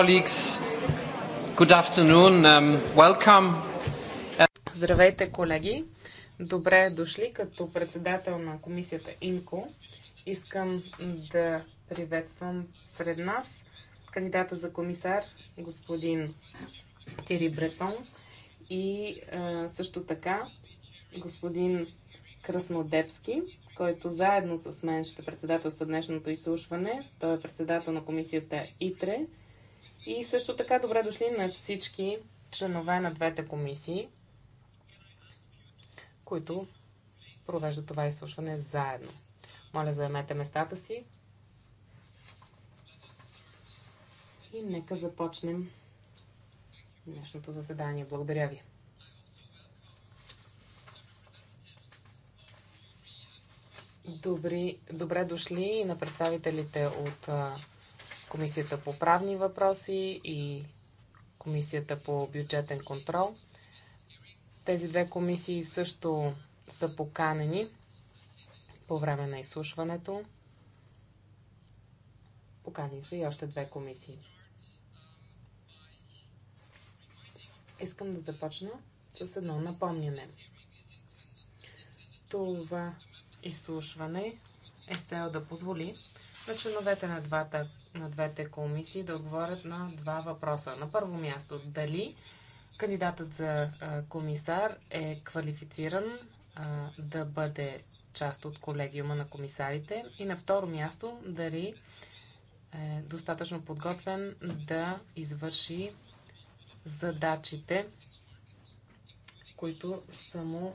colleagues, good afternoon, um, welcome. Здравейте, колеги! Добре дошли като председател на комисията ИНКО. Искам да приветствам сред нас кандидата за комисар, господин Тири Бретон и а, също така господин Краснодепски, който заедно с мен ще председателства днешното изслушване. Той е председател на комисията ИТРЕ и също така добре дошли на всички членове на двете комисии, които провеждат това изслушване заедно. Моля, заемете местата си. И нека започнем днешното заседание. Благодаря ви. Добри, добре дошли и на представителите от Комисията по правни въпроси и Комисията по бюджетен контрол. Тези две комисии също са поканени по време на изслушването. Покани са и още две комисии. Искам да започна с едно напомняне. Това изслушване е с цел да позволи на членовете на двата на двете комисии да отговорят на два въпроса. На първо място, дали кандидатът за комисар е квалифициран да бъде част от колегиума на комисарите и на второ място, дали е достатъчно подготвен да извърши задачите, които са му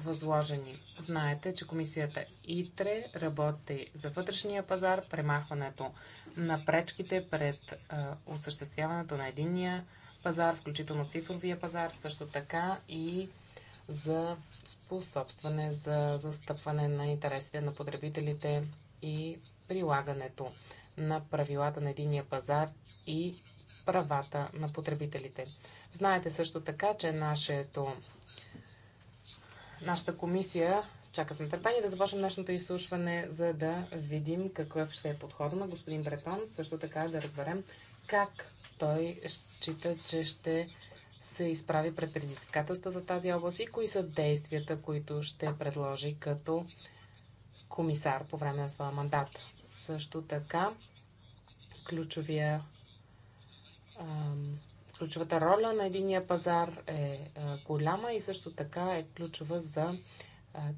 възложени. Знаете, че комисията ИТРЕ работи за вътрешния пазар, премахването на пречките пред а, осъществяването на единния пазар, включително цифровия пазар, също така и за способстване, за застъпване на интересите на потребителите и прилагането на правилата на единия пазар и правата на потребителите. Знаете също така, че нашето нашата комисия чака с нетърпение да започнем днешното изслушване, за да видим какъв ще е подхода на господин Бретон, също така да разберем как той счита, че ще се изправи пред предизвикателства за тази област и кои са действията, които ще предложи като комисар по време на своя мандат. Също така, ключовия ам, Ключовата роля на единия пазар е, е голяма и също така е ключова за е,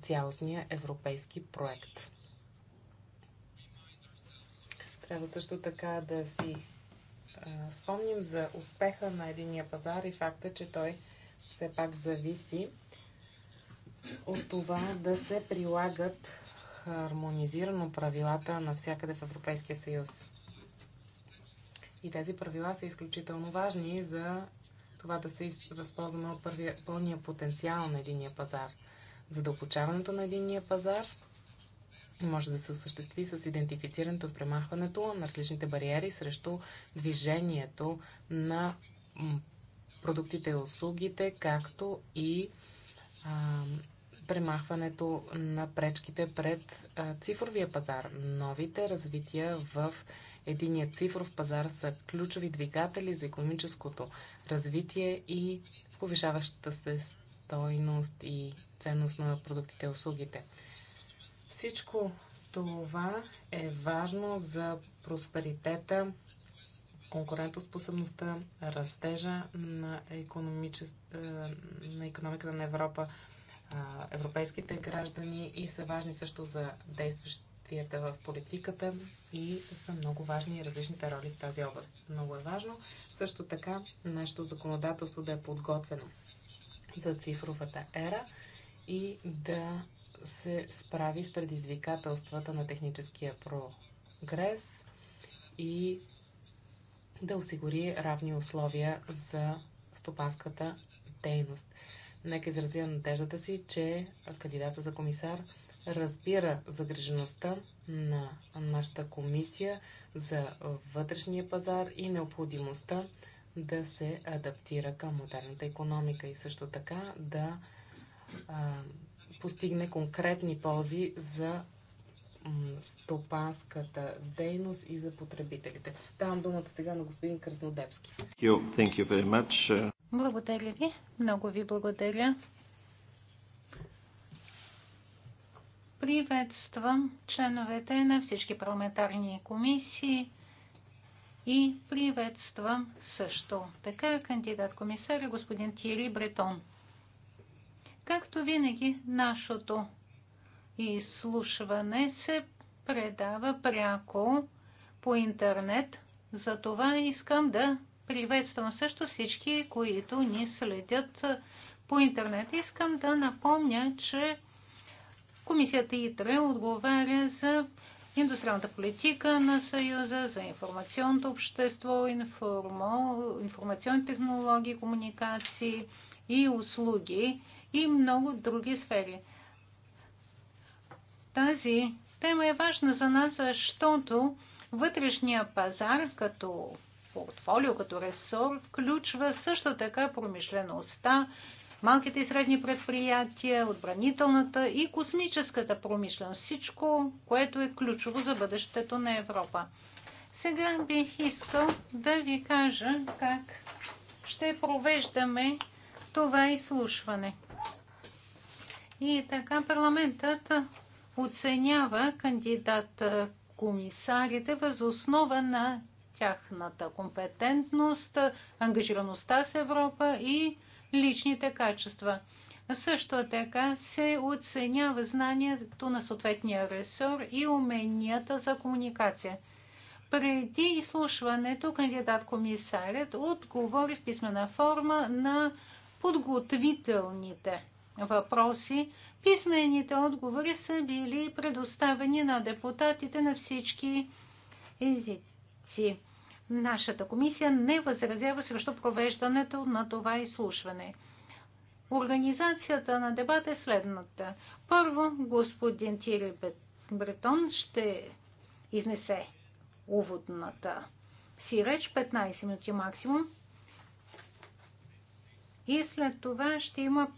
цялостния европейски проект. Трябва също така да си е, спомним за успеха на единия пазар и факта, че той все пак зависи от това да се прилагат хармонизирано правилата навсякъде в Европейския съюз. И тези правила са изключително важни за това да се възползваме от първия, пълния потенциал на единия пазар. Задълбочаването на единия пазар може да се осъществи с идентифицирането и премахването на различните бариери срещу движението на продуктите и услугите, както и а, премахването на пречките пред цифровия пазар. Новите развития в единия цифров пазар са ключови двигатели за економическото развитие и повишаващата се стойност и ценност на продуктите и услугите. Всичко това е важно за просперитета, конкурентоспособността, растежа на, економичес... на економиката на Европа, европейските граждани и са важни също за действащията в политиката и са много важни различните роли в тази област. Много е важно също така нашето законодателство да е подготвено за цифровата ера и да се справи с предизвикателствата на техническия прогрес и да осигури равни условия за стопанската дейност. Нека изразя надеждата си, че кандидата за комисар разбира загрижеността на нашата комисия за вътрешния пазар и необходимостта да се адаптира към модерната економика и също така да а, постигне конкретни ползи за стопанската дейност и за потребителите. Давам думата сега на господин Краснодепски. Thank you. Благодаря ви. Много ви благодаря. Приветствам членовете на всички парламентарни комисии и приветствам също така кандидат комисаря господин Тири Бретон. Както винаги, нашото изслушване се предава пряко по интернет. Затова искам да Приветствам също всички, които ни следят по интернет. Искам да напомня, че комисията ИТРЕ отговаря за индустриалната политика на Съюза, за информационното общество, информо, информационни технологии, комуникации и услуги и много други сфери. Тази тема е важна за нас, защото вътрешния пазар като портфолио, като ресор, включва също така промишлеността, малките и средни предприятия, отбранителната и космическата промишленост. Всичко, което е ключово за бъдещето на Европа. Сега бих искал да ви кажа как ще провеждаме това изслушване. И така парламентът оценява кандидат комисарите въз основа на тяхната компетентност, ангажираността с Европа и личните качества. Също така се оценява знанието на съответния ресор и уменията за комуникация. Преди изслушването кандидат-комисарят отговори в писмена форма на подготвителните въпроси. Писмените отговори са били предоставени на депутатите на всички езици факти. Нашата комисия не възразява срещу провеждането на това изслушване. Организацията на дебата е следната. Първо, господин Тири Бретон ще изнесе уводната си реч, 15 минути максимум. И след това ще има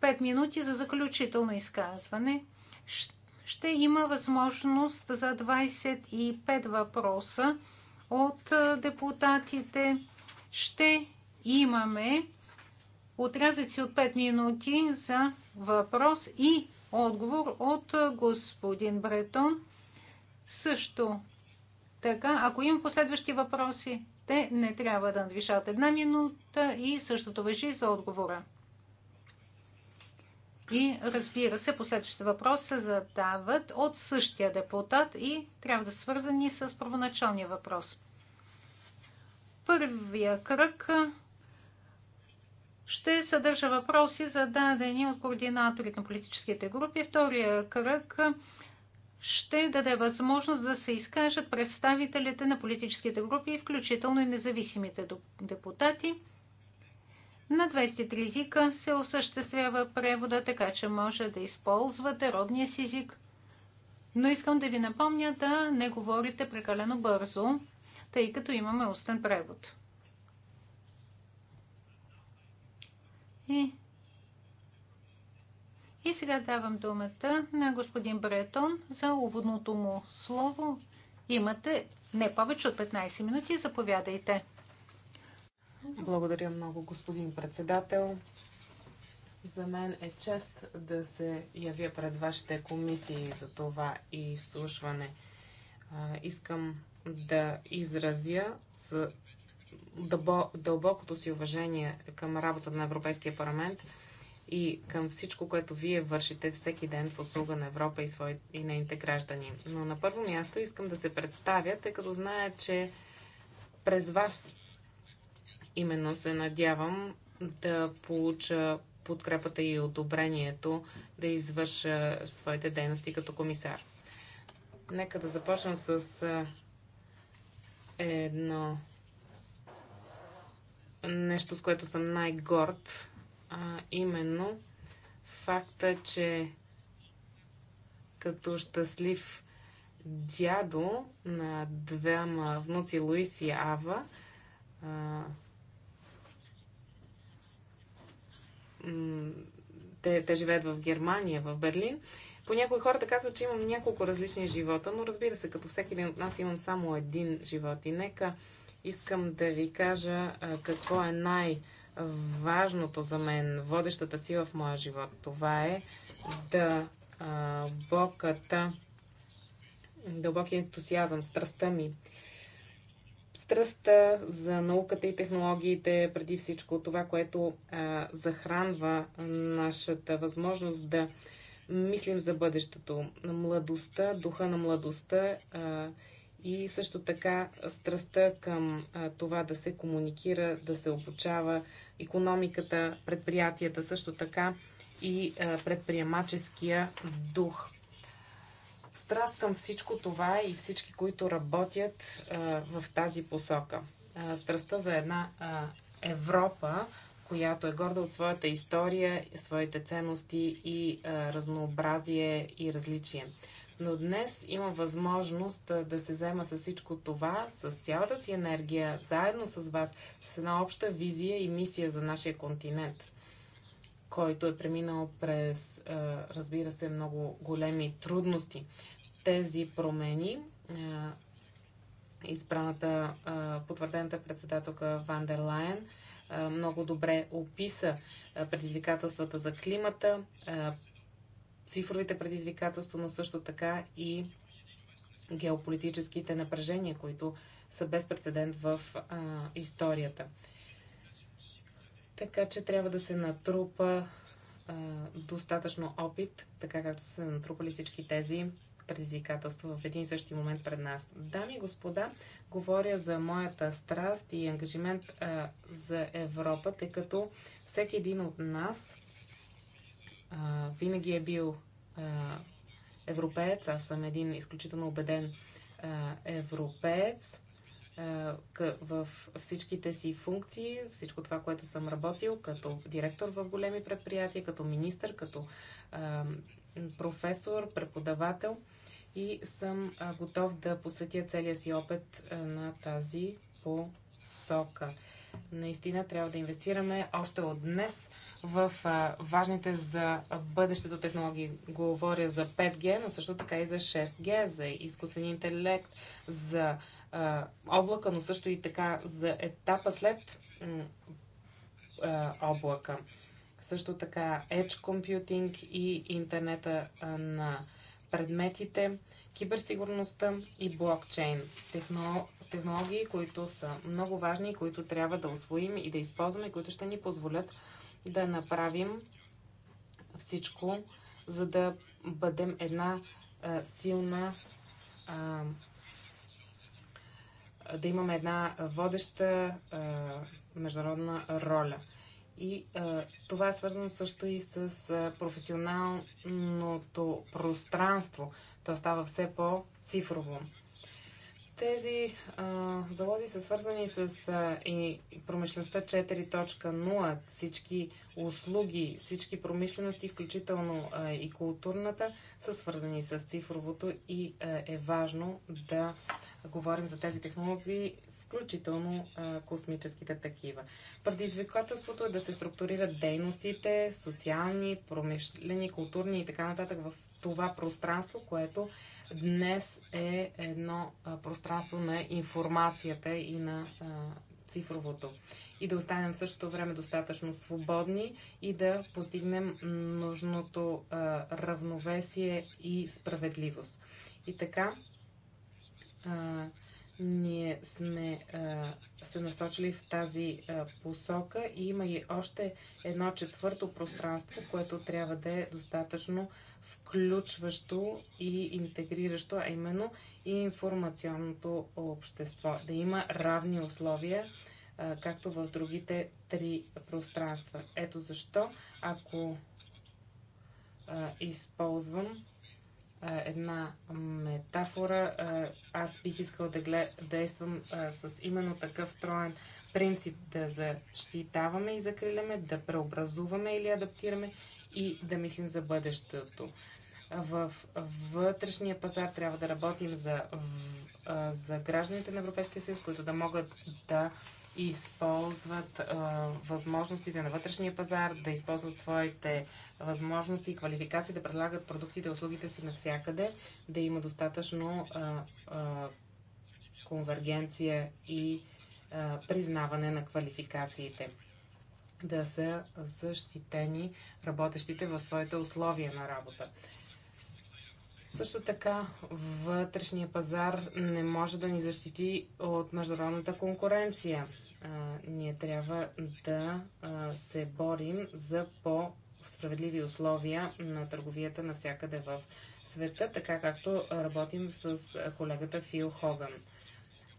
5 минути за заключително изказване. Ще ще има възможност за 25 въпроса от депутатите. Ще имаме отрязъци от 5 минути за въпрос и отговор от господин Бретон. Също така, ако има последващи въпроси, те не трябва да надвишат една минута и същото въжи за отговора. И разбира се, последващите въпроси се задават от същия депутат и трябва да са свързани с първоначалния въпрос. Първия кръг ще съдържа въпроси зададени от координаторите на политическите групи. Втория кръг ще даде възможност да се изкажат представителите на политическите групи, включително и независимите депутати. На 23 езика се осъществява превода, така че може да използвате родния си език. Но искам да ви напомня да не говорите прекалено бързо, тъй като имаме устен превод. И, и сега давам думата на господин Бретон за уводното му слово. Имате не повече от 15 минути. Заповядайте. Благодаря много, господин председател. За мен е чест да се явя пред вашите комисии за това изслушване. Искам да изразя с дълбокото си уважение към работата на Европейския парламент и към всичко, което вие вършите всеки ден в услуга на Европа и, свои, и нейните граждани. Но на първо място искам да се представя, тъй като зная, че през вас Именно се надявам да получа подкрепата и одобрението да извърша своите дейности като комисар. Нека да започна с едно нещо, с което съм най-горд, а именно факта, че като щастлив дядо на двама внуци Луис и Ава, те, те живеят в Германия, в Берлин. По някои хората казват, че имам няколко различни живота, но разбира се, като всеки един от нас имам само един живот. И нека искам да ви кажа какво е най-важното за мен, водещата сила в моя живот. Това е да боката, дълбокият ентусиазъм, страстта ми, страстта за науката и технологиите, преди всичко това, което а, захранва нашата възможност да мислим за бъдещето, младостта, духа на младостта а, и също така страстта към а, това да се комуникира, да се обучава, економиката, предприятията, също така и а, предприемаческия дух към всичко това и всички, които работят а, в тази посока. А, страстта за една а, Европа, която е горда от своята история, своите ценности и а, разнообразие и различие. Но днес имам възможност да се взема с всичко това, с цялата си енергия, заедно с вас, с една обща визия и мисия за нашия континент който е преминал през, е, разбира се, много големи трудности. Тези промени е, избраната, е, потвърдената председателка Ван дер Лайен много добре описа предизвикателствата за климата, цифровите предизвикателства, но също така и геополитическите напрежения, които са без прецедент в историята. Така че трябва да се натрупа а, достатъчно опит, така както са натрупали всички тези предизвикателства в един и същи момент пред нас. Дами и господа, говоря за моята страст и ангажимент а, за Европа, тъй като всеки един от нас а, винаги е бил а, европеец. Аз съм един изключително убеден а, европеец е, в всичките си функции, всичко това, което съм работил като директор в големи предприятия, като министър, като е, професор, преподавател и съм е, готов да посветя целия си опит на тази посока. Наистина трябва да инвестираме още от днес в важните за бъдещето технологии. Говоря за 5G, но също така и за 6G, за изкуствен интелект, за облака, но също и така за етапа след а, облака. Също така Edge Computing и интернета на предметите, киберсигурността и блокчейн. технологии, които са много важни и които трябва да освоим и да използваме, които ще ни позволят да направим всичко, за да бъдем една а, силна а, да имаме една водеща а, международна роля. И а, това е свързано също и с а, професионалното пространство. То става все по-цифрово. Тези а, залози са свързани с а, и промишлеността 4.0, всички услуги, всички промишлености, включително а, и културната, са свързани с цифровото и а, е важно да а, говорим за тези технологии, включително а, космическите такива. Предизвикателството е да се структурират дейностите, социални, промишлени, културни и така нататък в това пространство, което днес е едно а, пространство на информацията и на а, цифровото. И да останем в същото време достатъчно свободни и да постигнем нужното равновесие и справедливост. И така, а, ние сме а, се насочили в тази а, посока и има и още едно четвърто пространство, което трябва да е достатъчно включващо и интегриращо, а именно информационното общество. Да има равни условия, а, както в другите три пространства. Ето защо, ако а, използвам е, една метафора. Е, аз бих искал да действам е, с именно такъв троен принцип да защитаваме и закриляме, да преобразуваме или адаптираме и да мислим за бъдещето. В вътрешния пазар трябва да работим за, за гражданите на Европейския съюз, които да могат да използват а, възможностите на вътрешния пазар, да използват своите възможности и квалификации, да предлагат продуктите и услугите си навсякъде, да има достатъчно а, а, конвергенция и а, признаване на квалификациите да са защитени работещите в своите условия на работа. Също така, вътрешния пазар не може да ни защити от международната конкуренция ние трябва да се борим за по-справедливи условия на търговията навсякъде в света, така както работим с колегата Фил Хоган.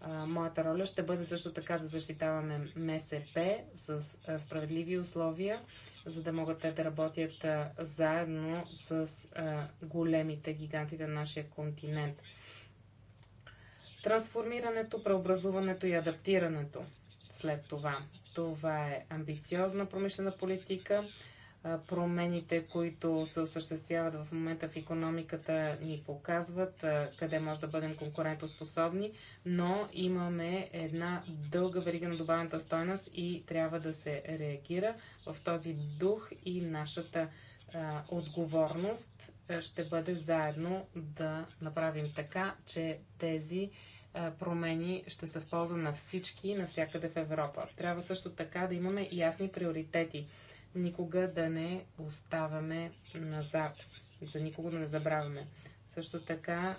Моята роля ще бъде също така да защитаваме МСП с справедливи условия, за да могат те да работят заедно с големите гигантите на нашия континент. Трансформирането, преобразуването и адаптирането след това. Това е амбициозна промишлена политика. Промените, които се осъществяват в момента в економиката, ни показват къде може да бъдем конкурентоспособни, но имаме една дълга верига на добавената стойност и трябва да се реагира в този дух и нашата отговорност ще бъде заедно да направим така, че тези промени ще са в полза на всички навсякъде в Европа. Трябва също така да имаме ясни приоритети. Никога да не оставаме назад. За никого да не забравяме. Също така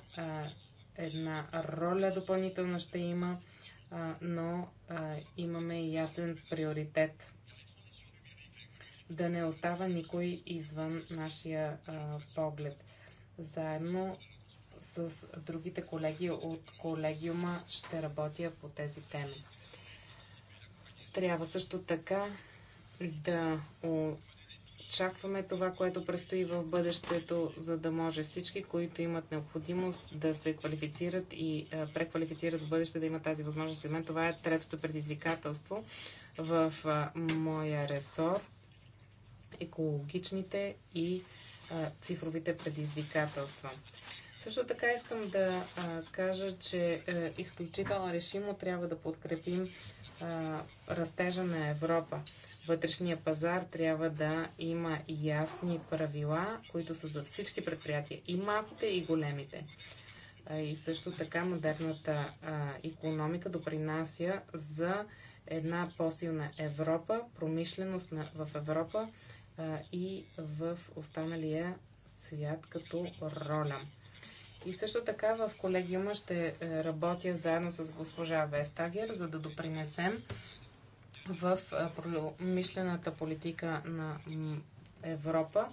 една роля допълнителна ще има, но имаме ясен приоритет. Да не остава никой извън нашия поглед. Заедно с другите колеги от колегиума ще работя по тези теми. Трябва също така да очакваме това, което предстои в бъдещето, за да може всички, които имат необходимост да се квалифицират и е, преквалифицират в бъдеще, да имат тази възможност. И мен това е третото предизвикателство в е, моя ресор екологичните и е, цифровите предизвикателства. Също така искам да а, кажа, че е, изключително решимо трябва да подкрепим а, растежа на Европа. Вътрешния пазар трябва да има ясни правила, които са за всички предприятия, и малките, и големите. А, и също така модерната а, економика допринася за една по-силна Европа, промишленост на, в Европа а, и в останалия свят като роля. И също така в колегиума ще е, работя заедно с госпожа Вестагер, за да допринесем в е, промишлената политика на Европа,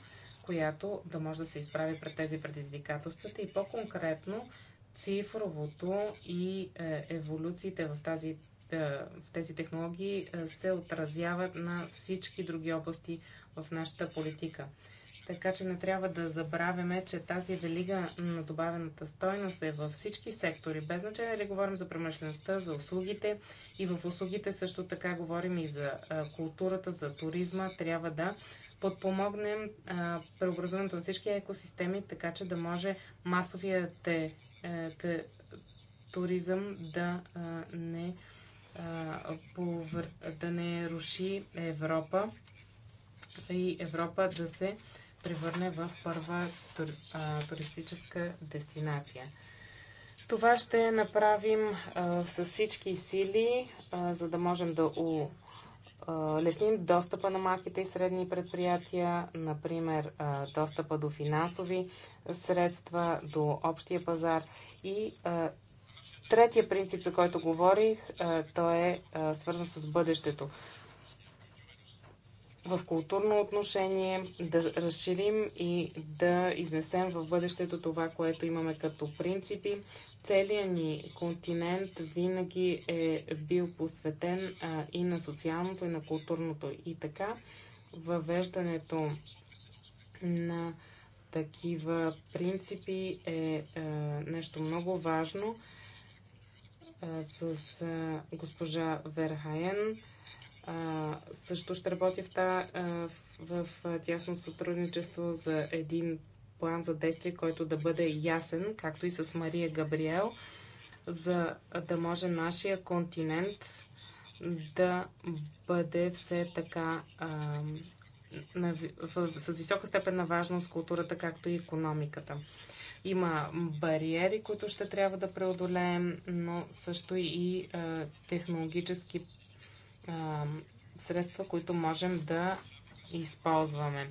която да може да се изправи пред тези предизвикателствата и по-конкретно цифровото и е, еволюциите в, тази, в тези технологии се отразяват на всички други области в нашата политика. Така че не трябва да забравяме, че тази велига на добавената стойност е във всички сектори, без значение дали говорим за промишлеността, за услугите и в услугите също така говорим и за културата, за туризма. Трябва да подпомогнем преобразуването на всички екосистеми, така че да може масовият е, е, туризъм да не да не руши Европа и Европа да се превърне в първа тур, а, туристическа дестинация. Това ще направим а, с всички сили, а, за да можем да у, лесним достъпа на малките и средни предприятия, например достъпа до финансови средства, до общия пазар. И третия принцип, за който говорих, той е свързан с бъдещето в културно отношение, да разширим и да изнесем в бъдещето това, което имаме като принципи. Целият ни континент винаги е бил посветен а, и на социалното, и на културното. И така, въвеждането на такива принципи е а, нещо много важно. А, с а, госпожа Верхаен а, също ще работи в, та, а, в, в тясно сътрудничество за един план за действие, който да бъде ясен, както и с Мария Габриел, за да може нашия континент да бъде все така а, на, в, в, с висока степен на важност културата, както и економиката. Има бариери, които ще трябва да преодолеем, но също и а, технологически средства, които можем да използваме.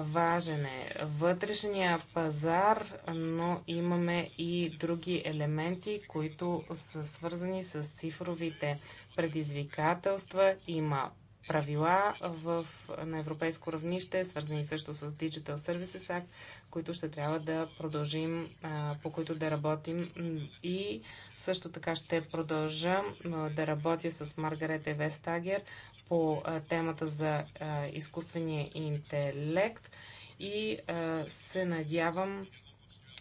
Важен е вътрешния пазар, но имаме и други елементи, които са свързани с цифровите предизвикателства. Има правила в, на европейско равнище, свързани също с Digital Services Act, които ще трябва да продължим, по които да работим. И също така ще продължа да работя с Маргарет Вестагер по темата за изкуствения интелект и се надявам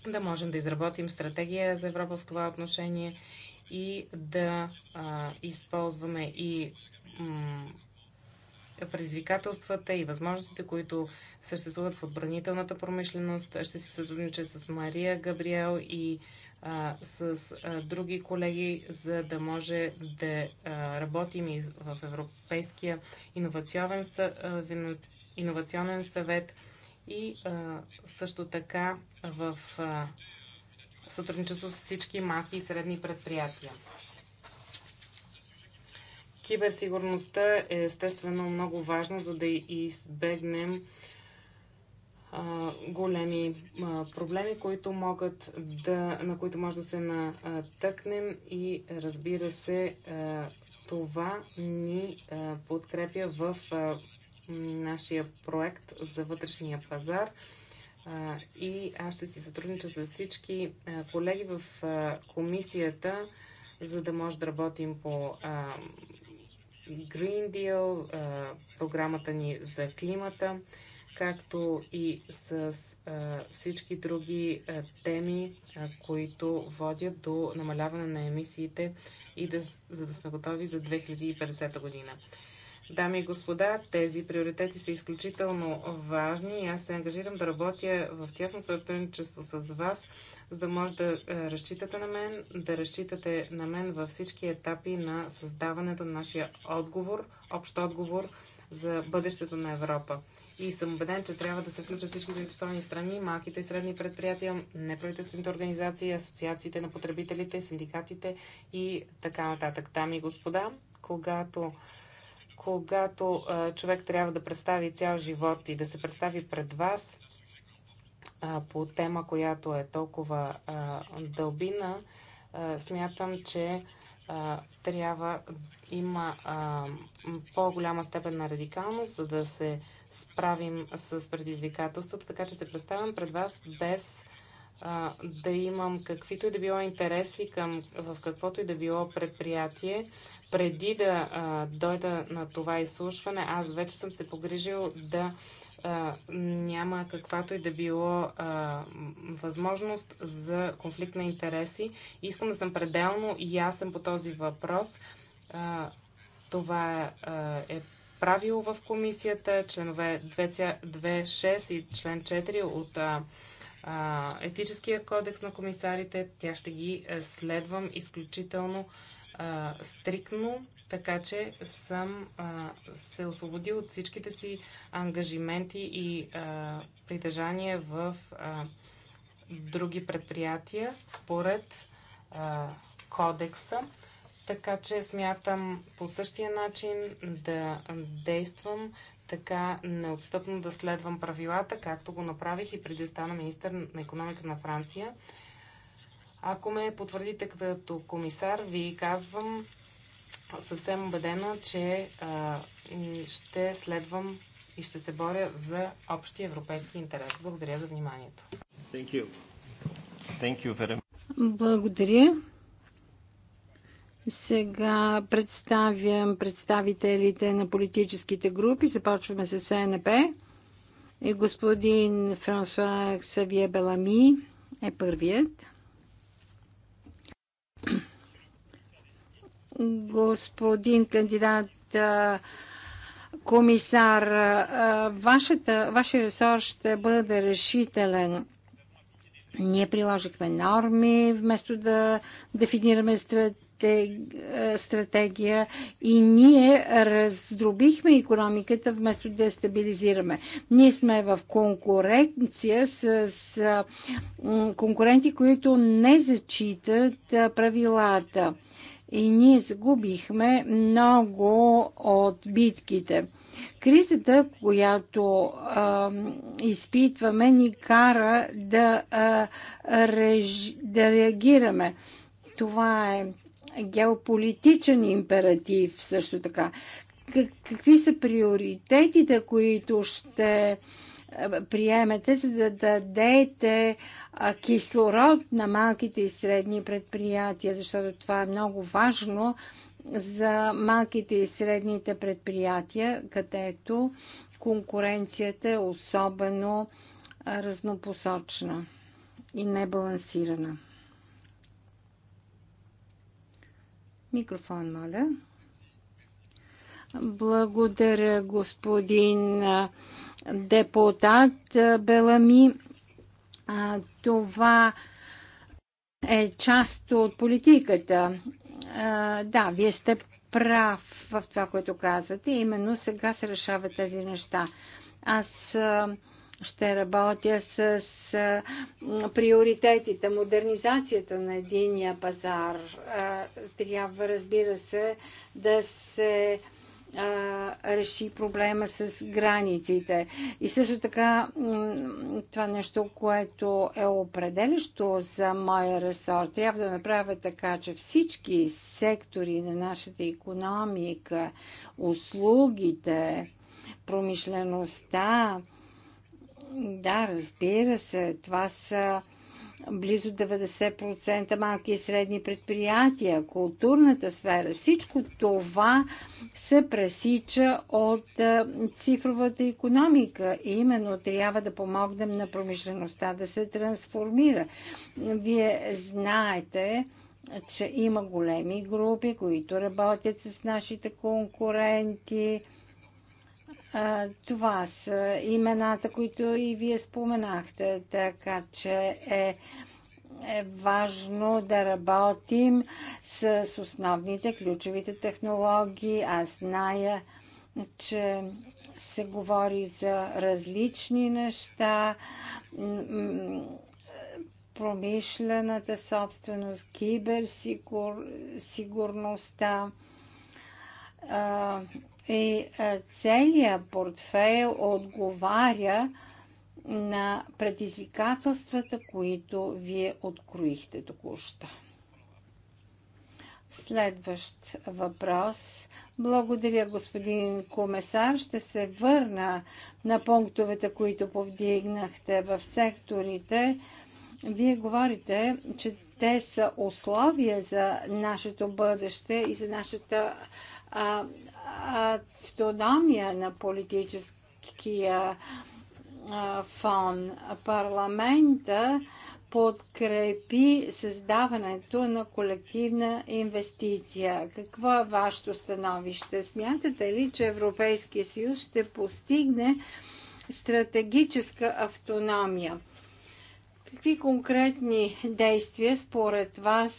да можем да изработим стратегия за Европа в това отношение и да а, използваме и предизвикателствата и възможностите, които съществуват в отбранителната промишленост. Ще се сътруднича с Мария Габриел и а, с а, други колеги, за да може да а, работим и в Европейския иновационен, съ, иновационен съвет и а, също така в а, сътрудничество с всички малки и средни предприятия. Киберсигурността е естествено много важна, за да избегнем а, големи а, проблеми, които могат да, на които може да се натъкнем и разбира се, а, това ни подкрепя в нашия проект за вътрешния пазар. И аз ще си сътруднича с всички колеги в комисията, за да може да работим по Green Deal, програмата ни за климата, както и с всички други теми, които водят до намаляване на емисиите и да, за да сме готови за 2050 година. Дами и господа, тези приоритети са изключително важни и аз се ангажирам да работя в тясно сътрудничество с вас, за да може да е, разчитате на мен, да разчитате на мен във всички етапи на създаването на нашия отговор, общ отговор за бъдещето на Европа. И съм убеден, че трябва да се включат всички заинтересовани страни, малките и средни предприятия, неправителствените организации, асоциациите на потребителите, синдикатите и така нататък. Дами и господа, когато когато а, човек трябва да представи цял живот и да се представи пред вас а, по тема, която е толкова а, дълбина, а, смятам, че а, трябва има по-голяма степен на радикалност, за да се справим с предизвикателствата, така че се представям пред вас без а, да имам каквито и да било интереси към, в каквото и да било предприятие, преди да а, дойда на това изслушване, аз вече съм се погрижил да а, няма каквато и да било а, възможност за конфликт на интереси. Искам да съм пределно ясен по този въпрос. А, това а, е правило в комисията, членове 2.6 и член 4 от а, а, етическия кодекс на комисарите. Тя ще ги е, следвам изключително а, стрикно, така че съм а, се освободил от всичките си ангажименти и а, притежания в а, други предприятия според а, кодекса. Така че смятам по същия начин да действам, така неотстъпно да следвам правилата, както го направих и преди да стана министър на економика на Франция. Ако ме потвърдите като комисар, ви казвам съвсем убедена, че а, ще следвам и ще се боря за общия европейски интерес. Благодаря за вниманието. Thank you. Thank you very Благодаря. Сега представям представителите на политическите групи. Започваме с СНП. И господин Франсуа Ксавие Белами е първият. Господин кандидат комисар, вашата, вашия ресор ще бъде решителен. Ние приложихме норми, вместо да дефинираме стратегия е, стратегия и ние раздробихме економиката вместо да я стабилизираме. Ние сме в конкуренция с, с конкуренти, които не зачитат правилата. И ние загубихме много от битките. Кризата, която а, изпитваме, ни кара да, а, реж... да реагираме. Това е геополитичен императив също така. Какви са приоритетите, които ще е, приемете, за да дадете кислород на малките и средни предприятия, защото това е много важно за малките и средните предприятия, където конкуренцията е особено разнопосочна и небалансирана. Микрофон, моля. Благодаря, господин депутат Белами. Това е част от политиката. Да, вие сте прав в това, което казвате. Именно сега се решават тези неща. Аз а, ще работя с приоритетите, модернизацията на единия пазар. Трябва, разбира се, да се реши проблема с границите. И също така, това нещо, което е определящо за моя ресор, трябва да направя така, че всички сектори на нашата економика, услугите, промишлеността, да, разбира се, това са близо 90% малки и средни предприятия, културната сфера, всичко това се пресича от е, цифровата економика и именно трябва да помогнем на промишлеността да се трансформира. Вие знаете, че има големи групи, които работят с нашите конкуренти, това са имената, които и вие споменахте, така че е е важно да работим с основните ключовите технологии. Аз зная, че се говори за различни неща. Промишлената собственост, киберсигурността, киберсигур и е, целият портфейл отговаря на предизвикателствата, които вие откроихте току-що. Следващ въпрос. Благодаря, господин комесар. Ще се върна на пунктовете, които повдигнахте в секторите. Вие говорите, че те са условия за нашето бъдеще и за нашата а, автономия на политическия а, фон. Парламента подкрепи създаването на колективна инвестиция. Какво е вашето становище? Смятате ли, че Европейския съюз ще постигне стратегическа автономия? Какви конкретни действия според вас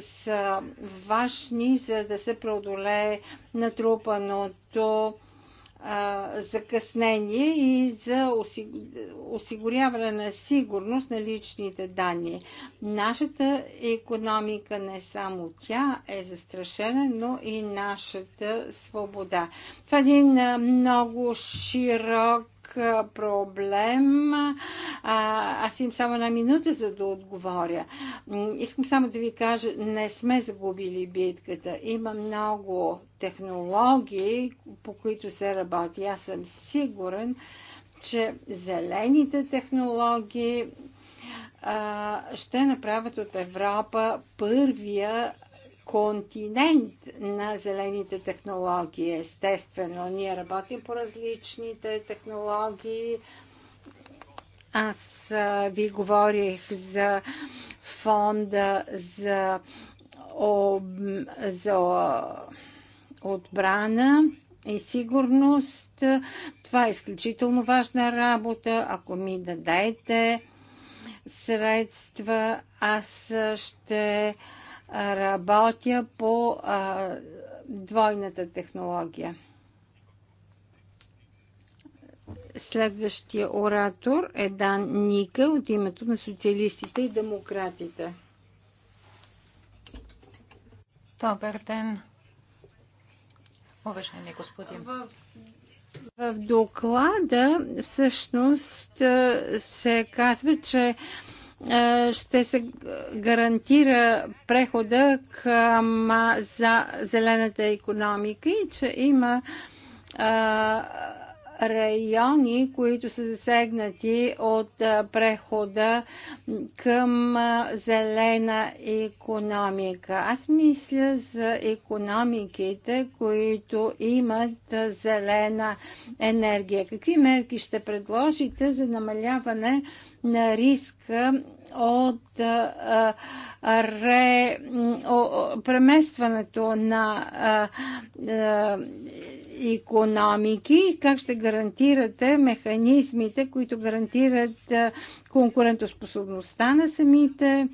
са, важни, за да се преодолее натрупаното закъснение и за осигуряване на сигурност на личните данни? Нашата економика, не само тя е застрашена, но и нашата свобода. Това е един много широк проблем. А, аз имам само една минута, за да отговоря. Искам само да ви кажа, не сме загубили битката. Има много технологии, по които се работи. Аз съм сигурен, че зелените технологии ще направят от Европа първия континент на зелените технологии. Естествено, ние работим по различните технологии. Аз ви говорих за фонда за, об... за отбрана и сигурност. Това е изключително важна работа. Ако ми дадете средства, аз ще работя по а, двойната технология. Следващия оратор е Дан Ника от името на социалистите и демократите. Добър ден, уважаеми господин. В, в доклада всъщност се казва, че е, ще се гарантира прехода към за зелената економика и че има а, райони, които са засегнати от прехода към зелена економика. Аз мисля за економиките, които имат зелена енергия. Какви мерки ще предложите за намаляване на риска от ре, преместването на економики, как ще гарантирате механизмите, които гарантират конкурентоспособността на самите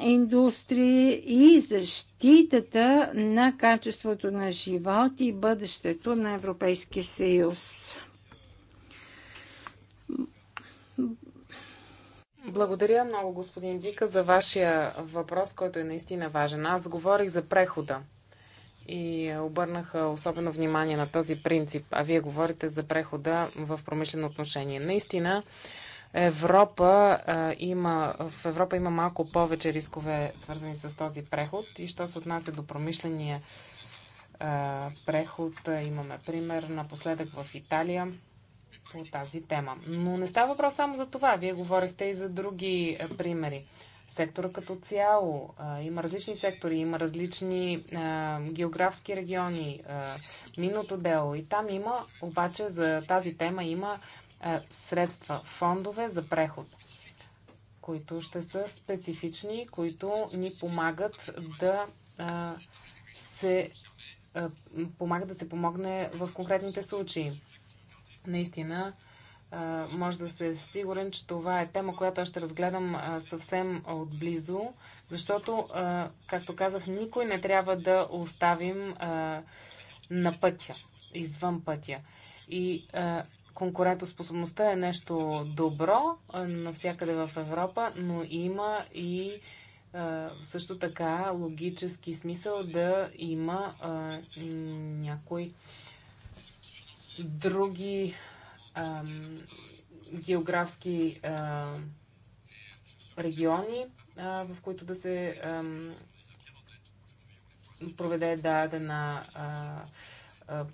индустрии и защитата на качеството на живот и бъдещето на Европейския съюз. Благодаря много, господин Дика, за вашия въпрос, който е наистина важен. Аз говорих за прехода и обърнаха особено внимание на този принцип, а вие говорите за прехода в промишлено отношение. Наистина, Европа а, има, в Европа има малко повече рискове, свързани с този преход. И що се отнася до промишления а, преход, а, имаме пример напоследък в Италия по тази тема. Но не става въпрос само за това. Вие говорихте и за други а, примери сектора като цяло. Има различни сектори, има различни а, географски региони, а, дело. И там има, обаче за тази тема има а, средства, фондове за преход, които ще са специфични, които ни помагат да се помагат да се помогне в конкретните случаи. Наистина, може да се е сигурен, че това е тема, която аз ще разгледам съвсем отблизо, защото, както казах, никой не трябва да оставим на пътя, извън пътя. И конкурентоспособността е нещо добро навсякъде в Европа, но има и също така логически смисъл да има някои други ам, географски региони, а, в които да се ам, проведе дадена а, а,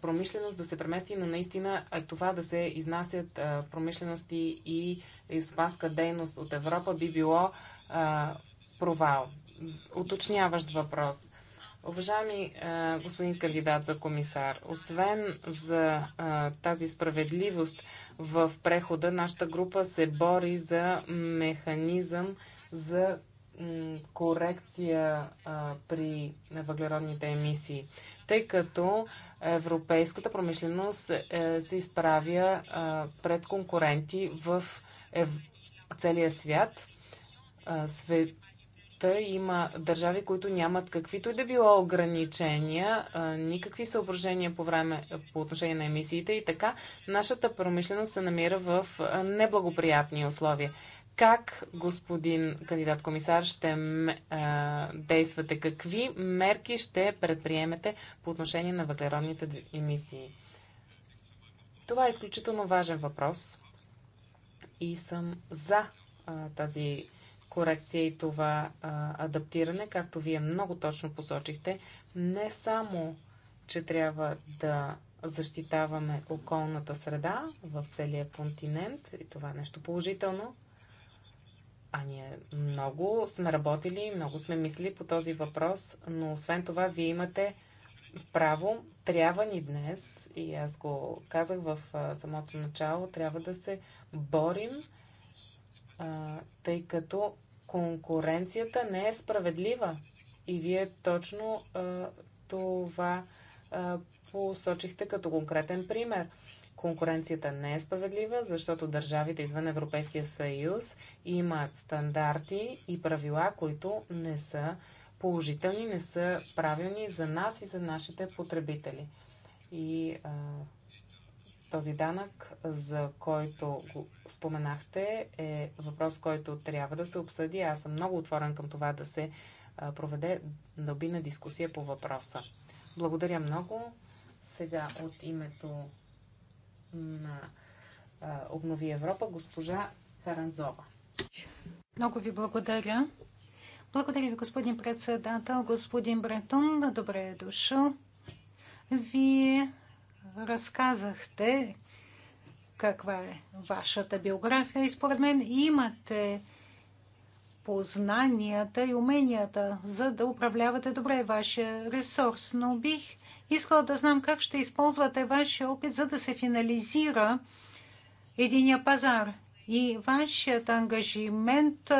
промишленост, да се премести, но наистина това да се изнасят а, промишлености и изпанска дейност от Европа би било а, провал. Уточняващ въпрос. Уважаеми а, е, господин кандидат за комисар, освен за а, е, тази справедливост в прехода, нашата група се бори за механизъм за корекция а, е, при въглеродните емисии, тъй като европейската промишленост е, се изправя а, пред конкуренти в ев... целия свят. А, свет Та има държави, които нямат каквито и да било ограничения, никакви съображения по, време, по отношение на емисиите и така нашата промишленост се намира в неблагоприятни условия. Как, господин кандидат комисар, ще действате? Какви мерки ще предприемете по отношение на въглеродните емисии? Това е изключително важен въпрос и съм за а, тази корекция и това а, адаптиране, както вие много точно посочихте, не само, че трябва да защитаваме околната среда в целия континент, и това е нещо положително, а ние много сме работили, много сме мислили по този въпрос, но освен това, вие имате право, трябва ни днес, и аз го казах в а, самото начало, трябва да се борим, а, тъй като конкуренцията не е справедлива. И вие точно а, това а, посочихте като конкретен пример. Конкуренцията не е справедлива, защото държавите извън Европейския съюз имат стандарти и правила, които не са положителни, не са правилни за нас и за нашите потребители. И а, този данък, за който го споменахте, е въпрос, който трябва да се обсъди. Аз съм много отворен към това да се проведе дълбина дискусия по въпроса. Благодаря много. Сега от името на Обнови Европа, госпожа Харанзова. Много ви благодаря. Благодаря ви, господин председател, господин Бретон. Добре е дошъл. Вие разказахте каква е вашата биография и според мен имате познанията и уменията, за да управлявате добре вашия ресурс. Но бих искала да знам как ще използвате вашия опит, за да се финализира единия пазар и вашият ангажимент,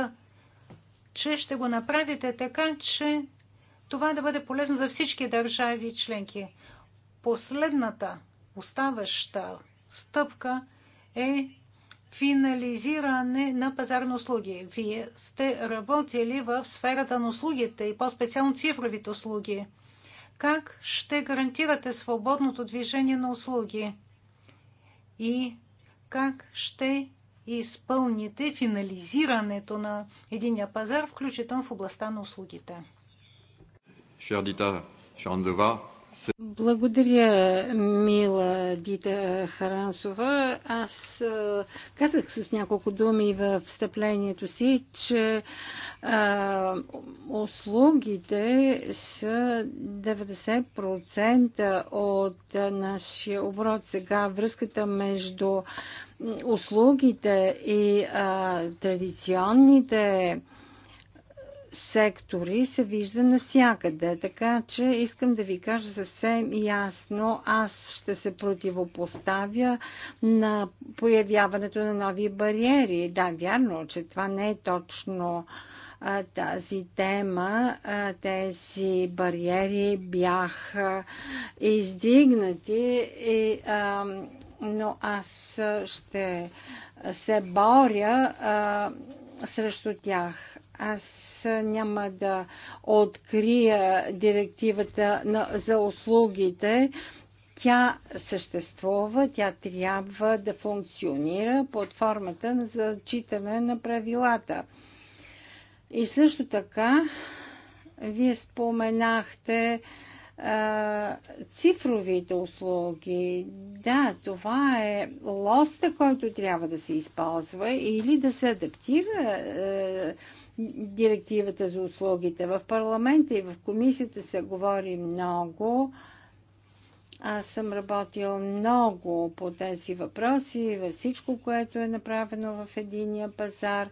че ще го направите така, че това да бъде полезно за всички държави членки. Последната оставаща стъпка е финализиране на пазарни услуги. Вие сте работили в сферата на услугите и по-специално цифровите услуги. Как ще гарантирате свободното движение на услуги? И как ще изпълните финализирането на единия пазар, включително в областта на услугите? Шердита Шанзова, благодаря, мила Дита Харансова. Аз казах с няколко думи в встъплението си, че а, услугите са 90% от нашия оборот. Сега връзката между услугите и а, традиционните а, сектори се вижда навсякъде. Така че искам да ви кажа съвсем ясно, аз ще се противопоставя на появяването на нови бариери. Да, вярно, че това не е точно а, тази тема. А, тези бариери бяха издигнати, и, а, но аз ще се боря срещу тях. Аз няма да открия директивата на, за услугите. Тя съществува, тя трябва да функционира под формата на зачитане на правилата. И също така, вие споменахте а, цифровите услуги. Да, това е лоста, който трябва да се използва или да се адаптира. А, директивата за услугите. В парламента и в комисията се говори много. Аз съм работил много по тези въпроси, във всичко, което е направено в единия пазар.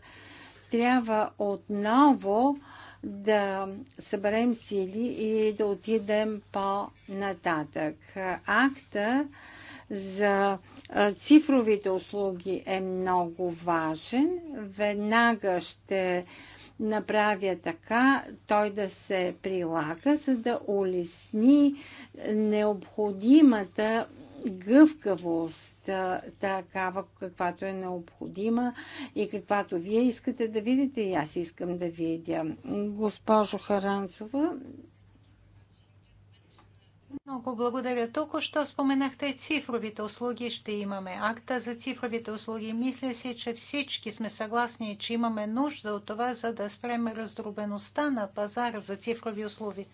Трябва отново да съберем сили и да отидем по-нататък. Акта за цифровите услуги е много важен. Веднага ще направя така той да се прилага, за да улесни необходимата гъвкавост, такава каквато е необходима и каквато вие искате да видите и аз искам да видя. Госпожо Харанцова, много благодаря. Току-що споменахте цифровите услуги. Ще имаме акта за цифровите услуги. Мисля си, че всички сме съгласни, че имаме нужда от това, за да спреме раздробеността на пазара за цифрови услуги.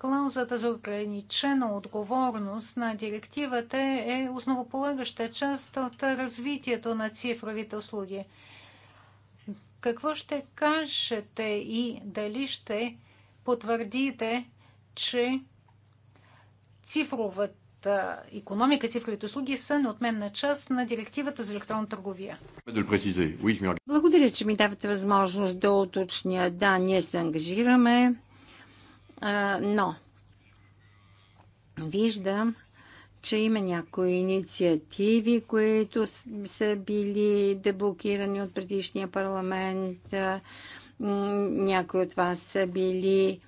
Клаузата за ограничена отговорност на директивата е основополагаща част от развитието на цифровите услуги. Какво ще кажете и дали ще потвърдите, че цифровата економика, цифровите услуги са неотменна част на директивата за електронна търговия. Благодаря, че ми давате възможност да уточня. Да, ние се ангажираме, но виждам, че има някои инициативи, които са били деблокирани от предишния парламент. Някои от вас са били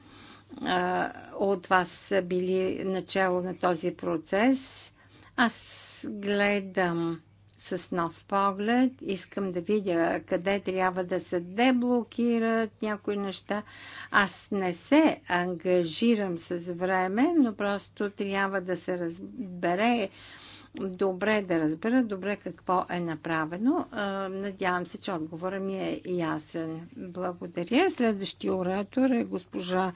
от вас са били начало на този процес. Аз гледам с нов поглед, искам да видя къде трябва да се деблокират някои неща. Аз не се ангажирам с време, но просто трябва да се разбере добре да разбера добре какво е направено. Надявам се, че отговора ми е ясен. Благодаря. Следващия оратор е госпожа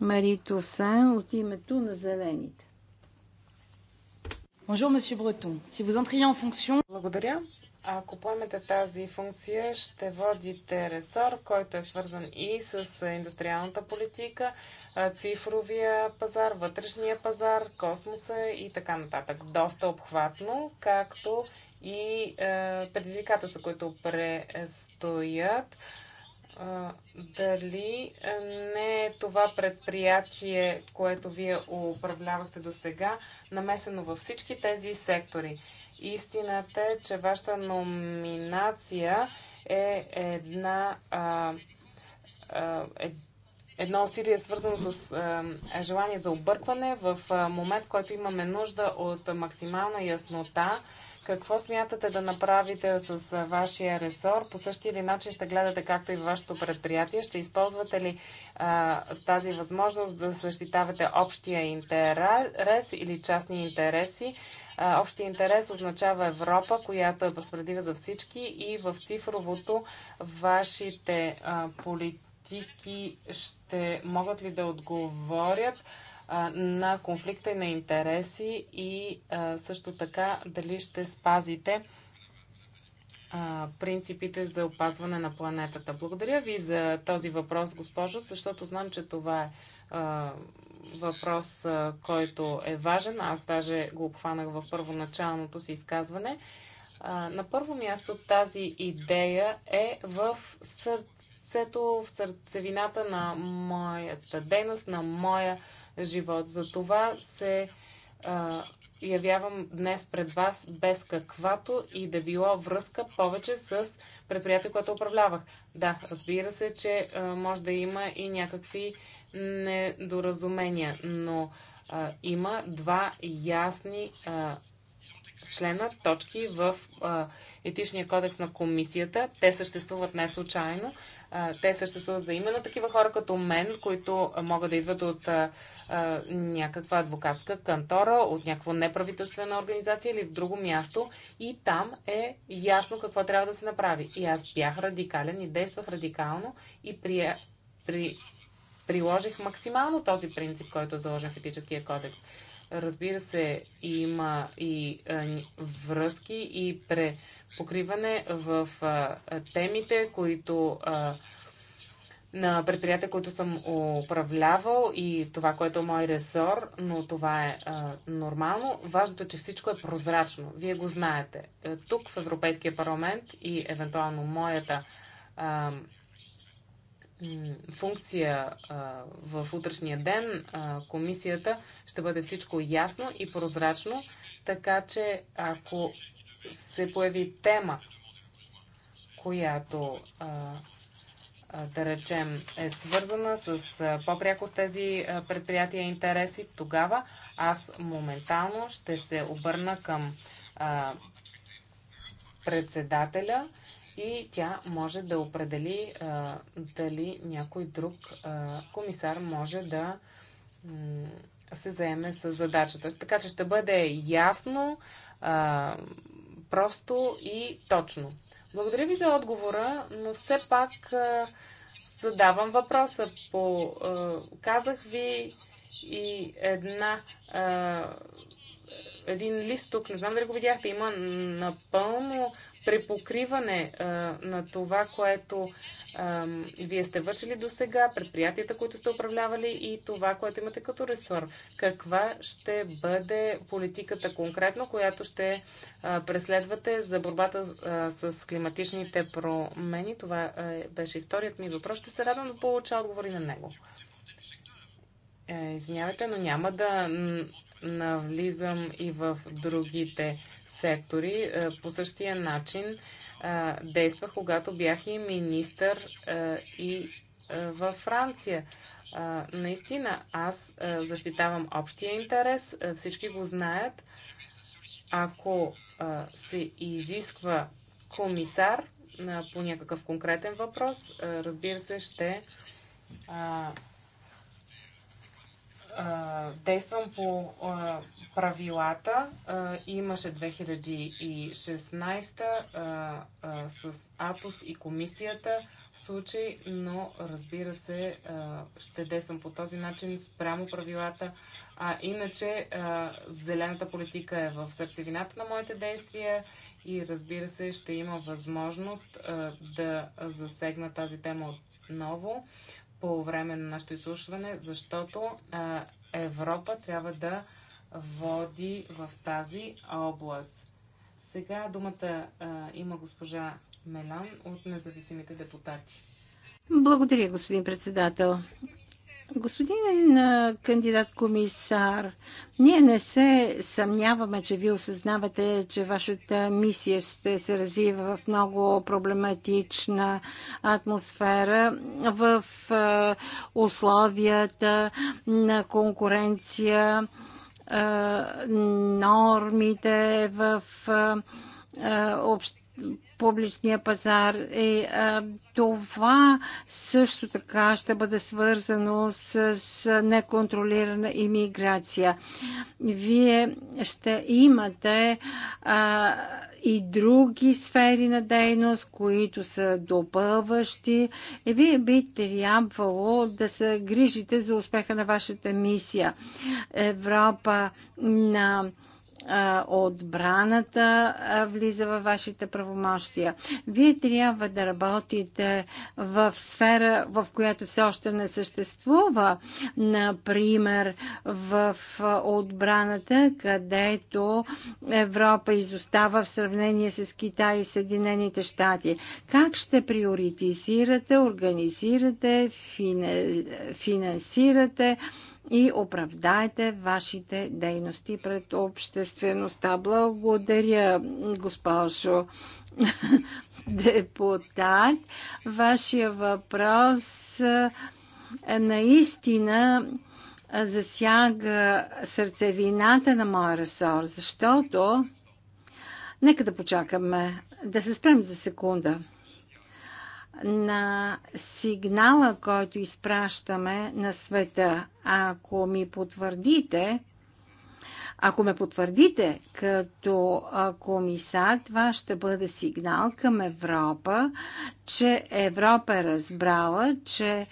Мари Тосан от името на Зелените. Bonjour, monsieur Breton. Si vous entriez en fonction... Благодаря. Ако поемете тази функция, ще водите ресор, който е свързан и с индустриалната политика, цифровия пазар, вътрешния пазар, космоса и така нататък. Доста обхватно, както и предизвикателства, които престоят дали не е това предприятие, което вие управлявахте до сега, намесено във всички тези сектори. Истината е, че вашата номинация е една, а, а, е, едно усилие е свързано с а, е, желание за объркване в момент, в който имаме нужда от максимална яснота какво смятате да направите с вашия ресор? По същия ли начин ще гледате както и вашето предприятие? Ще използвате ли а, тази възможност да защитавате общия интерес или частни интереси? А, общия интерес означава Европа, която е възпредива за всички и в цифровото вашите а, политики ще могат ли да отговорят? на конфликта и на интереси и също така дали ще спазите принципите за опазване на планетата. Благодаря ви за този въпрос, госпожо, защото знам, че това е въпрос, който е важен. Аз даже го обхванах в първоначалното си изказване. На първо място тази идея е в сърцето, в сърцевината на моята дейност, на моя живот. За това се а, явявам днес пред вас без каквато и да било връзка повече с предприятие, което управлявах. Да, разбира се, че а, може да има и някакви недоразумения, но а, има два ясни а, члена точки в етичния кодекс на комисията. Те съществуват не случайно. те съществуват за именно такива хора като мен, които могат да идват от някаква адвокатска кантора, от някаква неправителствена организация или в друго място. И там е ясно какво трябва да се направи. И аз бях радикален и действах радикално и при, при приложих максимално този принцип, който е заложен в етическия кодекс. Разбира се, има и връзки и препокриване в темите, които на предприятия, които съм управлявал и това, което е мой ресор, но това е а, нормално. Важното е, че всичко е прозрачно. Вие го знаете. Е, тук в Европейския парламент и евентуално моята а, функция в утрешния ден комисията ще бъде всичко ясно и прозрачно, така че ако се появи тема, която да речем, е свързана с по-пряко с тези предприятия и интереси, тогава аз моментално ще се обърна към председателя и тя може да определи а, дали някой друг а, комисар може да се заеме с задачата. Така че ще бъде ясно, а, просто и точно. Благодаря ви за отговора, но все пак а, задавам въпроса. По, а, казах ви и една. А, един лист тук, не знам дали го видяхте, има напълно препокриване а, на това, което а, вие сте вършили до сега, предприятията, които сте управлявали и това, което имате като ресор. Каква ще бъде политиката конкретно, която ще а, преследвате за борбата а, с климатичните промени? Това а, беше и вторият ми въпрос. Ще се радвам да получа отговори на него. Е, извинявайте, но няма да навлизам и в другите сектори. Е, по същия начин е, действах, когато бях и министър е, и във Франция. Наистина, аз защитавам общия интерес, всички го знаят. Ако се изисква комисар по някакъв конкретен въпрос, разбира се, ще действам по а, правилата. А, имаше 2016 а, а, с Атос и комисията случай, но разбира се, а, ще действам по този начин спрямо правилата. А иначе а, зелената политика е в сърцевината на моите действия и разбира се, ще има възможност а, да засегна тази тема отново по време на нашето изслушване, защото а, Европа трябва да води в тази област. Сега думата а, има госпожа Мелан от независимите депутати. Благодаря, господин председател. Господин е, кандидат комисар, ние не се съмняваме, че вие осъзнавате, че вашата мисия ще се развива в много проблематична атмосфера, в условията на конкуренция, нормите в обществото публичния пазар. И е, а, това също така ще бъде свързано с, с неконтролирана иммиграция. Вие ще имате а, и други сфери на дейност, които са допълващи. И е, вие би трябвало да се грижите за успеха на вашата мисия. Европа на отбраната влиза във вашите правомощия. Вие трябва да работите в сфера, в която все още не съществува, например в отбраната, където Европа изостава в сравнение с Китай и Съединените щати. Как ще приоритизирате, организирате, финансирате и оправдайте вашите дейности пред обществеността. Благодаря, госпожо депутат. Вашия въпрос е, наистина е, засяга сърцевината на моя ресор, защото нека да почакаме да се спрем за секунда на сигнала, който изпращаме на света. Ако ми потвърдите, ако ме потвърдите като комисар, това ще бъде сигнал към Европа, че Европа е разбрала, че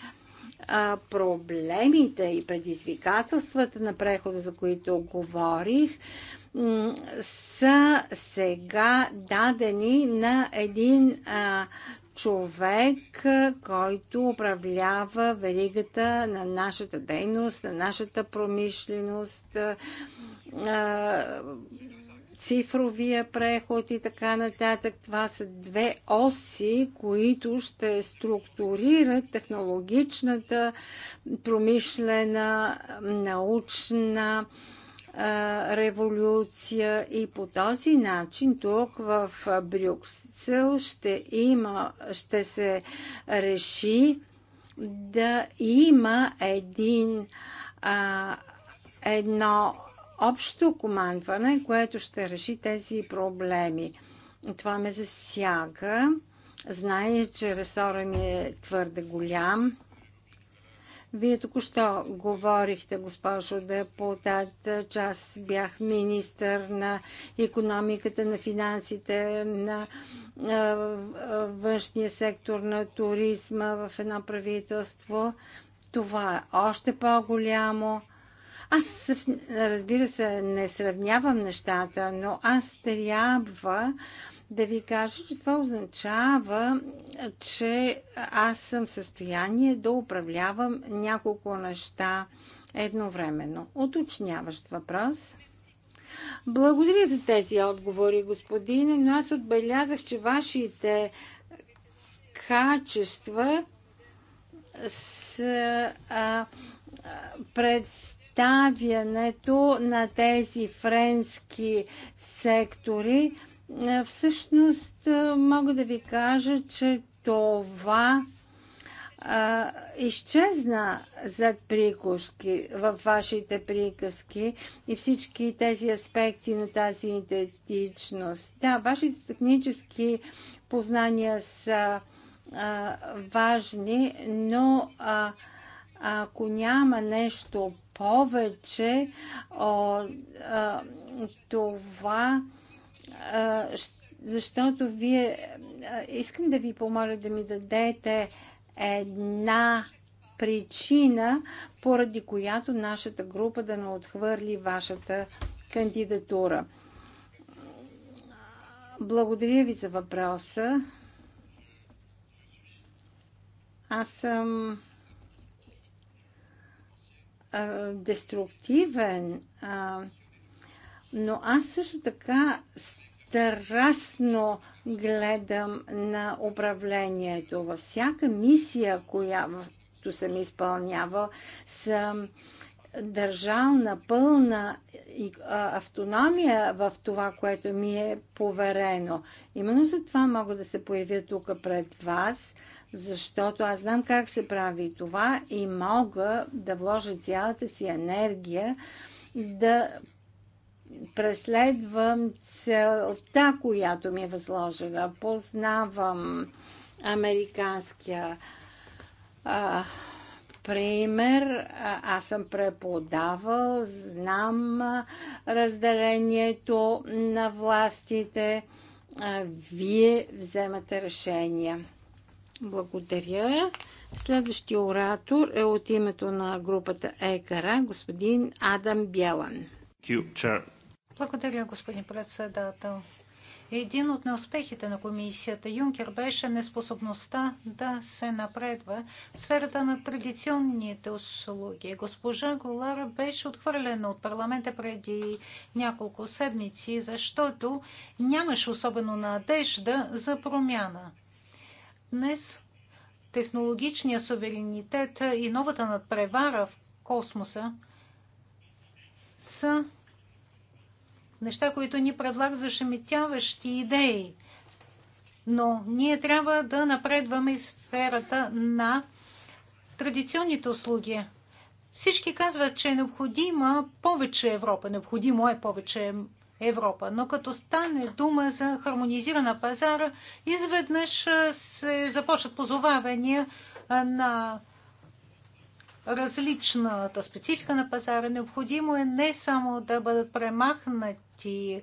проблемите и предизвикателствата на прехода, за които говорих, са сега дадени на един човек, който управлява веригата на нашата дейност, на нашата промишленост, цифровия преход и така нататък. Това са две оси, които ще структурират технологичната, промишлена, научна, революция и по този начин тук в Брюксел ще има, ще се реши да има един а, едно общо командване, което ще реши тези проблеми. Това ме засяга. Знае, че ресора ми е твърде голям. Вие току-що говорихте, госпожо депутат, че аз бях министър на економиката, на финансите, на външния сектор, на туризма в едно правителство. Това е още по-голямо. Аз, разбира се, не сравнявам нещата, но аз трябва да ви кажа, че това означава, че аз съм в състояние да управлявам няколко неща едновременно. Уточняващ въпрос. Благодаря за тези отговори, господине, но аз отбелязах, че вашите качества с а, представянето на тези френски сектори е, всъщност е, мога да ви кажа, че това а, е, изчезна зад приказки, във вашите приказки и всички тези аспекти на тази идентичност. Да, вашите технически познания са а, важни, но а, ако няма нещо повече от това, защото вие искам да ви помоля да ми дадете една причина, поради която нашата група да не отхвърли вашата кандидатура. Благодаря ви за въпроса. Аз съм деструктивен но аз също така страстно гледам на управлението. Във всяка мисия, която съм изпълнявал, съм държал на пълна автономия в това, което ми е поверено. Именно за това мога да се появя тук пред вас, защото аз знам как се прави това и мога да вложа цялата си енергия да преследвам целта, която ми е възложена. Познавам американския а, пример. Аз съм преподавал, знам разделението на властите. А, вие вземате решения. Благодаря. Следващия оратор е от името на групата ЕКАРА, господин Адам Бялан. Thank you, благодаря, господин председател. Един от неуспехите на комисията Юнкер беше неспособността да се напредва в сферата на традиционните услуги. Госпожа Голара беше отхвърлена от парламента преди няколко седмици, защото нямаше особено надежда за промяна. Днес технологичният суверенитет и новата надпревара в космоса са неща, които ни предлагат зашеметяващи идеи. Но ние трябва да напредваме в сферата на традиционните услуги. Всички казват, че е необходима повече Европа. Необходимо е повече Европа. Но като стане дума за хармонизирана пазара, изведнъж се започват позовавания на различната специфика на пазара, необходимо е не само да бъдат премахнати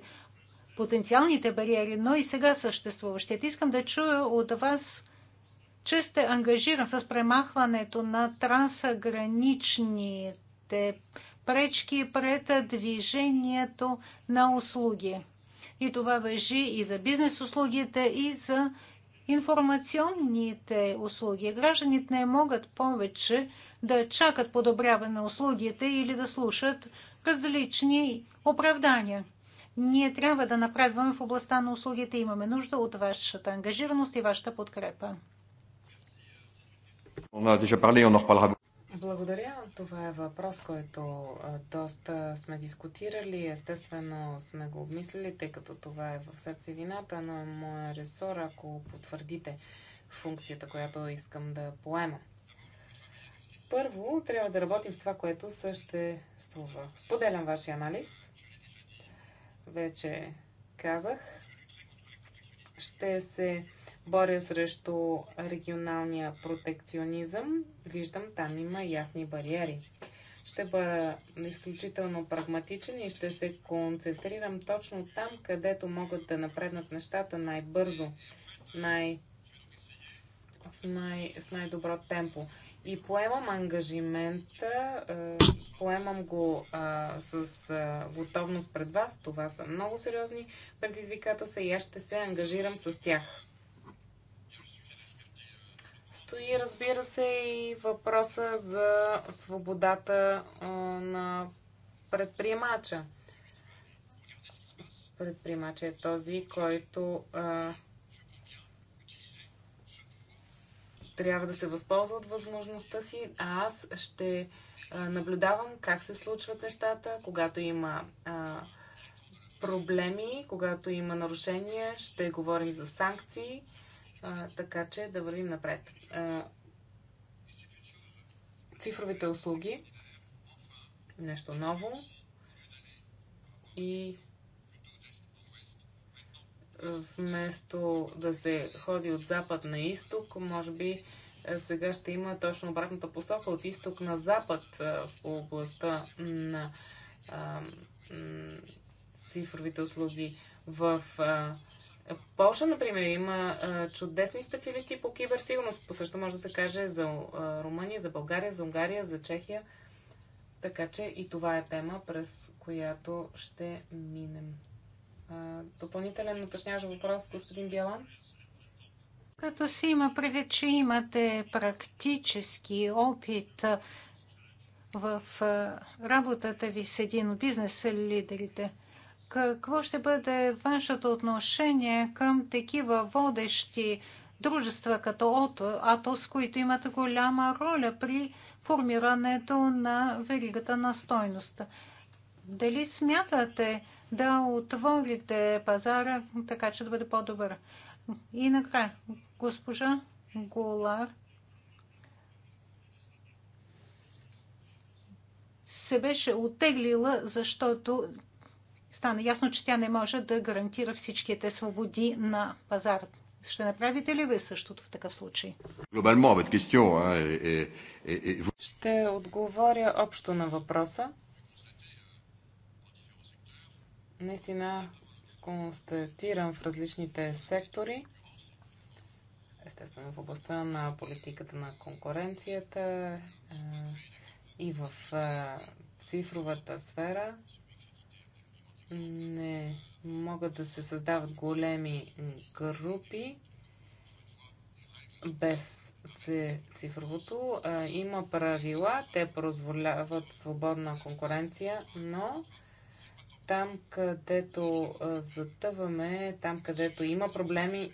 потенциалните бариери, но и сега съществуващите. Искам да чуя от вас, че сте ангажиран с премахването на трансграничните пречки пред движението на услуги. И това въжи и за бизнес услугите, и за информационните услуги. Гражданите не могат повече да чакат подобряване на услугите или да слушат различни оправдания. Ние трябва да напредваме в областта на услугите. Имаме нужда от вашата ангажираност и вашата подкрепа. Благодаря. Това е въпрос, който доста сме дискутирали. Естествено сме го обмислили, тъй като това е в сърцевината на моя ресор, ако потвърдите функцията, която искам да поема. Първо, трябва да работим с това, което съществува. Споделям вашия анализ. Вече казах. Ще се боря срещу регионалния протекционизъм. Виждам, там има ясни бариери. Ще бъда изключително прагматичен и ще се концентрирам точно там, където могат да напреднат нещата най-бързо, най-бързо в най, с най-добро темпо. И поемам ангажимента, е, поемам го а, с а, готовност пред вас. Това са много сериозни предизвикателства и аз ще се ангажирам с тях. Стои, разбира се, и въпроса за свободата а, на предприемача. Предприемача е този, който. А, трябва да се възползват възможността си, а аз ще наблюдавам как се случват нещата, когато има а, проблеми, когато има нарушения, ще говорим за санкции, а, така че да вървим напред. А, цифровите услуги, нещо ново и вместо да се ходи от запад на изток, може би е, сега ще има точно обратната посока от изток на запад е, в областта на е, цифровите услуги. В Польша, например, има чудесни специалисти по киберсигурност. По също може да се каже за Румъния, за България, за Унгария, за Чехия. Така че и това е тема, през която ще минем допълнителен уточняваш въпрос, господин Бялан? Като се има предвид, че имате практически опит в работата ви с един бизнес лидерите, какво ще бъде вашето отношение към такива водещи дружества като Атос, които имат голяма роля при формирането на веригата на стойност? Дали смятате, да отворите пазара, така че да бъде по-добър. И накрая, госпожа Голар се беше отеглила, защото стана ясно, че тя не може да гарантира всичките свободи на пазара. Ще направите ли ви същото в такъв случай? Ще отговоря общо на въпроса наистина констатирам в различните сектори, естествено в областта на политиката на конкуренцията и в цифровата сфера, не могат да се създават големи групи без цифровото. Има правила, те позволяват свободна конкуренция, но там, където затъваме, там, където има проблеми,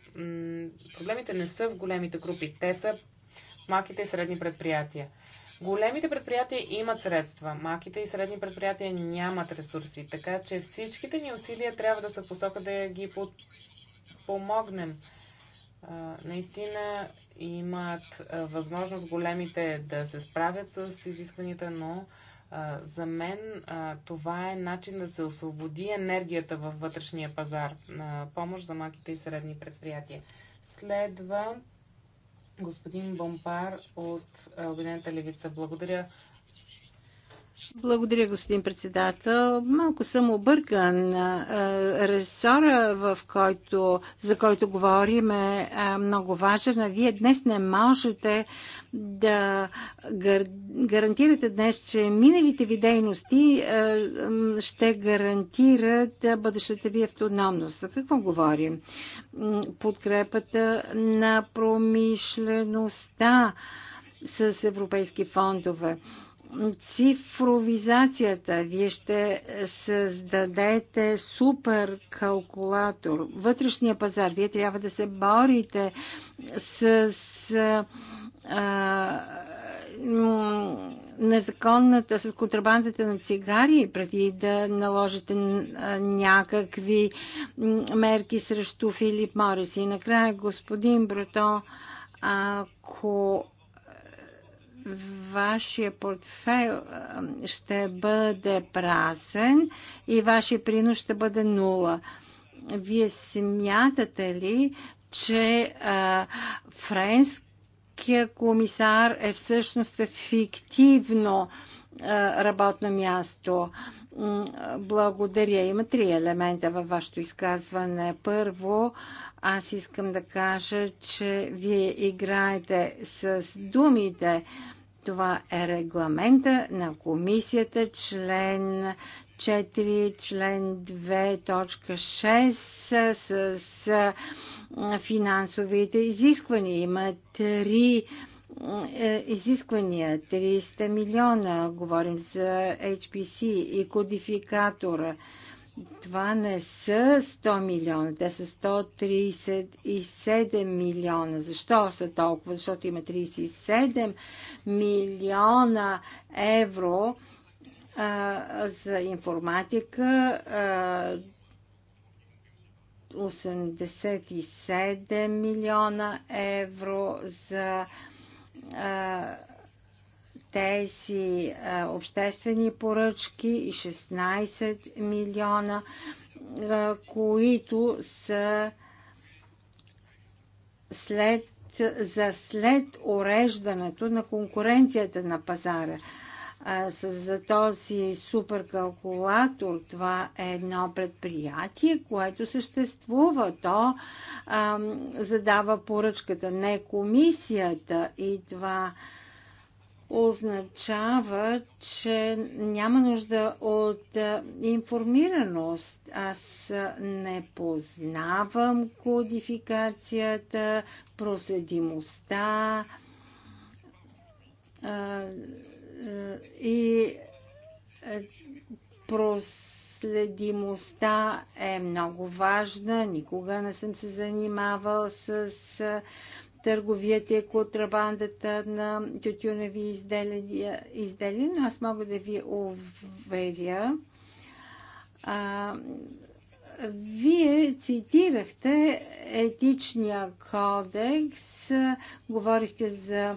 проблемите не са в големите групи, те са малките и средни предприятия. Големите предприятия имат средства, малките и средни предприятия нямат ресурси, така че всичките ни усилия трябва да са в посока да ги помогнем. Наистина имат възможност големите да се справят с изискванията, но за мен това е начин да се освободи енергията във вътрешния пазар на помощ за малките и средни предприятия. Следва господин Бомпар от Обединената левица. Благодаря, благодаря, господин председател. Малко съм объркан. Ресора, в който, за който говорим, е много важен. А вие днес не можете да гар... гарантирате днес, че миналите ви дейности ще гарантират бъдещата ви автономност. За какво говорим? Подкрепата на промишлеността с европейски фондове цифровизацията. Вие ще създадете супер калкулатор. Вътрешния пазар. Вие трябва да се борите с а, незаконната, с контрабандата на цигари, преди да наложите някакви мерки срещу Филип Морис. И накрая, господин Брато, ако вашия портфел ще бъде празен и вашия принос ще бъде нула. Вие смятате ли, че а, френския комисар е всъщност фиктивно а, работно място? Благодаря. Има три елемента във вашето изказване. Първо, аз искам да кажа, че вие играете с думите. Това е регламента на комисията, член 4, член 2, точка 6 с, с финансовите изисквания. Има три е, изисквания, 300 милиона, говорим за HPC и кодификатора – това не са 100 милиона, те са 137 милиона. Защо са толкова? Защото има 37 милиона евро а, за информатика, а, 87 милиона евро за а, тези а, обществени поръчки и 16 милиона, а, които са след, за след уреждането на конкуренцията на пазара. А, с, за този суперкалкулатор това е едно предприятие, което съществува. То а, задава поръчката, не комисията и това а, означава, че няма нужда от информираност. Аз не познавам кодификацията, проследимостта и проследимостта е много важна. Никога не съм се занимавал с търговията и е контрабандата на тютюневи изделия, изделия, но аз мога да ви уверя. А, вие цитирахте етичния кодекс, говорихте за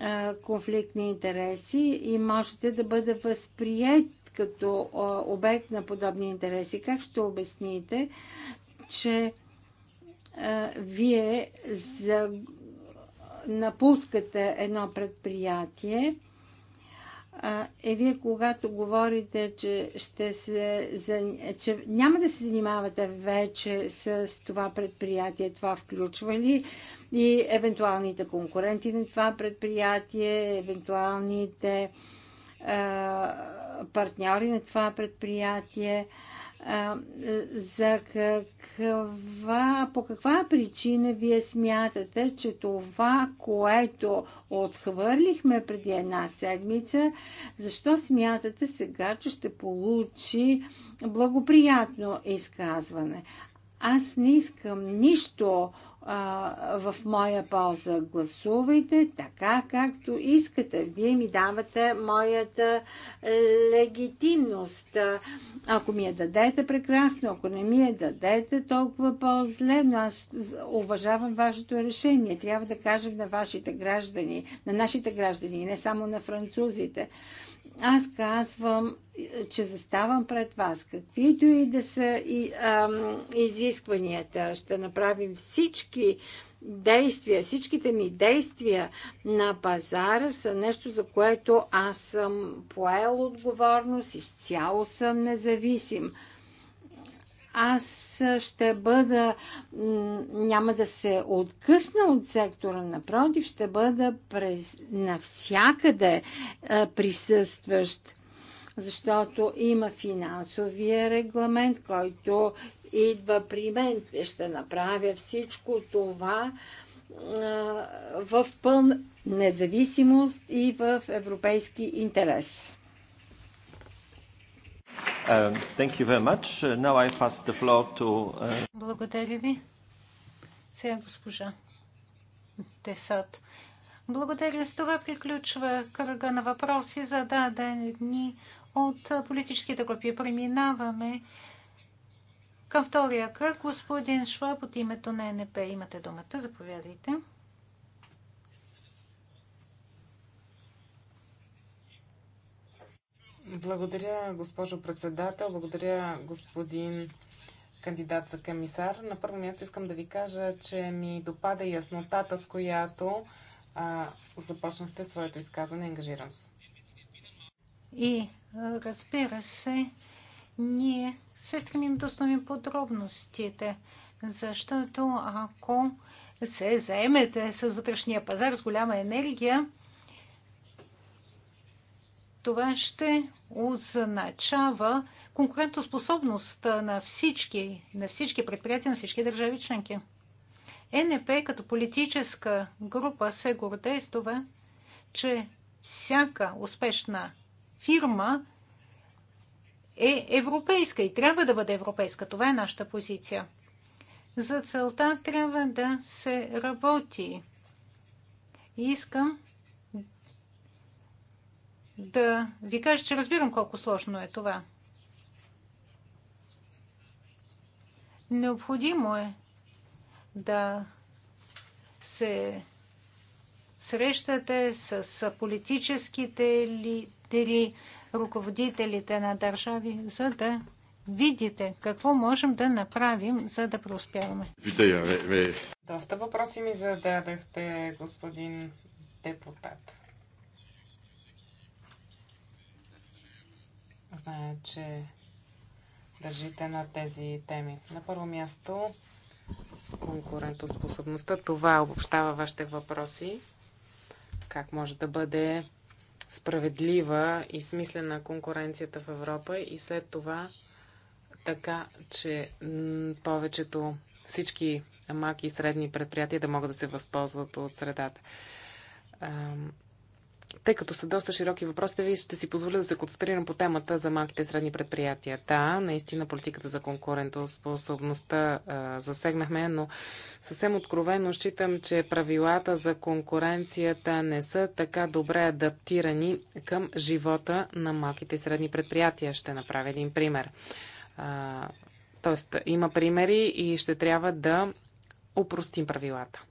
а, конфликтни интереси и можете да бъде възприят като а, обект на подобни интереси. Как ще обясните, че вие за, напускате едно предприятие, е вие когато говорите, че, ще се, че няма да се занимавате вече с това предприятие, това включва ли и евентуалните конкуренти на това предприятие, евентуалните партньори на това предприятие за каква, по каква причина вие смятате, че това, което отхвърлихме преди една седмица, защо смятате сега, че ще получи благоприятно изказване? Аз не искам нищо а, в моя полза. Гласувайте така, както искате. Вие ми давате моята е, легитимност. Ако ми я дадете, прекрасно. Ако не ми я дадете, толкова по-зле. Но аз уважавам вашето решение. Трябва да кажем на вашите граждани, на нашите граждани, не само на французите аз казвам, че заставам пред вас. Каквито и да са и, а, изискванията, ще направим всички действия, всичките ми действия на пазара са нещо, за което аз съм поел отговорност, изцяло съм независим аз ще бъда, няма да се откъсна от сектора, напротив, ще бъда през, навсякъде е, присъстващ, защото има финансовия регламент, който идва при мен. Ще направя всичко това е, в пълна независимост и в европейски интерес. Um, thank you very much. Uh, now I pass the floor to... Uh, Благодаря ви. Сега госпожа Тесат. Благодаря. С това приключва кръга на въпроси, зададени от политическите групи. Преминаваме към втория кръг. Господин Шваб от името на НП. Имате думата. Заповядайте. Благодаря, госпожо председател. Благодаря, господин кандидат за комисар. На първо място искам да ви кажа, че ми допада яснотата, с която а, започнахте своето изказване и ангажираност. И разбира се, ние се стремим да установим подробностите, защото ако се заемете с вътрешния пазар с голяма енергия, това ще означава конкурентоспособност на всички, на всички предприятия, на всички държави членки. Е НП като политическа група се гордее с това, че всяка успешна фирма е европейска и трябва да бъде европейска. Това е нашата позиция. За целта трябва да се работи. Искам да ви кажа, че разбирам колко сложно е това. Необходимо е да се срещате с политическите лидери, ръководителите на държави, за да видите какво можем да направим, за да преуспяваме. Е, е. Доста въпроси ми зададахте, господин депутат. Зная, че държите на тези теми. На първо място конкурентоспособността. Това обобщава вашите въпроси. Как може да бъде справедлива и смислена конкуренцията в Европа и след това така, че повечето всички малки и средни предприятия да могат да се възползват от средата тъй като са доста широки въпросите, ви ще си позволя да се концентрирам по темата за малките и средни предприятия. Да, наистина политиката за конкурентоспособността засегнахме, но съвсем откровено считам, че правилата за конкуренцията не са така добре адаптирани към живота на малките и средни предприятия. Ще направя един пример. А, тоест, има примери и ще трябва да упростим правилата.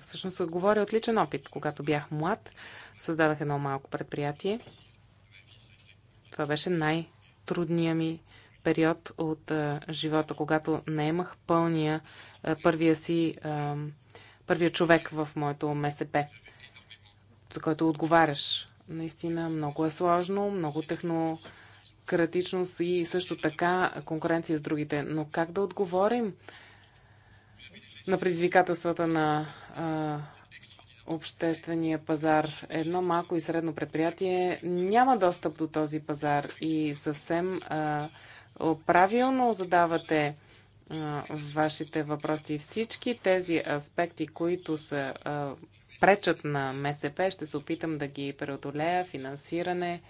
всъщност говоря от личен опит. Когато бях млад, създадах едно малко предприятие. Това беше най-трудният ми период от а, живота, когато не имах пълния, а, първия си, а, първия човек в моето МСП, за който отговаряш. Наистина много е сложно, много технократичност и също така конкуренция с другите. Но как да отговорим? на предизвикателствата на а, обществения пазар. Едно малко и средно предприятие няма достъп до този пазар и съвсем а, правилно задавате а, вашите въпроси. Всички тези аспекти, които са а, пречат на МСП, ще се опитам да ги преодолея. Финансиране, а,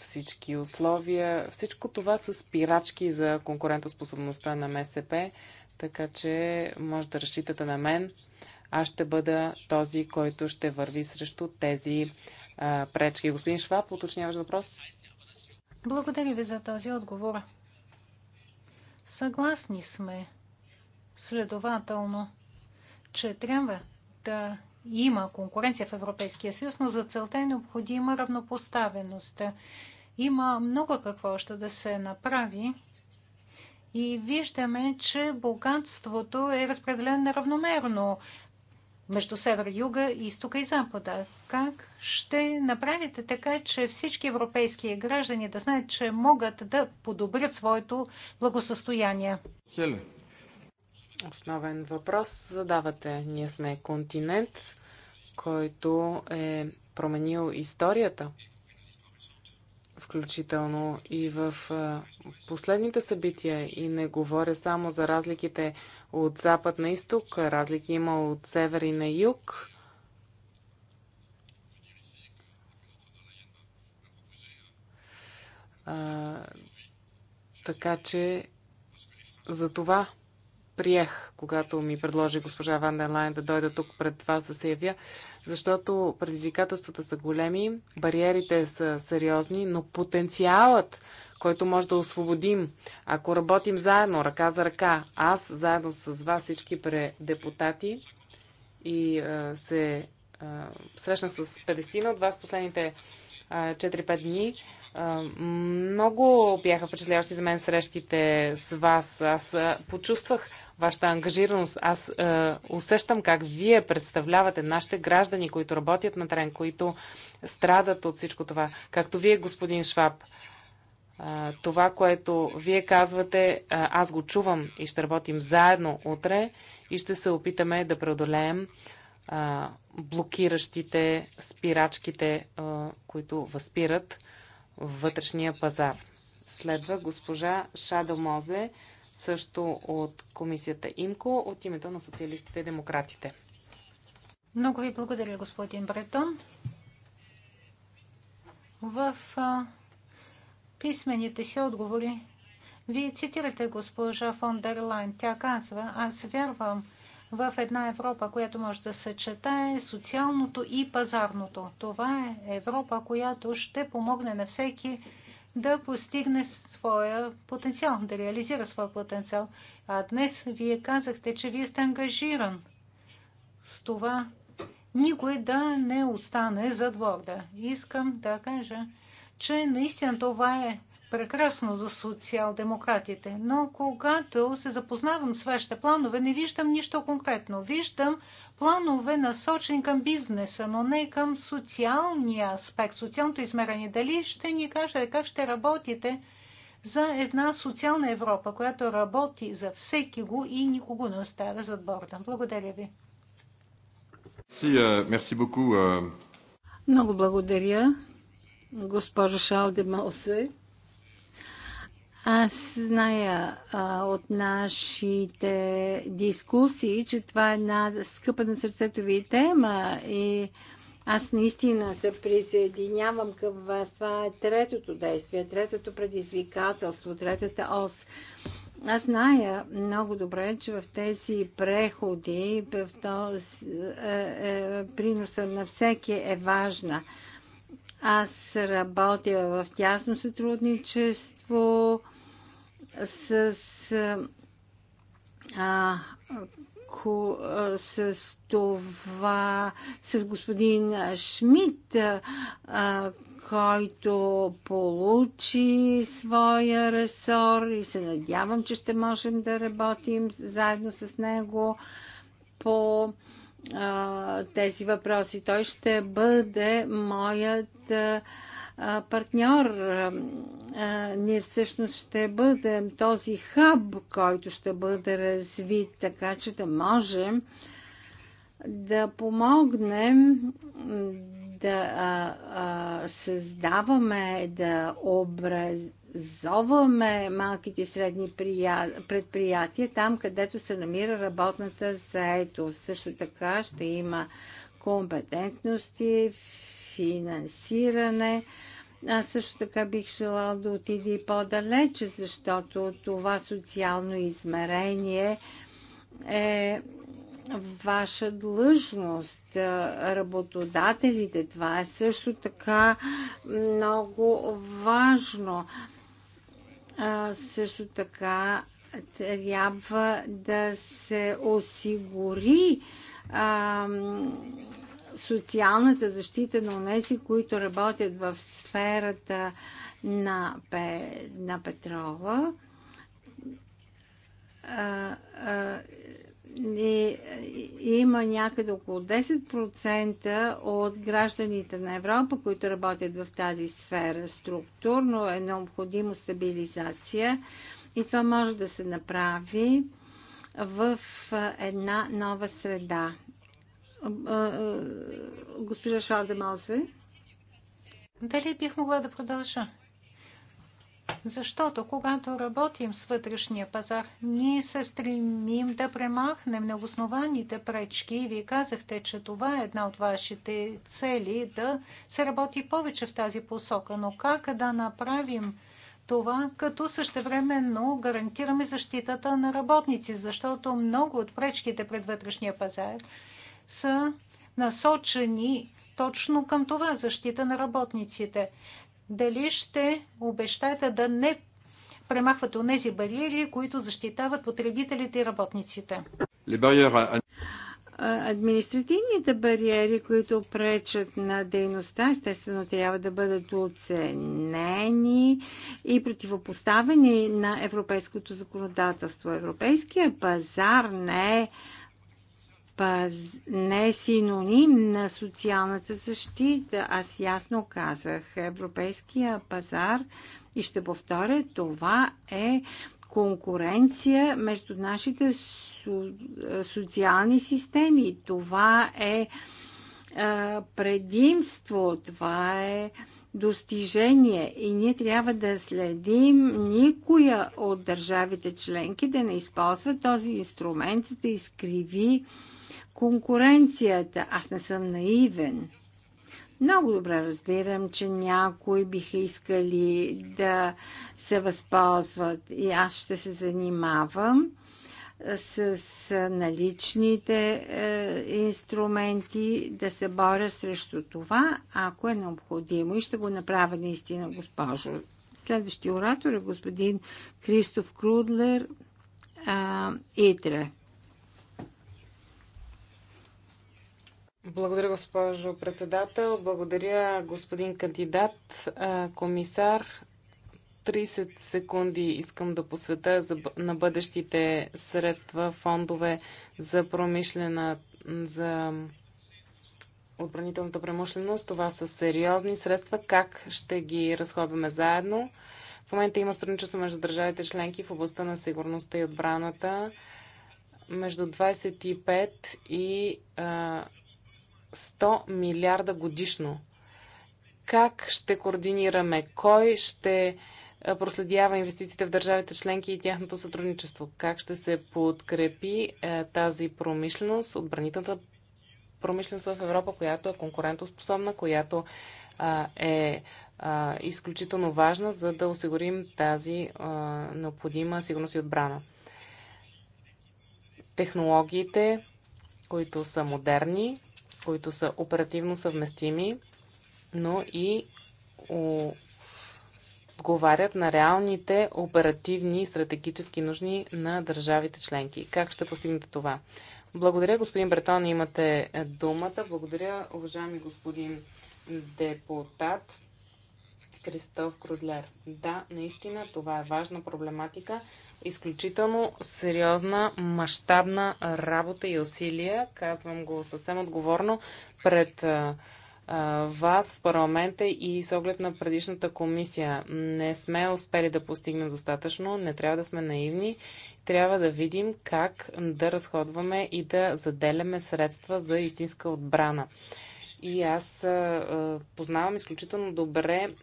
всички условия. Всичко това са спирачки за конкурентоспособността на МСП, така че може да разчитате на мен. Аз ще бъда този, който ще върви срещу тези а, пречки. Господин Шваб, уточняваш въпрос? Благодаря ви за този отговор. Съгласни сме, следователно, че трябва да има конкуренция в Европейския съюз, но за целта е необходима равнопоставеност. Има много какво още да се направи и виждаме, че богатството е разпределено неравномерно между север, юга, изтока и запада. Как ще направите така, че всички европейски граждани да знаят, че могат да подобрят своето благосъстояние? Хеле. Основен въпрос задавате. Ние сме континент, който е променил историята включително и в последните събития. И не говоря само за разликите от запад на изток, разлики има от север и на юг. А, така че за това приех, когато ми предложи госпожа Ван ден Лайн да дойда тук пред вас да се явя, защото предизвикателствата са големи, бариерите са сериозни, но потенциалът, който може да освободим, ако работим заедно, ръка за ръка, аз заедно с вас всички депутати и а, се а, срещна с 50 от вас последните 4-5 дни, много бяха впечатляващи за мен срещите с вас. Аз почувствах вашата ангажираност. Аз е, усещам как вие представлявате нашите граждани, които работят на трен, които страдат от всичко това. Както вие, господин Шваб, е, това, което вие казвате, е, аз го чувам и ще работим заедно утре и ще се опитаме да преодолеем блокиращите спирачките, които възпират вътрешния пазар. Следва госпожа Шадо Мозе, също от комисията ИМКО, от името на социалистите и демократите. Много ви благодаря, господин Бретон. В писмените си отговори вие цитирате госпожа фон дер Лайн. Тя казва, аз вярвам, в една Европа, която може да съчетае социалното и пазарното. Това е Европа, която ще помогне на всеки да постигне своя потенциал, да реализира своя потенциал. А днес вие казахте, че вие сте ангажиран с това никой да не остане зад борда. Искам да кажа, че наистина това е прекрасно за социал-демократите, но когато се запознавам с вашите планове, не виждам нищо конкретно. Виждам планове насочени към бизнеса, но не към социалния аспект, социалното измерение. Дали ще ни кажете как ще работите за една социална Европа, която работи за всеки го и никого не оставя зад борда? Благодаря ви. Е, е. Много благодаря, госпожо Шалде Малсе. Аз зная а, от нашите дискусии, че това е една скъпа на сърцето ви тема и аз наистина се присъединявам към вас. Това е третото действие, третото предизвикателство, третата ос. Аз зная много добре, че в тези преходи в този, е, е, приноса на всеки е важна. Аз работя в тясно сътрудничество с, а, ко, с това, с господин Шмидт, а, който получи своя ресор и се надявам, че ще можем да работим заедно с него по а, тези въпроси. Той ще бъде моят партньор. ние всъщност ще бъдем този хъб, който ще бъде развит, така че да можем да помогнем да създаваме, да образ, зоваме малките и средни предприятия там, където се намира работната заето. Също така ще има компетентности, финансиране. Аз също така бих желал да отиде и по-далече, защото това социално измерение е ваша длъжност, работодателите. Това е също така много важно също така трябва да се осигури а, социалната защита на унеси, които работят в сферата на, пе, на петрола. А, а, и, е, има някъде около 10% от гражданите на Европа, които работят в тази сфера. Структурно е необходимо стабилизация и това може да се направи в една нова среда. Госпожа Шалдемалзе. Дали бих могла да продължа? Защото когато работим с вътрешния пазар, ние се стремим да премахнем необоснованите пречки. И вие казахте, че това е една от вашите цели да се работи повече в тази посока. Но как да направим това, като същевременно гарантираме защитата на работници, защото много от пречките пред вътрешния пазар са насочени точно към това защита на работниците дали ще обещаете да не премахвате онези бариери, които защитават потребителите и работниците? Административните бариери, които пречат на дейността, естествено трябва да бъдат оценени и противопоставени на европейското законодателство. Европейския пазар не е паз... не е синоним на социалната защита. Аз ясно казах, европейския пазар, и ще повторя, това е конкуренция между нашите социални системи. Това е предимство, това е достижение и ние трябва да следим никоя от държавите членки да не използва този инструмент, за да изкриви конкуренцията. Аз не съм наивен. Много добре разбирам, че някои биха искали да се възползват и аз ще се занимавам с наличните е, инструменти да се боря срещу това, ако е необходимо. И ще го направя наистина, госпожо. Следващия оратор е господин Кристоф Крудлер, е, Итре. Благодаря, госпожо председател. Благодаря, господин кандидат, комисар. 30 секунди искам да посвета на бъдещите средства, фондове за промишлена, за отбранителната премишленост. Това са сериозни средства. Как ще ги разходваме заедно? В момента има сътрудничество между държавите членки в областта на сигурността и отбраната. Между 25 и а, 100 милиарда годишно. Как ще координираме? Кой ще проследява инвестициите в държавите членки и тяхното сътрудничество? Как ще се подкрепи тази промишленост, отбранителната промишленост в Европа, която е конкурентоспособна, която е изключително важна, за да осигурим тази необходима сигурност и отбрана. Технологиите, които са модерни, които са оперативно съвместими, но и отговарят на реалните оперативни и стратегически нужни на държавите членки. Как ще постигнете това? Благодаря, господин Бретон, имате думата. Благодаря, уважаеми господин депутат. Кристоф Грудляр. Да, наистина това е важна проблематика. Изключително сериозна, мащабна работа и усилия. Казвам го съвсем отговорно пред вас в парламента и с оглед на предишната комисия. Не сме успели да постигнем достатъчно, не трябва да сме наивни. Трябва да видим как да разходваме и да заделяме средства за истинска отбрана. И аз а, познавам изключително добре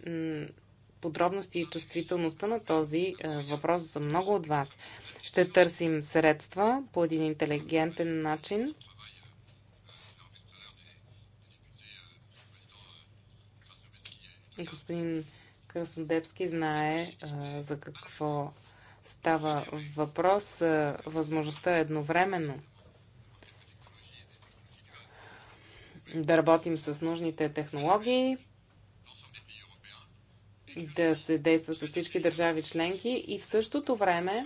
подробности и чувствителността на този а, въпрос за много от вас. Ще търсим средства по един интелигентен начин. Господин Краснодепски знае а, за какво става въпрос. А, възможността е едновременно да работим с нужните технологии, да се действа с всички държави членки и в същото време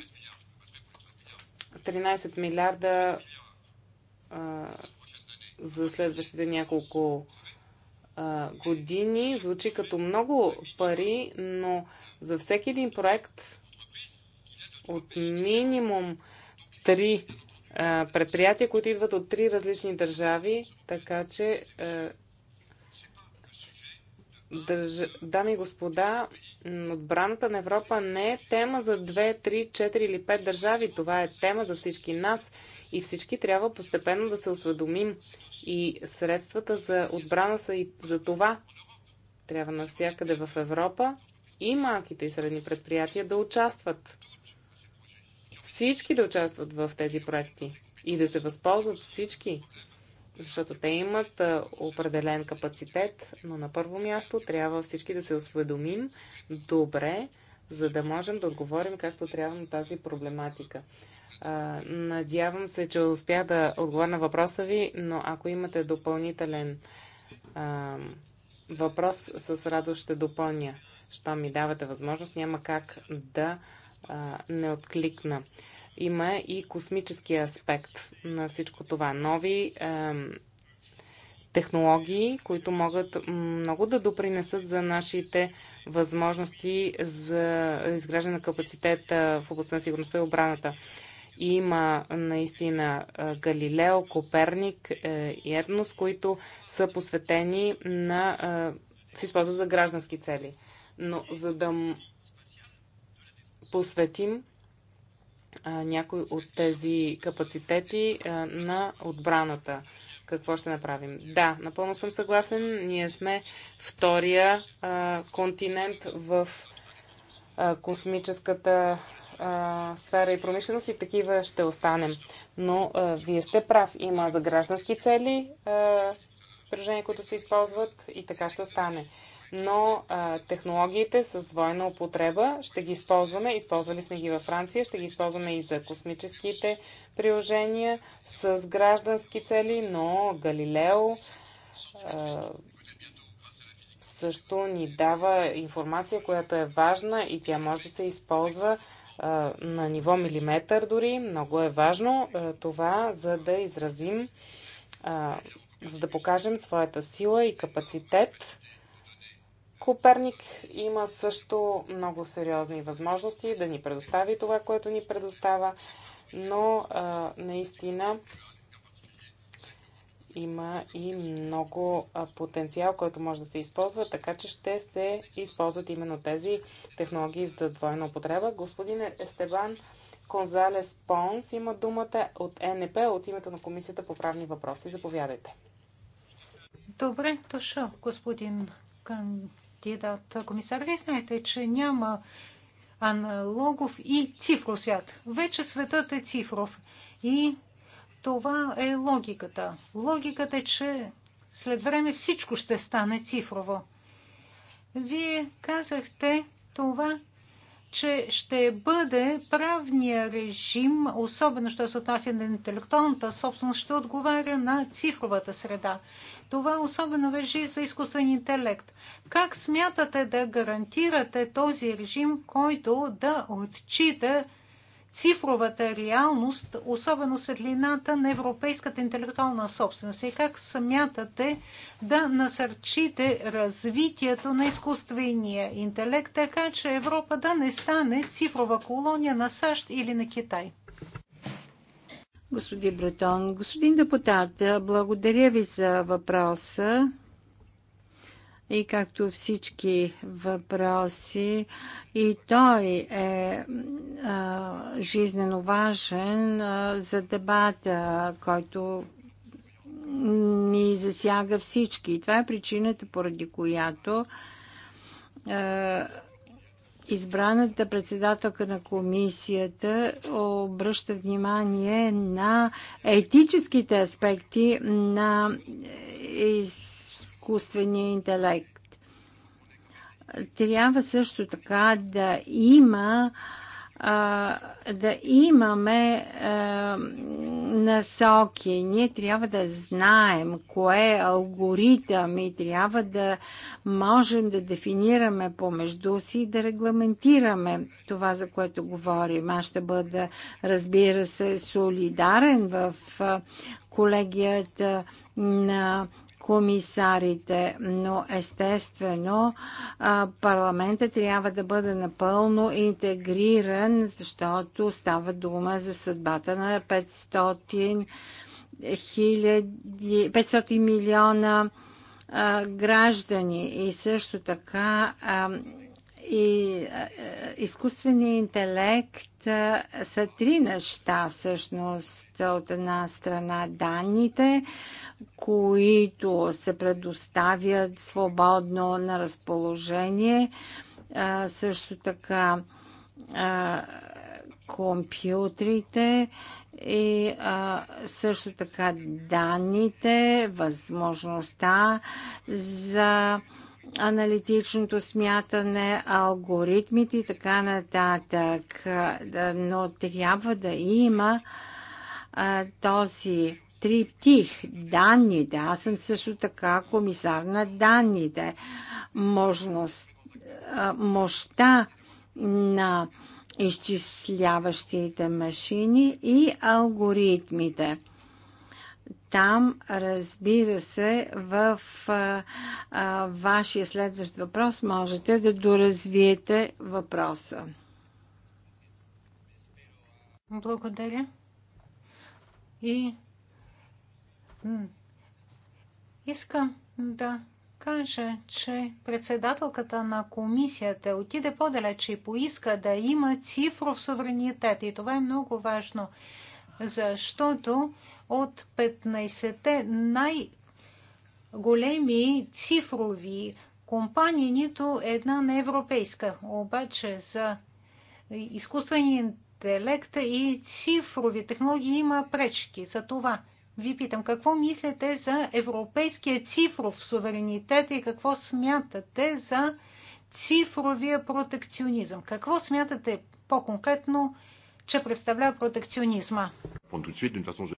13 милиарда а, за следващите няколко а, години звучи като много пари, но за всеки един проект от минимум 3 предприятия, които идват от три различни държави, така че Държ... Дами и господа, отбраната на Европа не е тема за 2, 3, 4 или 5 държави. Това е тема за всички нас и всички трябва постепенно да се осведомим. И средствата за отбрана са и за това. Трябва навсякъде в Европа и малките и средни предприятия да участват всички да участват в тези проекти и да се възползват всички, защото те имат определен капацитет, но на първо място трябва всички да се осведомим добре, за да можем да отговорим както трябва на тази проблематика. Надявам се, че успя да отговоря на въпроса ви, но ако имате допълнителен въпрос, с радост ще допълня. Що ми давате възможност, няма как да а, не откликна. Има и космически аспект на всичко това. Нови а, технологии, които могат много да допринесат за нашите възможности за изграждане на капацитета в областта на сигурността и обраната. Има наистина Галилео, Коперник е, и Етнос, които са посветени на се използват за граждански цели. Но за да посветим някой от тези капацитети на отбраната. Какво ще направим? Да, напълно съм съгласен. Ние сме втория континент в космическата сфера и промишленост и такива ще останем. Но а, вие сте прав. Има за граждански цели а, приложения, които се използват и така ще остане но а, технологиите с двойна употреба ще ги използваме. Използвали сме ги във Франция, ще ги използваме и за космическите приложения с граждански цели, но Галилео а, също ни дава информация, която е важна и тя може да се използва а, на ниво милиметър дори. Много е важно а, това, за да изразим, а, за да покажем своята сила и капацитет Коперник има също много сериозни възможности да ни предостави това, което ни предостава, но а, наистина има и много потенциал, който може да се използва, така че ще се използват именно тези технологии за двойна употреба. Господин Естебан Конзалес Понс има думата от НП, от името на Комисията по правни въпроси. Заповядайте. Добре, дошъл, господин кандидат комисар, вие знаете, че няма аналогов и цифров свят. Вече светът е цифров. И това е логиката. Логиката е, че след време всичко ще стане цифрово. Вие казахте това, че ще бъде правния режим, особено що се отнася на интелектуалната собственост, ще отговаря на цифровата среда. Това особено вежи за изкуствен интелект. Как смятате да гарантирате този режим, който да отчита цифровата реалност, особено светлината на европейската интелектуална собственост и как смятате да насърчите развитието на изкуствения интелект, така че Европа да не стане цифрова колония на САЩ или на Китай? господин Бретон. Господин депутат, благодаря ви за въпроса. И както всички въпроси, и той е а, жизненно важен а, за дебата, който ни засяга всички. И това е причината, поради която а, избраната председателка на комисията обръща внимание на етическите аспекти на изкуствения интелект. Трябва също така да има а, а, да имаме а, насоки. Ние трябва да знаем кое е алгоритъм и трябва да можем да дефинираме помежду си и да регламентираме това, за което говорим. Аз ще бъда, разбира се, солидарен в колегията на комисарите, но естествено парламента трябва да бъде напълно интегриран, защото става дума за съдбата на 500 000, 500 милиона граждани и също така и е, е, изкуственият интелект е, са три неща всъщност. От една страна данните, които се предоставят свободно на разположение, също така компютрите и също така данните, възможността за аналитичното смятане, алгоритмите и така нататък. Но трябва да има а, този триптих данните. Аз съм също така комисар на данните. Можност, а, мощта на изчисляващите машини и алгоритмите там, разбира се, в а, а, вашия следващ въпрос можете да доразвиете въпроса. Благодаря. И искам да кажа, че председателката на комисията отиде по далече и поиска да има цифров суверенитет. И това е много важно, защото от 15-те най-големи цифрови компании, нито една не европейска. Обаче за изкуствения интелект и цифрови технологии има пречки. За това ви питам, какво мислите за европейския цифров суверенитет и какво смятате за цифровия протекционизъм? Какво смятате по-конкретно, че представлява протекционизма?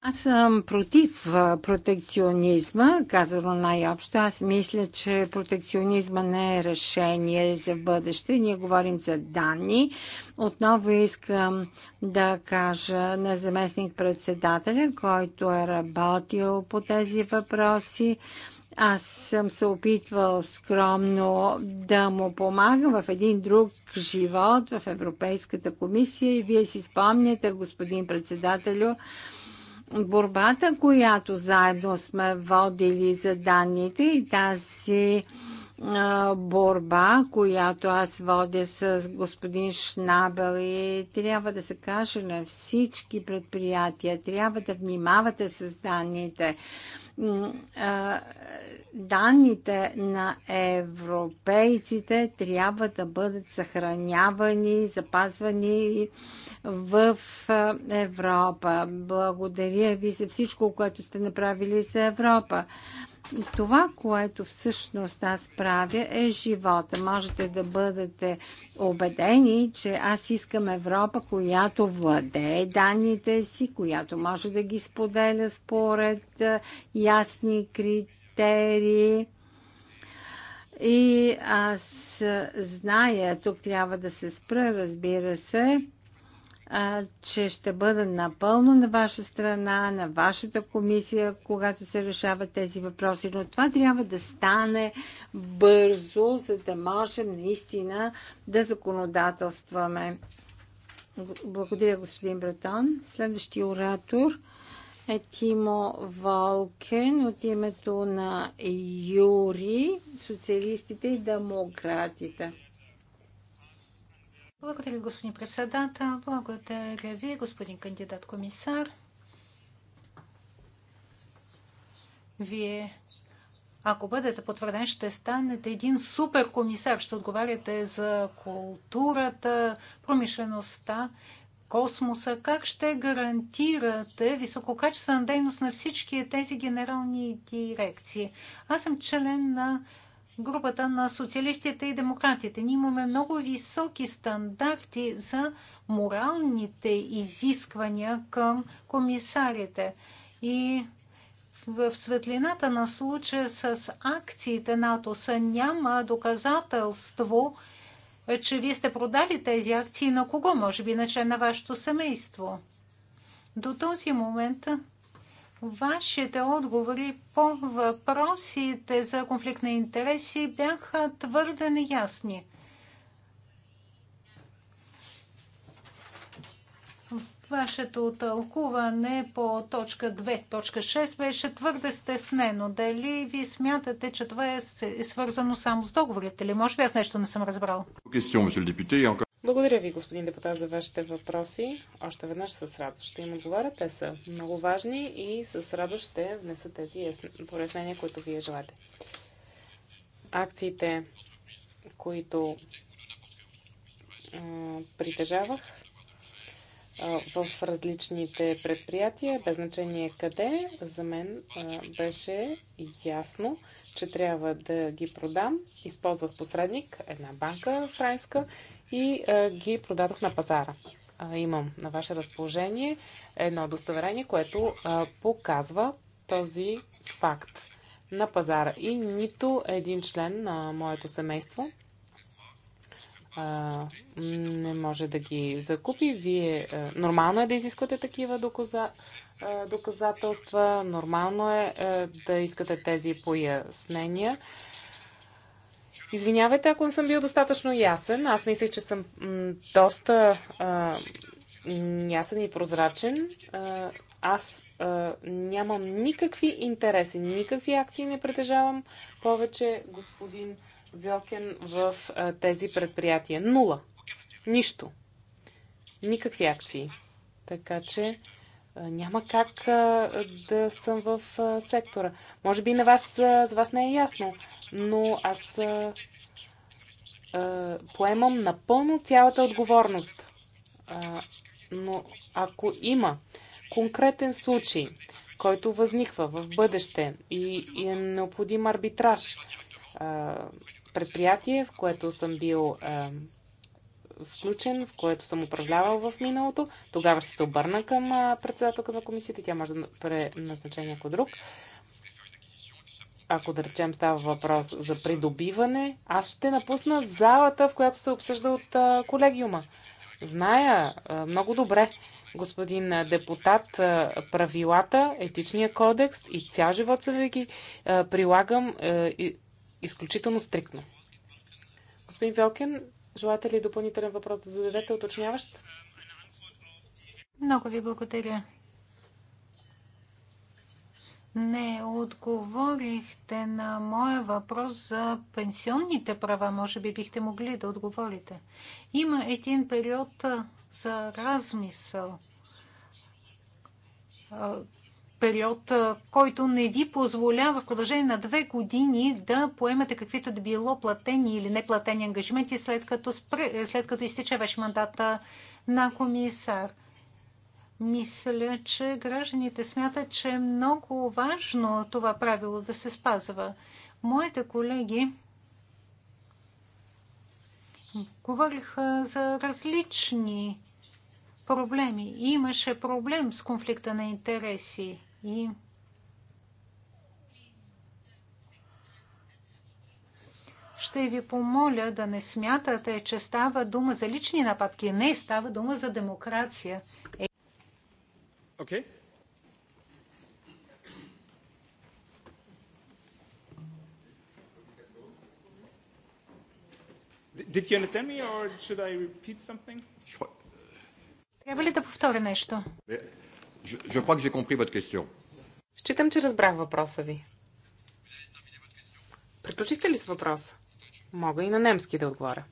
Аз съм против протекционизма, казано най-общо. Аз мисля, че протекционизма не е решение за бъдеще. Ние говорим за данни. Отново искам да кажа на заместник председателя, който е работил по тези въпроси аз съм се опитвал скромно да му помагам в един друг живот в Европейската комисия и вие си спомняте, господин председателю, борбата, която заедно сме водили за данните и тази борба, която аз водя с господин Шнабел и трябва да се каже на всички предприятия, трябва да внимавате с данните данните на европейците трябва да бъдат съхранявани, запазвани в Европа. Благодаря ви за всичко, което сте направили за Европа. Това, което всъщност аз правя е живота. Можете да бъдете убедени, че аз искам Европа, която владее данните си, която може да ги споделя според ясни критерии. И аз зная, тук трябва да се спра, разбира се, че ще бъда напълно на ваша страна, на вашата комисия, когато се решават тези въпроси. Но това трябва да стане бързо, за да можем наистина да законодателстваме. Благодаря, господин Бретон. Следващия оратор е Тимо Волкен от името на Юри, социалистите и демократите. Благодаря, господин председател. Благодаря ви, господин кандидат комисар. Вие, ако бъдете потвърден, ще станете един супер комисар. Ще отговаряте за културата, промишлеността, космоса. Как ще гарантирате висококачествена дейност на всички тези генерални дирекции? Аз съм член на групата на социалистите и демократите. Ние имаме много високи стандарти за моралните изисквания към комисарите. И в светлината на случая с акциите на АТОСа няма доказателство, че вие сте продали тези акции на кого? Може би на член на вашето семейство. До този момент Вашите отговори по въпросите за конфликт на интереси бяха твърде неясни. Вашето тълкуване по точка 2, точка 6 беше твърде стеснено. Дали ви смятате, че това е, е свързано само с договорите или може би аз нещо не съм разбрал? Благодаря ви, господин депутат, за вашите въпроси. Още веднъж с радост ще им отговаря. Те са много важни и с радост ще внеса тези пояснения, които вие желаете. Акциите, които притежавах в различните предприятия, без значение къде, за мен беше ясно, че трябва да ги продам. Използвах посредник, една банка франска и а, ги продадох на пазара. А, имам на ваше разположение едно удостоверение, което а, показва този факт на пазара. И нито един член на моето семейство а, не може да ги закупи. Вие а, нормално е да изисквате такива доказа, а, доказателства, нормално е а, да искате тези пояснения. Извинявайте, ако не съм бил достатъчно ясен. Аз мислех, че съм доста а, ясен и прозрачен. А, аз а, нямам никакви интереси, никакви акции не притежавам повече, господин Вьокен, в а, тези предприятия. Нула. Нищо. Никакви акции. Така че няма как да съм в сектора. Може би на вас, за вас не е ясно, но аз поемам напълно цялата отговорност. Но ако има конкретен случай, който възниква в бъдеще и, и е необходим арбитраж, предприятие, в което съм бил включен, в което съм управлявал в миналото. Тогава ще се обърна към председателка на комисията и тя може да преназначи някой друг. Ако да речем става въпрос за придобиване, аз ще напусна залата, в която се обсъжда от колегиума. Зная много добре, господин депутат, правилата, етичния кодекс и цял живот се ги прилагам изключително стриктно. Господин Велкен, Желаете ли допълнителен въпрос да зададете, уточняващ? Много ви благодаря. Не отговорихте на моя въпрос за пенсионните права. Може би бихте могли да отговорите. Има един период за размисъл период, който не ви позволява в продължение на две години да поемате каквито да било платени или неплатени ангажименти, след като, спре, след като изтича ваш мандата на комисар. Мисля, че гражданите смятат, че е много важно това правило да се спазва. Моите колеги говориха за различни проблеми. Имаше проблем с конфликта на интереси. И ще ви помоля да не смятате, че става дума за лични нападки. Не, става дума за демокрация. Okay. Е, did you understand me or should I repeat something? Sure. Трябва ли да повторя нещо? Е, Je, crois que j'ai compris votre question. Считам, че разбрах въпроса ви. Приключихте ли с въпроса? Мога и на немски да отговоря.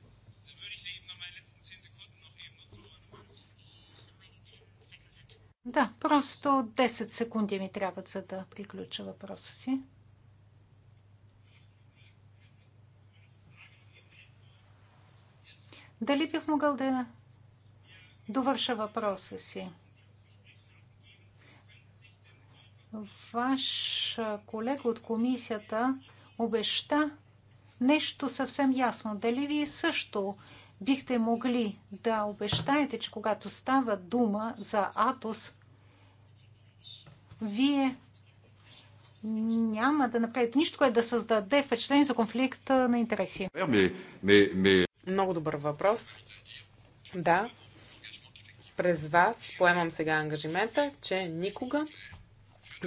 Да, просто 10 секунди ми трябват, за да приключа въпроса си. Дали бих могъл да довърша въпроса си? Ваш колега от комисията обеща нещо съвсем ясно. Дали вие също бихте могли да обещаете, че когато става дума за Атос, вие няма да направите нищо, което да създаде впечатление за конфликт на интереси. Ами, ами, ами. Много добър въпрос. Да, през вас поемам сега ангажимента, че никога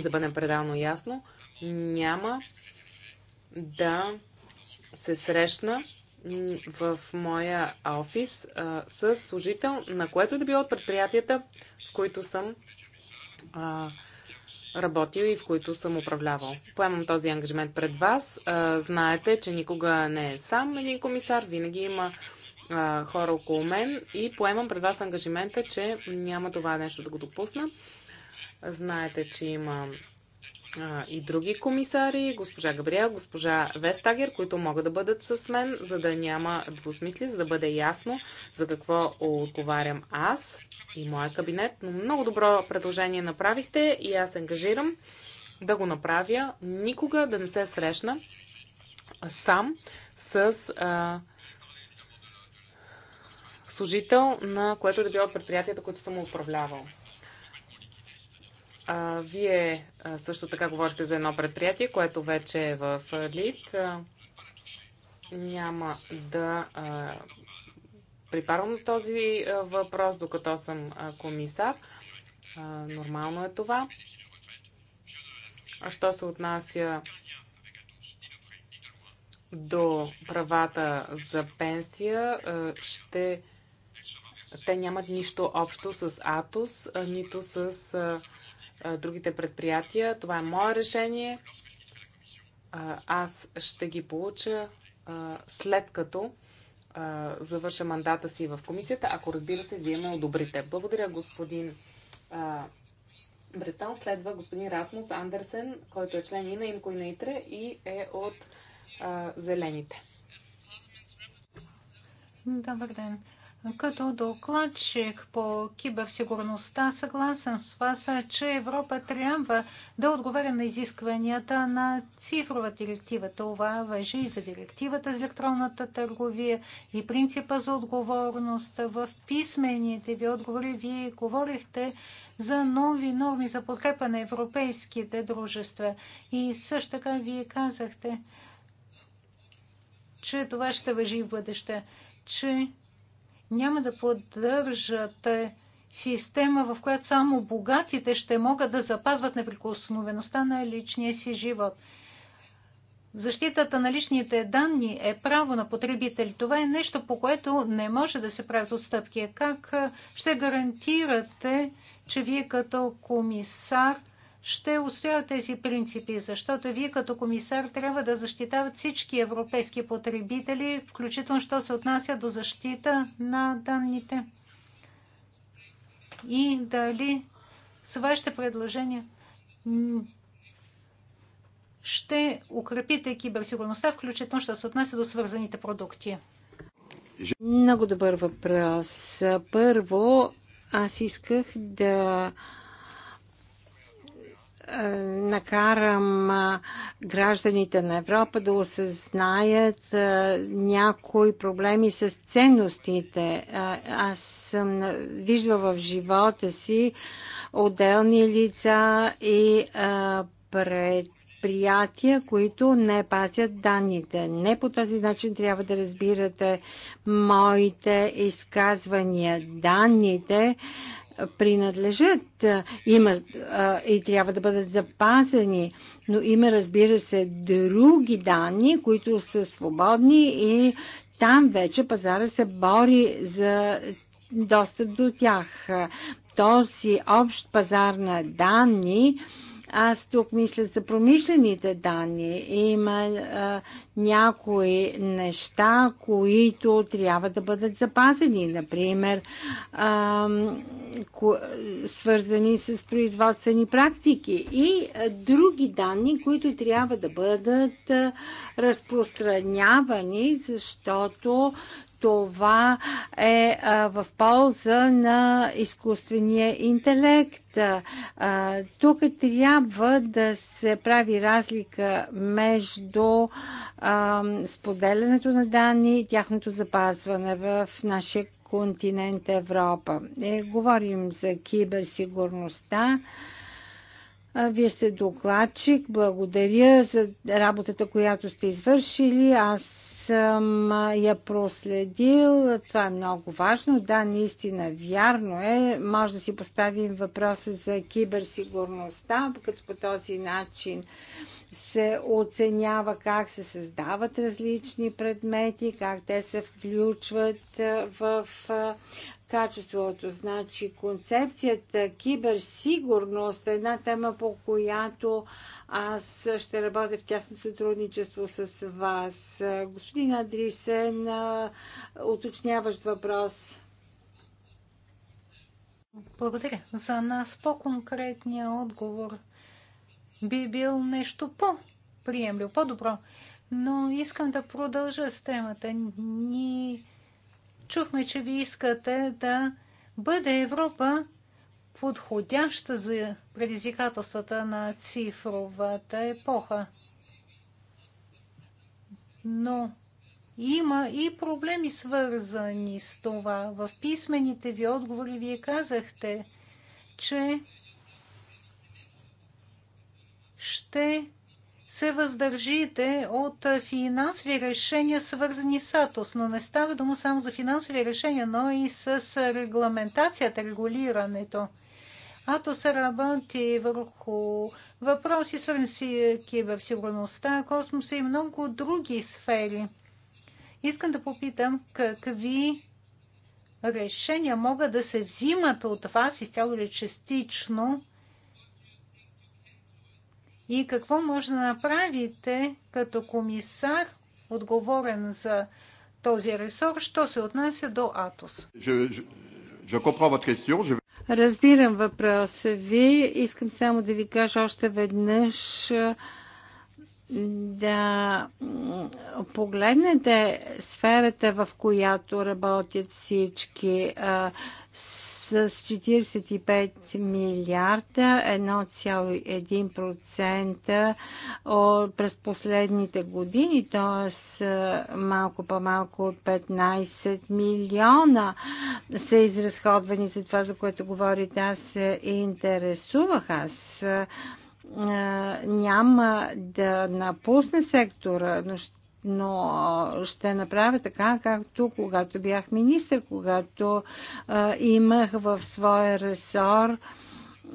да бъдем пределно ясно, няма да се срещна в моя офис а, с служител, на което да било от предприятията, в които съм а, работил и в които съм управлявал. Поемам този ангажимент пред вас. А, знаете, че никога не е сам един комисар, винаги има а, хора около мен и поемам пред вас ангажимента, че няма това нещо да го допусна. Знаете, че има а, и други комисари, госпожа Габриел, госпожа Вестагер, които могат да бъдат с мен, за да няма двусмисли, за да бъде ясно за какво отговарям аз и моя кабинет. Но много добро предложение направихте и аз ангажирам да го направя. Никога да не се срещна сам с а, служител на което е да било предприятията, които съм управлявал. А, вие а, също така говорите за едно предприятие, което вече е в лид. А, няма да а, припарвам този а, въпрос, докато съм а, комисар. А, нормално е това. А що се отнася до правата за пенсия, ще... те нямат нищо общо с Атос, нито с другите предприятия. Това е мое решение. Аз ще ги получа след като завърша мандата си в комисията, ако разбира се, вие ме одобрите. Благодаря, господин Бретан. Следва господин Расмус Андерсен, който е член и на Имко и на Итре и е от Зелените. Добър ден. Като докладчик по киберсигурността съгласен с вас, че Европа трябва да отговаря на изискванията на цифрова директива. Това въжи и за директивата за електронната търговия и принципа за отговорност. В писмените ви отговори вие говорихте за нови норми за подкрепа на европейските дружества. И също така вие казахте, че това ще въжи в бъдеще, че няма да поддържате система, в която само богатите ще могат да запазват неприкосновеността на личния си живот. Защитата на личните данни е право на потребители. Това е нещо, по което не може да се правят отстъпки. Как ще гарантирате, че вие като комисар – ще устоя тези принципи, защото вие като комисар трябва да защитават всички европейски потребители, включително що се отнася до защита на данните. И дали с вашите предложения ще укрепите киберсигурността, включително що се отнася до свързаните продукти? Много добър въпрос. Първо, аз исках да е, накарам гражданите на Европа да осъзнаят е, някои проблеми с ценностите. Е, аз съм виждала в живота си отделни лица и пред предприятия, които не пазят данните. Не по този начин трябва да разбирате моите изказвания. Данните принадлежат има, и трябва да бъдат запазени. Но има, разбира се, други данни, които са свободни и там вече пазара се бори за достъп до тях. Този общ пазар на данни аз тук мисля за промишлените данни. Има а, някои неща, които трябва да бъдат запазени. Например, а, ко, свързани с производствени практики и а, други данни, които трябва да бъдат а, разпространявани, защото това е в полза на изкуствения интелект. Тук трябва да се прави разлика между споделянето на данни и тяхното запазване в нашия континент Европа. Е, говорим за киберсигурността. Вие сте докладчик. Благодаря за работата, която сте извършили. Аз съм я проследил. Това е много важно. Да, наистина, вярно е. Може да си поставим въпроса за киберсигурността, като по този начин се оценява как се създават различни предмети, как те се включват в качеството. Значи концепцията киберсигурност е една тема, по която аз ще работя в тясно сътрудничество с вас. Господин Адрисен, уточняващ въпрос. Благодаря. За нас по-конкретния отговор би бил нещо по приемливо по-добро. Но искам да продължа с темата. Ни чухме, че ви искате да бъде Европа подходяща за предизвикателствата на цифровата епоха. Но има и проблеми свързани с това. В писмените ви отговори вие казахте, че ще се въздържите от финансови решения, свързани с АТОС, но не става дума само за финансови решения, но и с регламентацията, регулирането ато се работи върху въпроси, свързани с киберсигурността, космоса и много други сфери. Искам да попитам какви решения могат да се взимат от вас изцяло или частично и какво може да направите като комисар, отговорен за този ресор, що се отнася до АТОС? Je, je, je Разбирам въпроса ви. Искам само да ви кажа още веднъж да погледнете сферата, в която работят всички с 45 милиарда, 1,1% през последните години, т.е. малко по-малко от 15 милиона са изразходвани за това, за което говорите. Аз се интересувах. Аз няма да напусне сектора, но ще но ще направя така, както когато бях министр, когато а, имах в своя ресор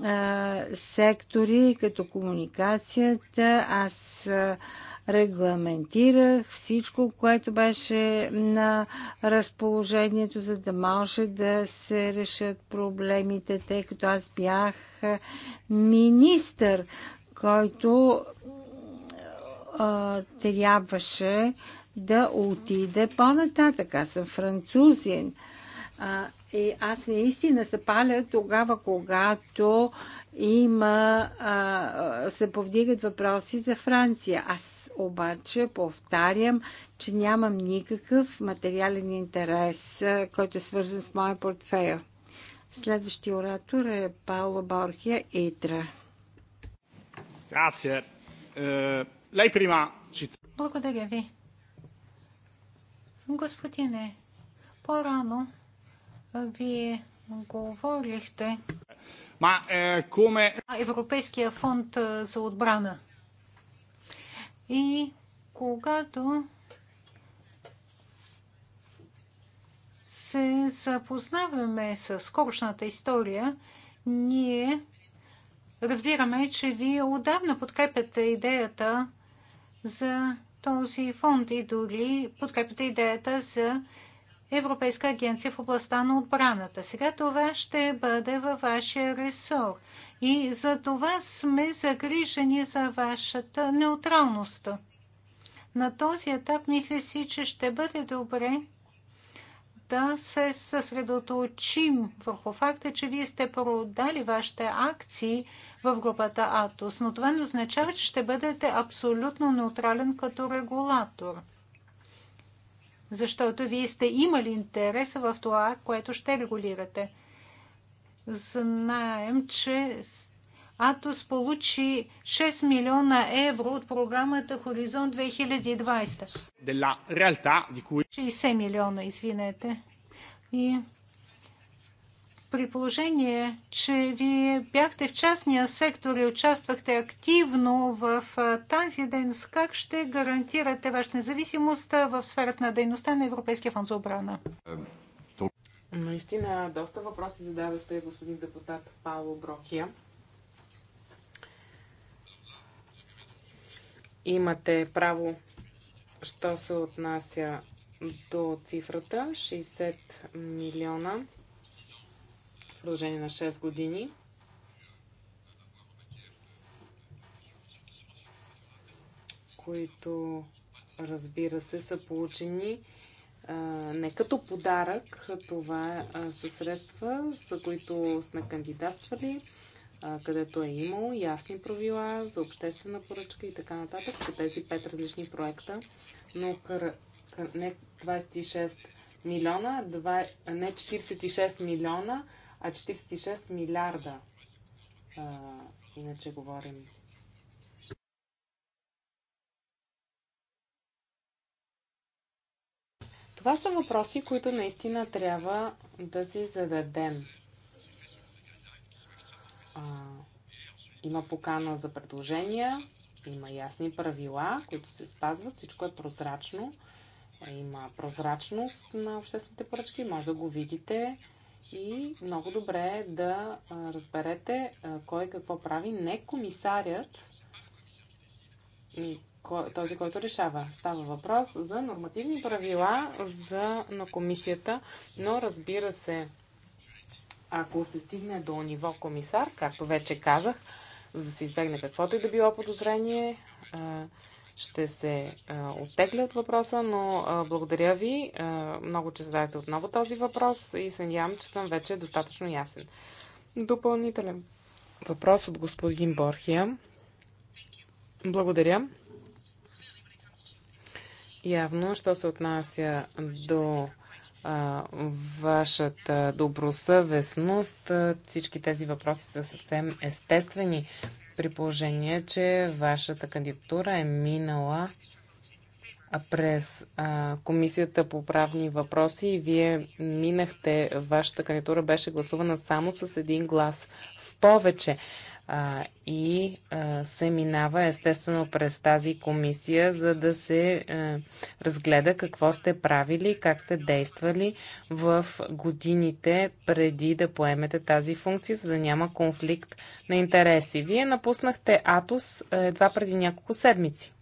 а, сектори като комуникацията. Аз а, регламентирах всичко, което беше на разположението, за да може да се решат проблемите, тъй като аз бях министър, който а, трябваше да отиде по-нататък. Аз съм французин. А, и аз наистина се паля тогава, когато има, а, се повдигат въпроси за Франция. Аз обаче повтарям, че нямам никакъв материален интерес, а, който е свързан с моя портфейл. Следващия оратор е Пауло Борхия Итра. Grazie. Е, Лей прима. Благодаря ви. Господине, по-рано вие говорихте Ма, е, куме... Европейския фонд е, за отбрана. И когато се запознаваме с скорочната история, ние разбираме, че вие отдавна подкрепяте идеята за този фонд и дори подкрепите идеята за Европейска агенция в областта на отбраната. Сега това ще бъде във вашия ресор. И за това сме загрижени за вашата неутралност. На този етап мисля си, че ще бъде добре да се съсредоточим върху факта, че вие сте продали вашите акции – в групата Атос, но това не означава, че ще бъдете абсолютно неутрален като регулатор. Защото вие сте имали интерес в това, което ще регулирате. Знаем, че Атос получи 6 милиона евро от програмата Хоризонт 2020. 60 милиона, извинете. И при положение, че вие бяхте в частния сектор и участвахте активно в тази дейност, как ще гарантирате ваша независимост в сферата на дейността на Европейския фонд за обрана? Наистина, доста въпроси зададохте, господин депутат Пауло Брокия. Имате право, що се отнася до цифрата 60 милиона в продължение на 6 години. които разбира се са получени а, не като подарък, това а, са средства, за които сме кандидатствали, а, където е имало ясни правила за обществена поръчка и така нататък по тези пет различни проекта, но кър, кър, не 26 милиона, 2, не 46 милиона, а 46 милиарда. А, иначе говорим. Това са въпроси, които наистина трябва да си зададем. А, има покана за предложения, има ясни правила, които се спазват, всичко е прозрачно. Има прозрачност на обществените поръчки, може да го видите и много добре е да разберете кой какво прави. Не комисарят, този, който решава. Става въпрос за нормативни правила за, на комисията, но разбира се, ако се стигне до ниво комисар, както вече казах, за да се избегне каквото и да било подозрение, ще се а, оттегля от въпроса, но а, благодаря ви а, много, че зададете отново този въпрос и се надявам, че съм вече достатъчно ясен. Допълнителен въпрос от господин Борхия. Благодаря. Явно, що се отнася до а, вашата добросъвестност, всички тези въпроси са съвсем естествени при положение, че вашата кандидатура е минала през а, Комисията по правни въпроси и вие минахте, вашата кандидатура беше гласувана само с един глас в повече а, и а, се минава естествено през тази комисия, за да се а, разгледа какво сте правили, как сте действали в годините преди да поемете тази функция, за да няма конфликт на интереси. Вие напуснахте Атос едва преди няколко седмици.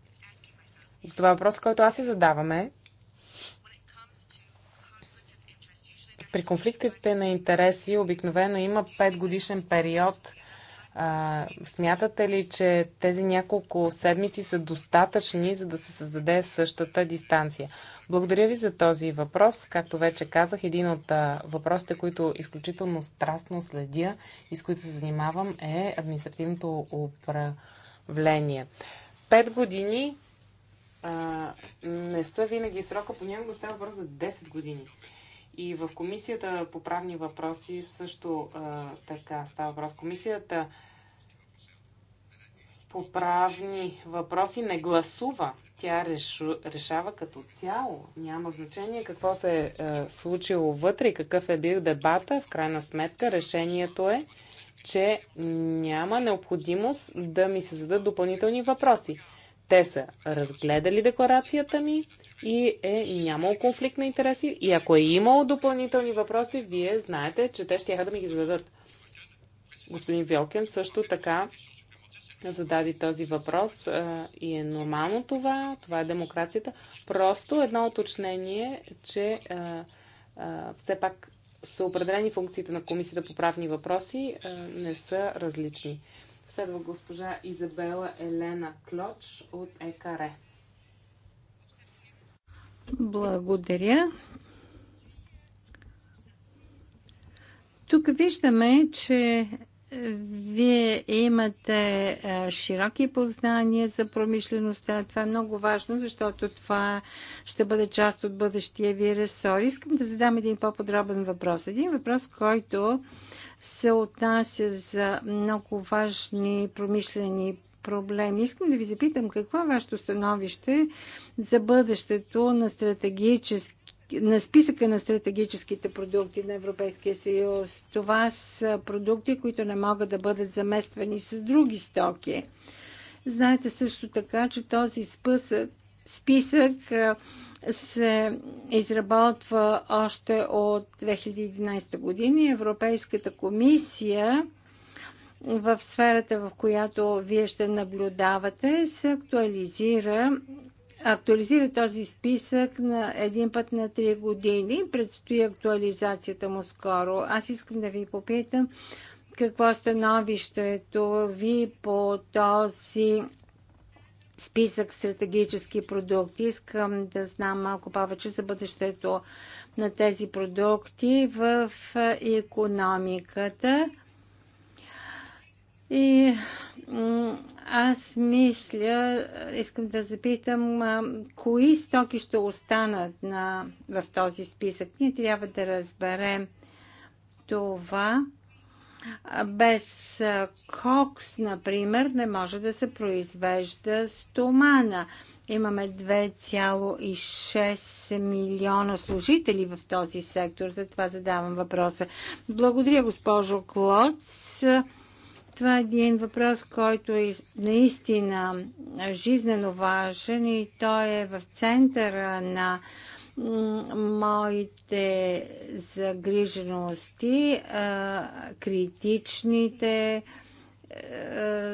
За това въпрос, който аз си задаваме, при конфликтите на интереси обикновено има 5 годишен период а, смятате ли, че тези няколко седмици са достатъчни, за да се създаде същата дистанция? Благодаря ви за този въпрос. Както вече казах, един от а, въпросите, които изключително страстно следя и с които се занимавам е административното управление. Пет години а, не са винаги срока, понякога става въпрос за 10 години. И в комисията по правни въпроси също а, така става въпрос. Комисията по правни въпроси не гласува. Тя решу, решава като цяло. Няма значение какво се е случило вътре и какъв е бил дебата. В крайна сметка решението е, че няма необходимост да ми се зададат допълнителни въпроси. Те са разгледали декларацията ми и е нямало конфликт на интереси. И ако е имало допълнителни въпроси, вие знаете, че те ще да ми ги зададат. Господин Велкен също така зададе този въпрос и е нормално това, това е демокрацията. Просто едно уточнение, че все пак са определени функциите на Комисията по правни въпроси, не са различни. Следва госпожа Изабела Елена Клоч от ЕКАРЕ. Благодаря. Тук виждаме, че вие имате е, широки познания за промишлеността. Това е много важно, защото това ще бъде част от бъдещия ви ресор. Искам да задам един по-подробен въпрос. Един въпрос, който се отнася за много важни промишлени проблеми. Искам да ви запитам какво е вашето становище за бъдещето на стратегически на списъка на стратегическите продукти на Европейския съюз. Това са продукти, които не могат да бъдат замествани с други стоки. Знаете също така, че този списък, списък се изработва още от 2011 година. Европейската комисия в сферата, в която вие ще наблюдавате, се актуализира актуализира този списък на един път на три години. Предстои актуализацията му скоро. Аз искам да ви попитам какво е становището ви по този списък стратегически продукти. Искам да знам малко повече за бъдещето на тези продукти в економиката. И аз мисля, искам да запитам, кои стоки ще останат на, в този списък. Ние трябва да разберем това. Без кокс, например, не може да се произвежда стомана. Имаме 2,6 милиона служители в този сектор, затова задавам въпроса. Благодаря, госпожо Клоц. Това е един въпрос, който е наистина жизнено важен и той е в центъра на моите загрижености, критичните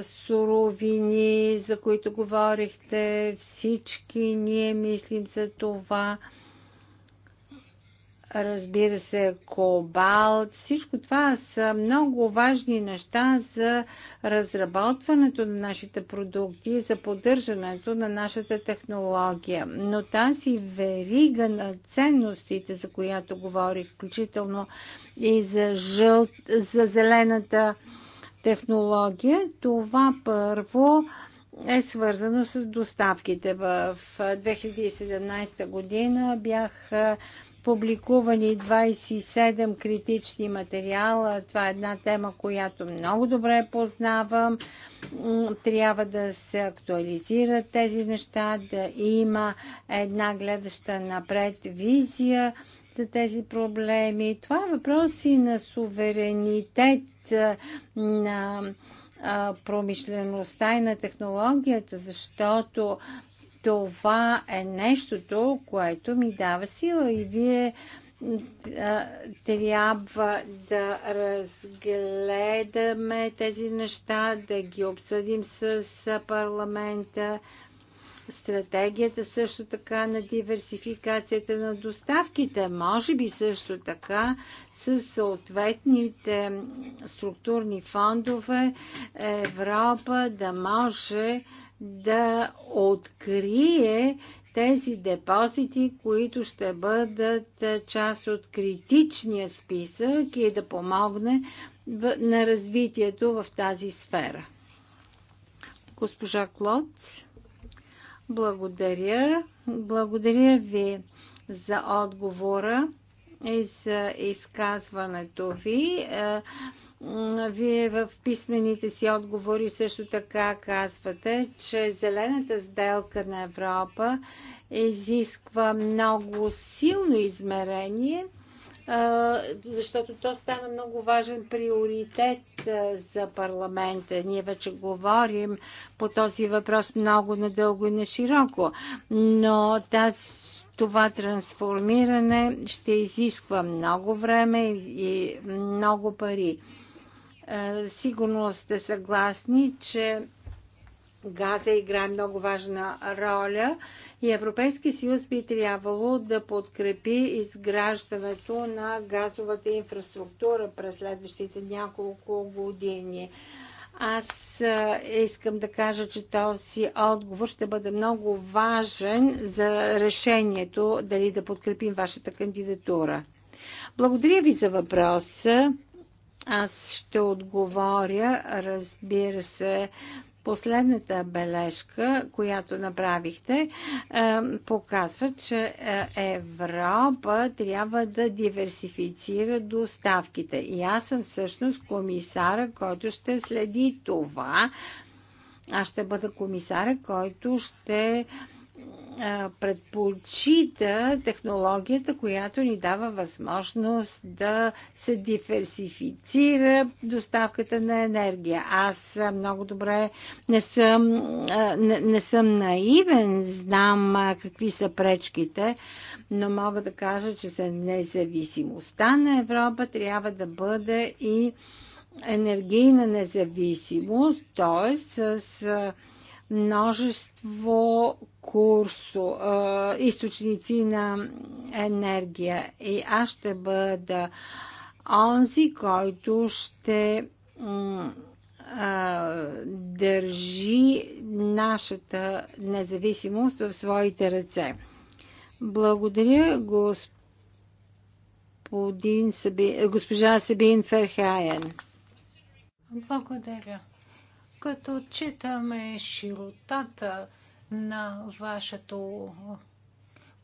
суровини, за които говорихте. Всички ние мислим за това разбира се, кобалт. Всичко това са много важни неща за разработването на нашите продукти и за поддържането на нашата технология. Но тази верига на ценностите, за която говорих, включително и за, жълт, за зелената технология, това първо е свързано с доставките. В 2017 година бях публикувани 27 критични материала. Това е една тема, която много добре познавам. Трябва да се актуализират тези неща, да има една гледаща напред визия за тези проблеми. Това е въпрос и на суверенитет, на промишлеността и на технологията, защото това е нещото, което ми дава сила и вие трябва да разгледаме тези неща, да ги обсъдим с парламента, стратегията също така на диверсификацията на доставките, може би също така с съответните структурни фондове Европа да може да открие тези депозити, които ще бъдат част от критичния списък и да помогне на развитието в тази сфера. Госпожа Клоц, благодаря. Благодаря ви за отговора и за изказването ви. Вие в писмените си отговори също така казвате, че зелената сделка на Европа изисква много силно измерение, защото то стана много важен приоритет за парламента. Ние вече говорим по този въпрос много надълго и на широко, но тази това трансформиране ще изисква много време и много пари. Е, сигурно сте съгласни, че Газа играе много важна роля и Европейския съюз би трябвало да подкрепи изграждането на газовата инфраструктура през следващите няколко години. Аз е, искам да кажа, че този отговор ще бъде много важен за решението дали да подкрепим вашата кандидатура. Благодаря ви за въпроса. Аз ще отговоря, разбира се, последната бележка, която направихте, е, показва, че е, Европа трябва да диверсифицира доставките. И аз съм всъщност комисара, който ще следи това. Аз ще бъда комисара, който ще предпочита технологията, която ни дава възможност да се диверсифицира доставката на енергия. Аз много добре не съм, не, не съм наивен, знам какви са пречките, но мога да кажа, че за независимостта на Европа трябва да бъде и енергийна независимост, т.е. с множество курсо, източници на енергия. И аз ще бъда онзи, който ще държи нашата независимост в своите ръце. Благодаря, господин Саби... госпожа Сабин Ферхайен. Благодаря като читаме широтата на вашето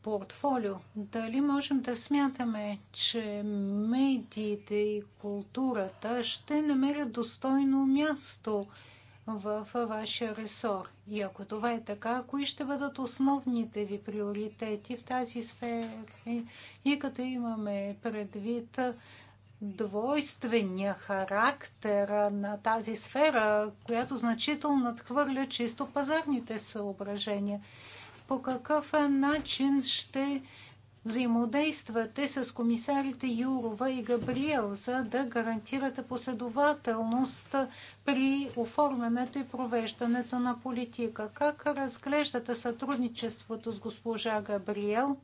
портфолио, дали можем да смятаме, че медиите и културата ще намерят достойно място в вашия ресор? И ако това е така, кои ще бъдат основните ви приоритети в тази сфера? И като имаме предвид двойствения характер на тази сфера, която значително надхвърля чисто пазарните съображения. По какъв начин ще взаимодействате с комисарите Юрова и Габриел, за да гарантирате последователност при оформянето и провеждането на политика? Как разглеждате сътрудничеството с госпожа Габриел,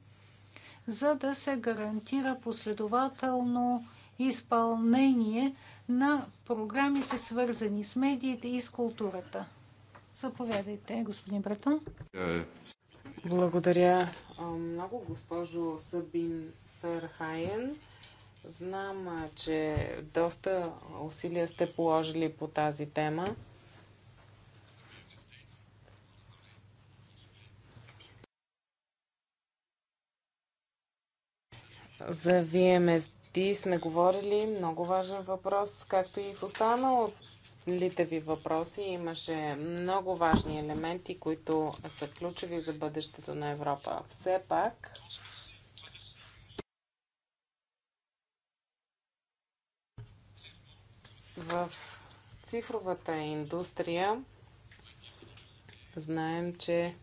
за да се гарантира последователно изпълнение на програмите, свързани с медиите и с културата. Заповядайте, господин Бретон. Благодаря много, госпожо Сабин Ферхайен. Знам, че доста усилия сте положили по тази тема. Завиеме ти сме говорили, много важен въпрос, както и в останалите ви въпроси имаше много важни елементи, които са ключови за бъдещето на Европа. Все пак, в цифровата индустрия знаем, че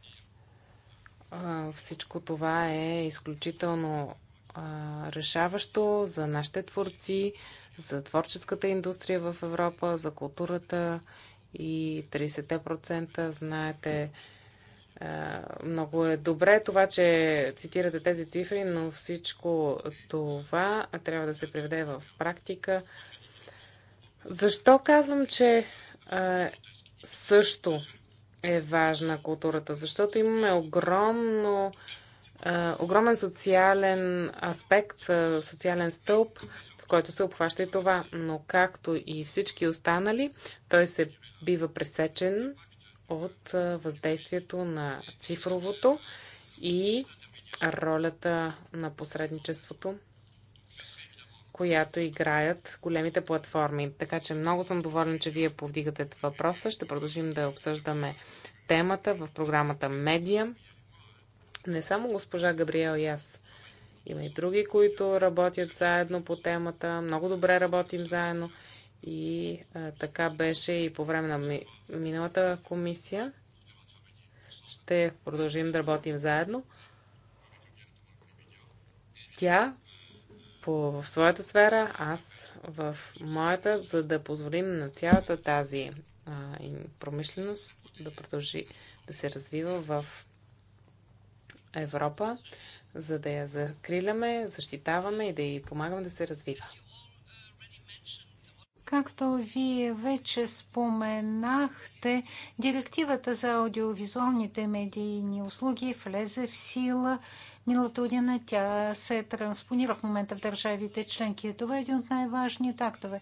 всичко това е изключително решаващо за нашите творци, за творческата индустрия в Европа, за културата и 30% знаете. много е добре това, че цитирате тези цифри, но всичко това трябва да се приведе в практика. Защо казвам, че също е важна културата? Защото имаме огромно огромен социален аспект, социален стълб, в който се обхваща и това. Но както и всички останали, той се бива пресечен от въздействието на цифровото и ролята на посредничеството, която играят големите платформи. Така че много съм доволен, че вие повдигате въпроса. Ще продължим да обсъждаме темата в програмата Медиа. Не само госпожа Габриел и аз. Има и други, които работят заедно по темата. Много добре работим заедно. И а, така беше и по време на ми, миналата комисия. Ще продължим да работим заедно. Тя по, в своята сфера, аз в моята, за да позволим на цялата тази а, промишленост да продължи да се развива в Европа, за да я закриляме, защитаваме и да й помагаме да се развива. Както вие вече споменахте, директивата за аудиовизуалните медийни услуги влезе в сила миналата година. Тя се транспонира в момента в държавите членки. Това е един от най-важните актове.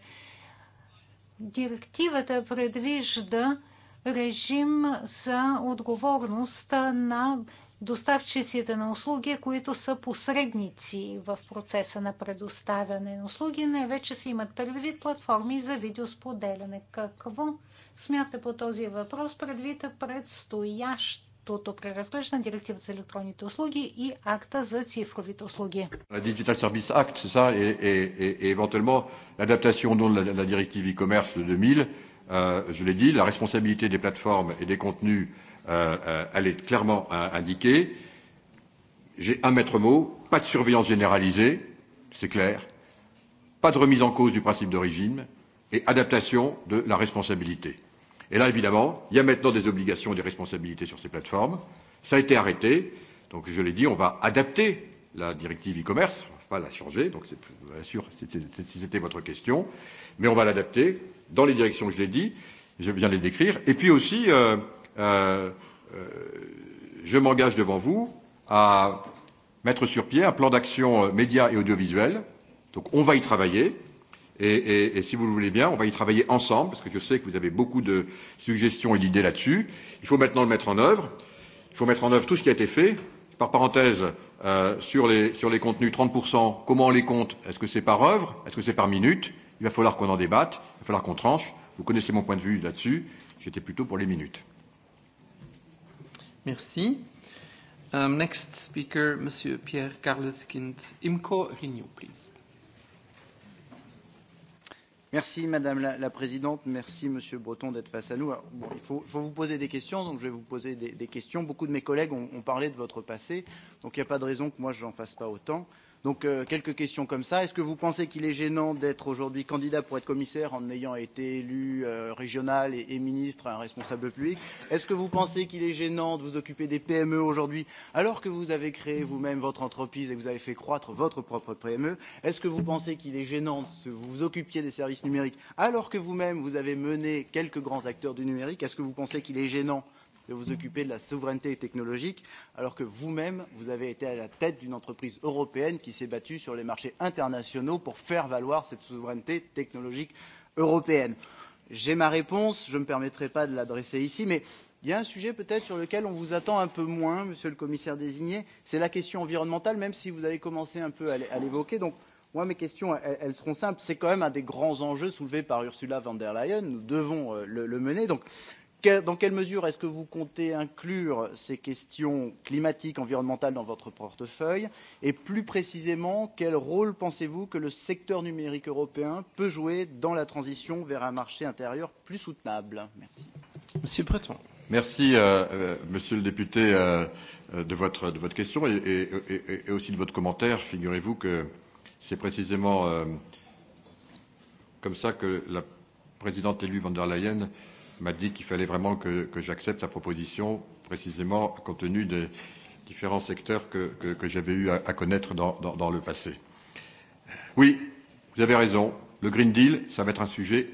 Директивата предвижда режим за отговорност на доставчиците на услуги, които са посредници в процеса на предоставяне на услуги, не вече си имат предвид платформи за видеосподеляне. Какво смята по този въпрос предвид предстоящ преразглеждане на директивата за електронните услуги и акта за цифровите услуги? Digital Service Act, c'est ça, et, et, et, et éventuellement e-commerce 2000. Euh, je l'ai dit, la responsabilité des plateformes et des contenus euh, elle est clairement euh, indiquée. J'ai un maître mot, pas de surveillance généralisée, c'est clair, pas de remise en cause du principe d'origine et adaptation de la responsabilité. Et là, évidemment, il y a maintenant des obligations et des responsabilités sur ces plateformes. Ça a été arrêté. Donc, je l'ai dit, on va adapter la directive e-commerce, on va pas la changer, donc c'est, bien sûr, si c'était votre question, mais on va l'adapter dans les directions que je l'ai dit, je viens de les décrire. Et puis aussi, euh, je m'engage devant vous à mettre sur pied un plan d'action médias et audiovisuel. Donc on va y travailler. Et, et, et si vous le voulez bien, on va y travailler ensemble, parce que je sais que vous avez beaucoup de suggestions et d'idées là-dessus. Il faut maintenant le mettre en œuvre. Il faut mettre en œuvre tout ce qui a été fait. Par parenthèse, euh, sur, les, sur les contenus, 30%, comment on les compte Est-ce que c'est par œuvre Est-ce que c'est par minute Il va falloir qu'on en débatte, il va falloir qu'on tranche. Vous connaissez mon point de vue là-dessus. J'étais plutôt pour les minutes. Merci. Um, next speaker, Monsieur Pierre Carles Kint, IMCO Renew, please. Merci Madame la, la Présidente, merci Monsieur Breton d'être face à nous. Alors, bon, il faut, faut vous poser des questions, donc je vais vous poser des, des questions. Beaucoup de mes collègues ont, ont parlé de votre passé, donc il n'y a pas de raison que moi je n'en fasse pas autant. Euh, Donc euh, quelques questions comme ça. Est-ce que vous pensez qu'il est gênant d'être aujourd'hui candidat pour être commissaire en ayant été élu euh, régional et, et ministre, un responsable public Est-ce que vous pensez qu'il est gênant de vous occuper des PME aujourd'hui alors que vous avez créé vous-même votre entreprise et que vous avez fait croître votre propre PME Est-ce que vous pensez qu'il est gênant de vous vous occupiez des services numériques alors que vous-même vous avez mené quelques grands acteurs du numérique Est-ce que vous pensez qu'il est gênant euh, de vous occuper de la souveraineté technologique, alors que vous-même, vous avez été à la tête d'une entreprise européenne qui s'est battue sur les marchés internationaux pour faire valoir cette souveraineté technologique européenne. J'ai ma réponse, je ne me permettrai pas de l'adresser ici, mais il y a un sujet peut-être sur lequel on vous attend un peu moins, monsieur le commissaire désigné, c'est la question environnementale, même si vous avez commencé un peu à l'évoquer. Donc, moi, mes questions, elles, elles seront simples. C'est quand même un des grands enjeux soulevés par Ursula von der Leyen. Nous devons le, le mener. Donc, dans quelle mesure est-ce que vous comptez inclure ces questions climatiques, environnementales dans votre portefeuille Et plus précisément, quel rôle pensez-vous que le secteur numérique européen peut jouer dans la transition vers un marché intérieur plus soutenable Merci. Monsieur Breton. Merci, euh, euh, monsieur le député, euh, de, votre, de votre question et, et, et, et aussi de votre commentaire. Figurez-vous que c'est précisément euh, comme ça que la présidente élue van der Leyen euh, m'a dit qu'il fallait vraiment que, que j'accepte sa proposition, précisément compte tenu des différents secteurs que, que, que j'avais eu à, à connaître dans, dans, dans le passé. Oui, vous avez raison. Le Green Deal, ça va être un sujet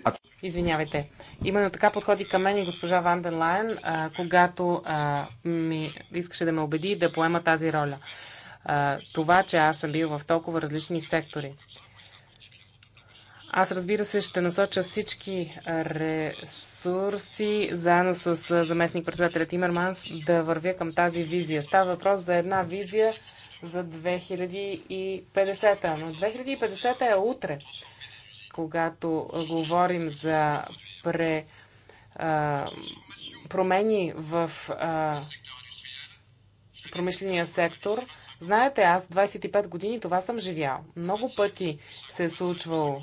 Извинявайте. Именно така подходи към мен и госпожа Ванден Лайен, а, когато а, ми искаше да ме убеди да поема тази роля. А, това, че аз съм бил в толкова различни сектори. Аз разбира се ще насоча всички ресурси, заедно с заместник председателя Тимерманс, да вървя към тази визия. Става въпрос за една визия за 2050. Но 2050 е утре, когато говорим за пре, а, промени в а, промишления сектор. Знаете, аз 25 години това съм живял. Много пъти се е случвало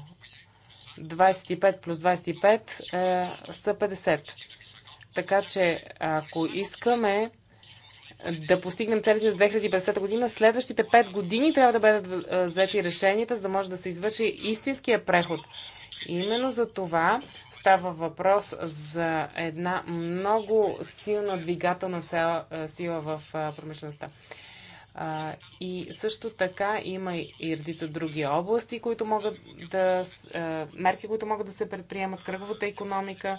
25 плюс 25 е, са 50. Така че, ако искаме да постигнем целите за 2050 година, следващите 5 години трябва да бъдат е, взети решенията, за да може да се извърши истинския преход. Именно за това става въпрос за една много силна двигателна е, сила в е, промишлеността. А, и също така има и редица други области, които могат да, а, мерки, които могат да се предприемат, кръговата економика,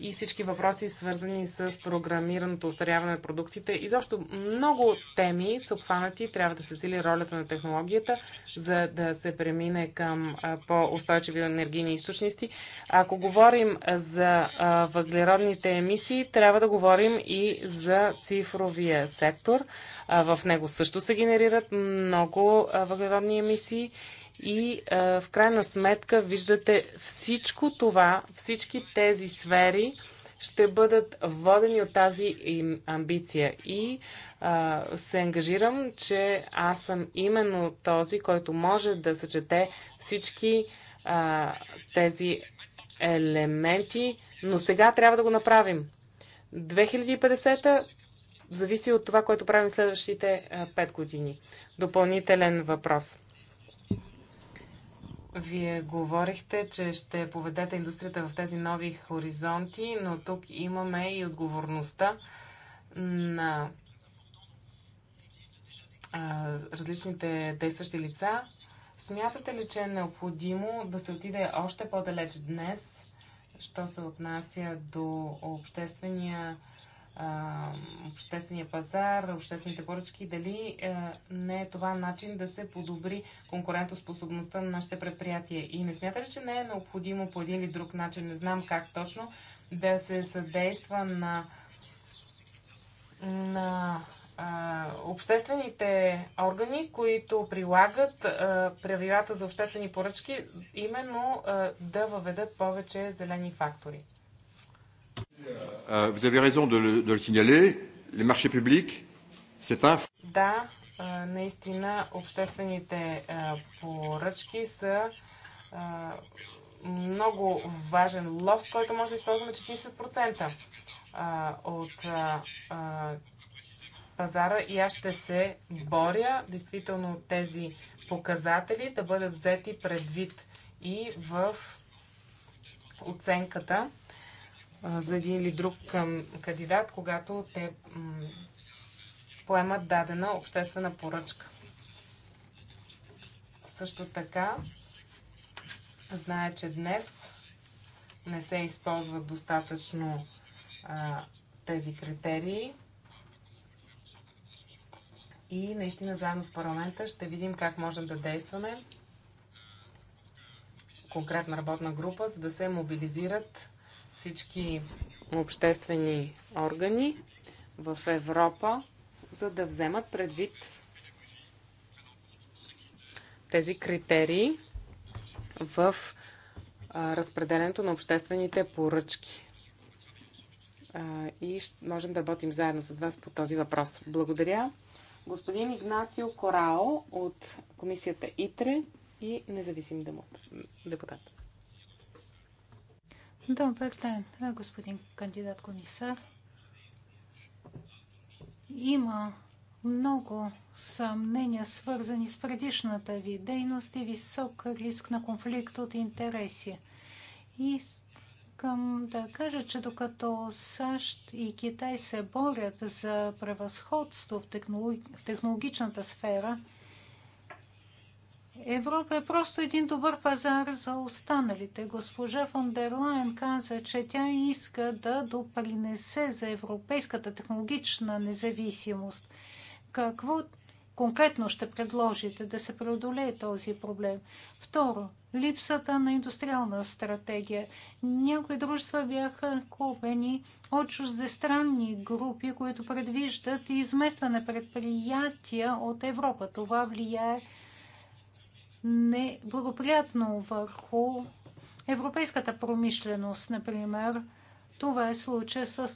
и всички въпроси, свързани с програмираното устаряване на продуктите. Изобщо много теми са обхванати. Трябва да се сили ролята на технологията, за да се премине към по-устойчиви енергийни източници. Ако говорим за въглеродните емисии, трябва да говорим и за цифровия сектор. В него също се генерират много въглеродни емисии и а, в крайна сметка виждате всичко това, всички тези сфери ще бъдат водени от тази им амбиция. И а, се ангажирам, че аз съм именно този, който може да съчете всички а, тези елементи, но сега трябва да го направим. 2050-та зависи от това, което правим следващите 5 години. Допълнителен въпрос. Вие говорихте, че ще поведете индустрията в тези нови хоризонти, но тук имаме и отговорността на различните действащи лица. Смятате ли, че е необходимо да се отиде още по-далеч днес, що се отнася до обществения обществения пазар, обществените поръчки, дали а, е, не е това начин да се подобри конкурентоспособността на нашите предприятия. И не смята ли, че не е необходимо по един или друг начин, не знам как точно, да се съдейства на, на а, обществените органи, които прилагат а, правилата за обществени поръчки, именно а, да въведат повече зелени фактори. Euh, vous avez raison de le, de le signaler. Les marchés publics, c'est un... Да, наистина обществените поръчки са много важен лост, който може да използваме 40% от пазара и аз ще се боря действително тези показатели да бъдат взети предвид и в оценката за един или друг кандидат, когато те поемат дадена обществена поръчка. Също така, знае, че днес не се използват достатъчно а, тези критерии. И наистина заедно с парламента ще видим как можем да действаме конкретна работна група, за да се мобилизират всички обществени органи в Европа, за да вземат предвид тези критерии в разпределенето разпределението на обществените поръчки. и можем да работим заедно с вас по този въпрос. Благодаря. Господин Игнасио Корао от комисията ИТРЕ и независим депутат. Добър ден, господин кандидат комисар. Има много съмнения, свързани с предишната ви дейност и висок риск на конфликт от интереси. И искам да кажа, че докато САЩ и Китай се борят за превъзходство в, в технологичната сфера, Европа е просто един добър пазар за останалите. Госпожа фон дер Лайен каза, че тя иска да допринесе за европейската технологична независимост. Какво конкретно ще предложите да се преодолее този проблем? Второ, липсата на индустриална стратегия. Някои дружества бяха купени от чуждестранни групи, които предвиждат изместване предприятия от Европа. Това влияе неблагоприятно върху европейската промишленост, например. Това е случай с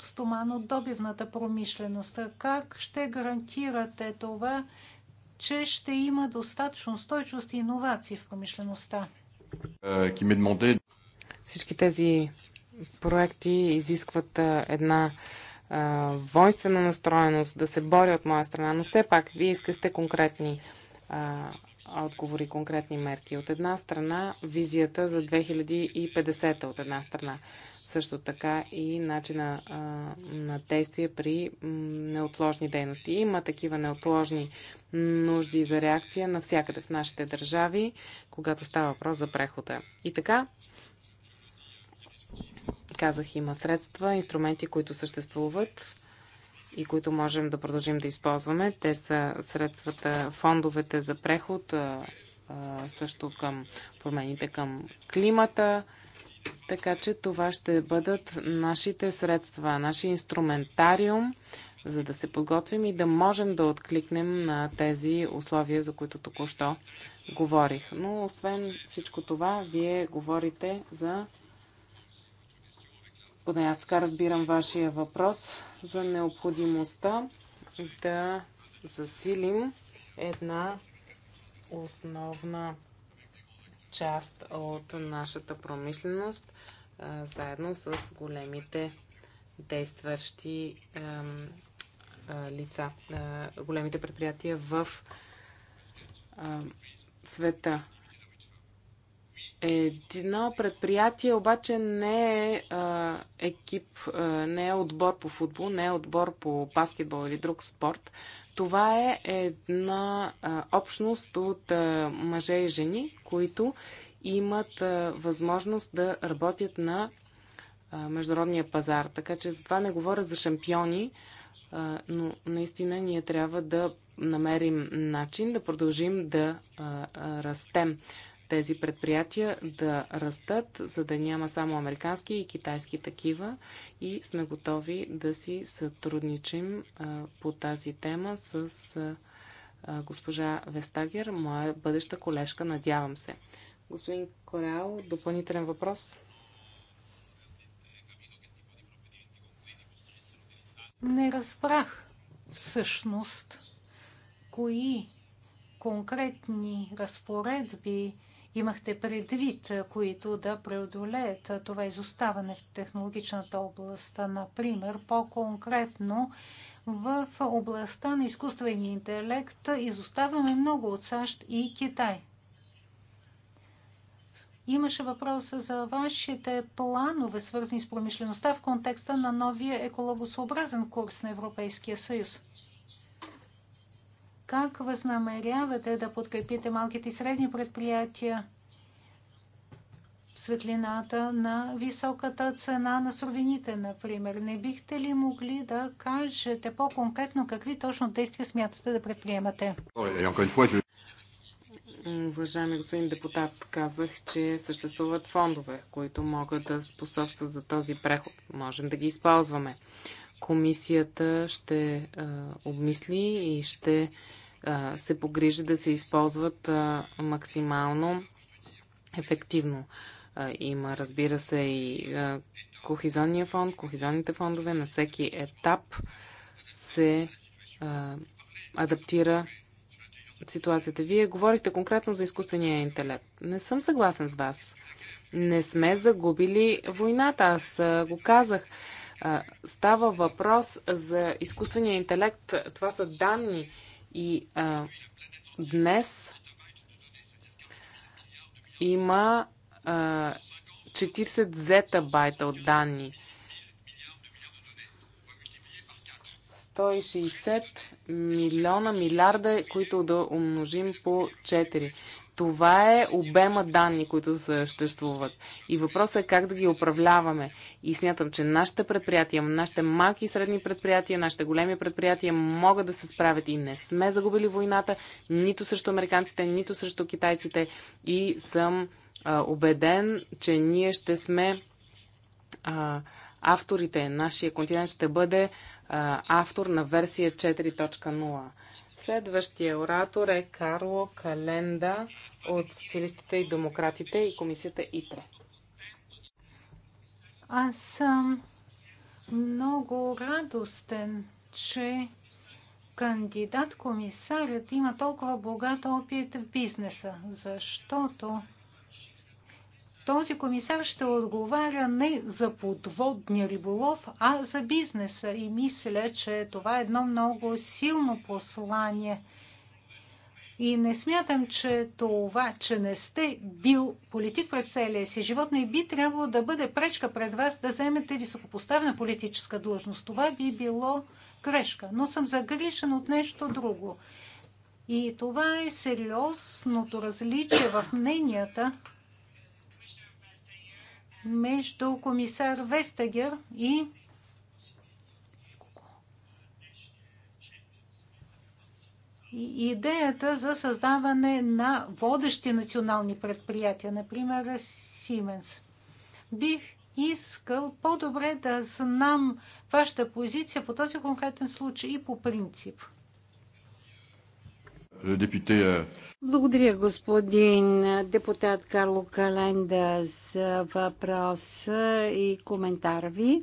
стоманодобивната промишленост. Как ще гарантирате това, че ще има достатъчно стойчост и иновации в промишлеността? Е, Всички тези проекти изискват е, една е, воинствена настроеност, да се боря от моя страна, но все пак вие искахте конкретни отговори, конкретни мерки. От една страна визията за 2050 та от една страна. Също така и начина а, на действие при неотложни дейности. Има такива неотложни нужди за реакция навсякъде в нашите държави, когато става въпрос за прехода. И така, казах, има средства, инструменти, които съществуват и които можем да продължим да използваме. Те са средствата, фондовете за преход, също към промените към климата. Така че това ще бъдат нашите средства, нашия инструментариум, за да се подготвим и да можем да откликнем на тези условия, за които току-що говорих. Но освен всичко това, вие говорите за поне аз така разбирам вашия въпрос, за необходимостта да засилим една основна част от нашата промишленост, заедно с големите действащи лица, големите предприятия в света. Едно предприятие обаче не е а, екип, а, не е отбор по футбол, не е отбор по баскетбол или друг спорт. Това е една а, общност от а, мъже и жени, които имат а, възможност да работят на а, международния пазар. Така че затова не говоря за шампиони, а, но наистина ние трябва да намерим начин да продължим да а, а, растем тези предприятия да растат, за да няма само американски и китайски такива. И сме готови да си сътрудничим по тази тема с госпожа Вестагер, моя бъдеща колежка, надявам се. Господин Кореал, допълнителен въпрос? Не разбрах всъщност кои конкретни разпоредби имахте предвид, които да преодолеят това изоставане в технологичната област? Например, по-конкретно в областта на изкуствения интелект изоставяме много от САЩ и Китай. Имаше въпрос за вашите планове, свързани с промишлеността в контекста на новия екологосъобразен курс на Европейския съюз. Как възнамерявате да подкрепите малките и средни предприятия в светлината на високата цена на суровините, например? Не бихте ли могли да кажете по-конкретно какви точно действия смятате да предприемате? Е, Уважаеми господин депутат, казах, че съществуват фондове, които могат да способстват за този преход. Можем да ги използваме комисията ще а, обмисли и ще а, се погрижи да се използват а, максимално ефективно. А, има, разбира се, и а, кохизонния фонд, кохизонните фондове. На всеки етап се а, адаптира ситуацията. Вие говорихте конкретно за изкуствения интелект. Не съм съгласен с вас. Не сме загубили войната. Аз го казах. Става въпрос за изкуствения интелект. Това са данни. И а, днес има а, 40 зетабайта от данни. 160 милиона милиарда, които да умножим по 4. Това е обема данни, които съществуват. И въпросът е как да ги управляваме. И смятам, че нашите предприятия, нашите малки и средни предприятия, нашите големи предприятия могат да се справят. И не сме загубили войната нито срещу американците, нито срещу китайците. И съм а, убеден, че ние ще сме а, авторите. Нашия континент ще бъде а, автор на версия 4.0. Следващия оратор е Карло Календа от Социалистите и Демократите и комисията ИТРЕ. Аз съм много радостен, че кандидат-комисарят има толкова богат опит в бизнеса, защото този комисар ще отговаря не за подводния риболов, а за бизнеса. И мисля, че това е едно много силно послание. И не смятам, че това, че не сте бил политик през целия си живот, не би трябвало да бъде пречка пред вас да вземете високопоставена политическа длъжност. Това би било грешка. Но съм загрижен от нещо друго. И това е сериозното различие в мненията между комисар Вестагер и идеята за създаване на водещи национални предприятия, например Сименс. Бих искал по-добре да знам вашата позиция по този конкретен случай и по принцип. Euh, Благодаря, господин депутат Карло Календа, за въпроса и коментар ви.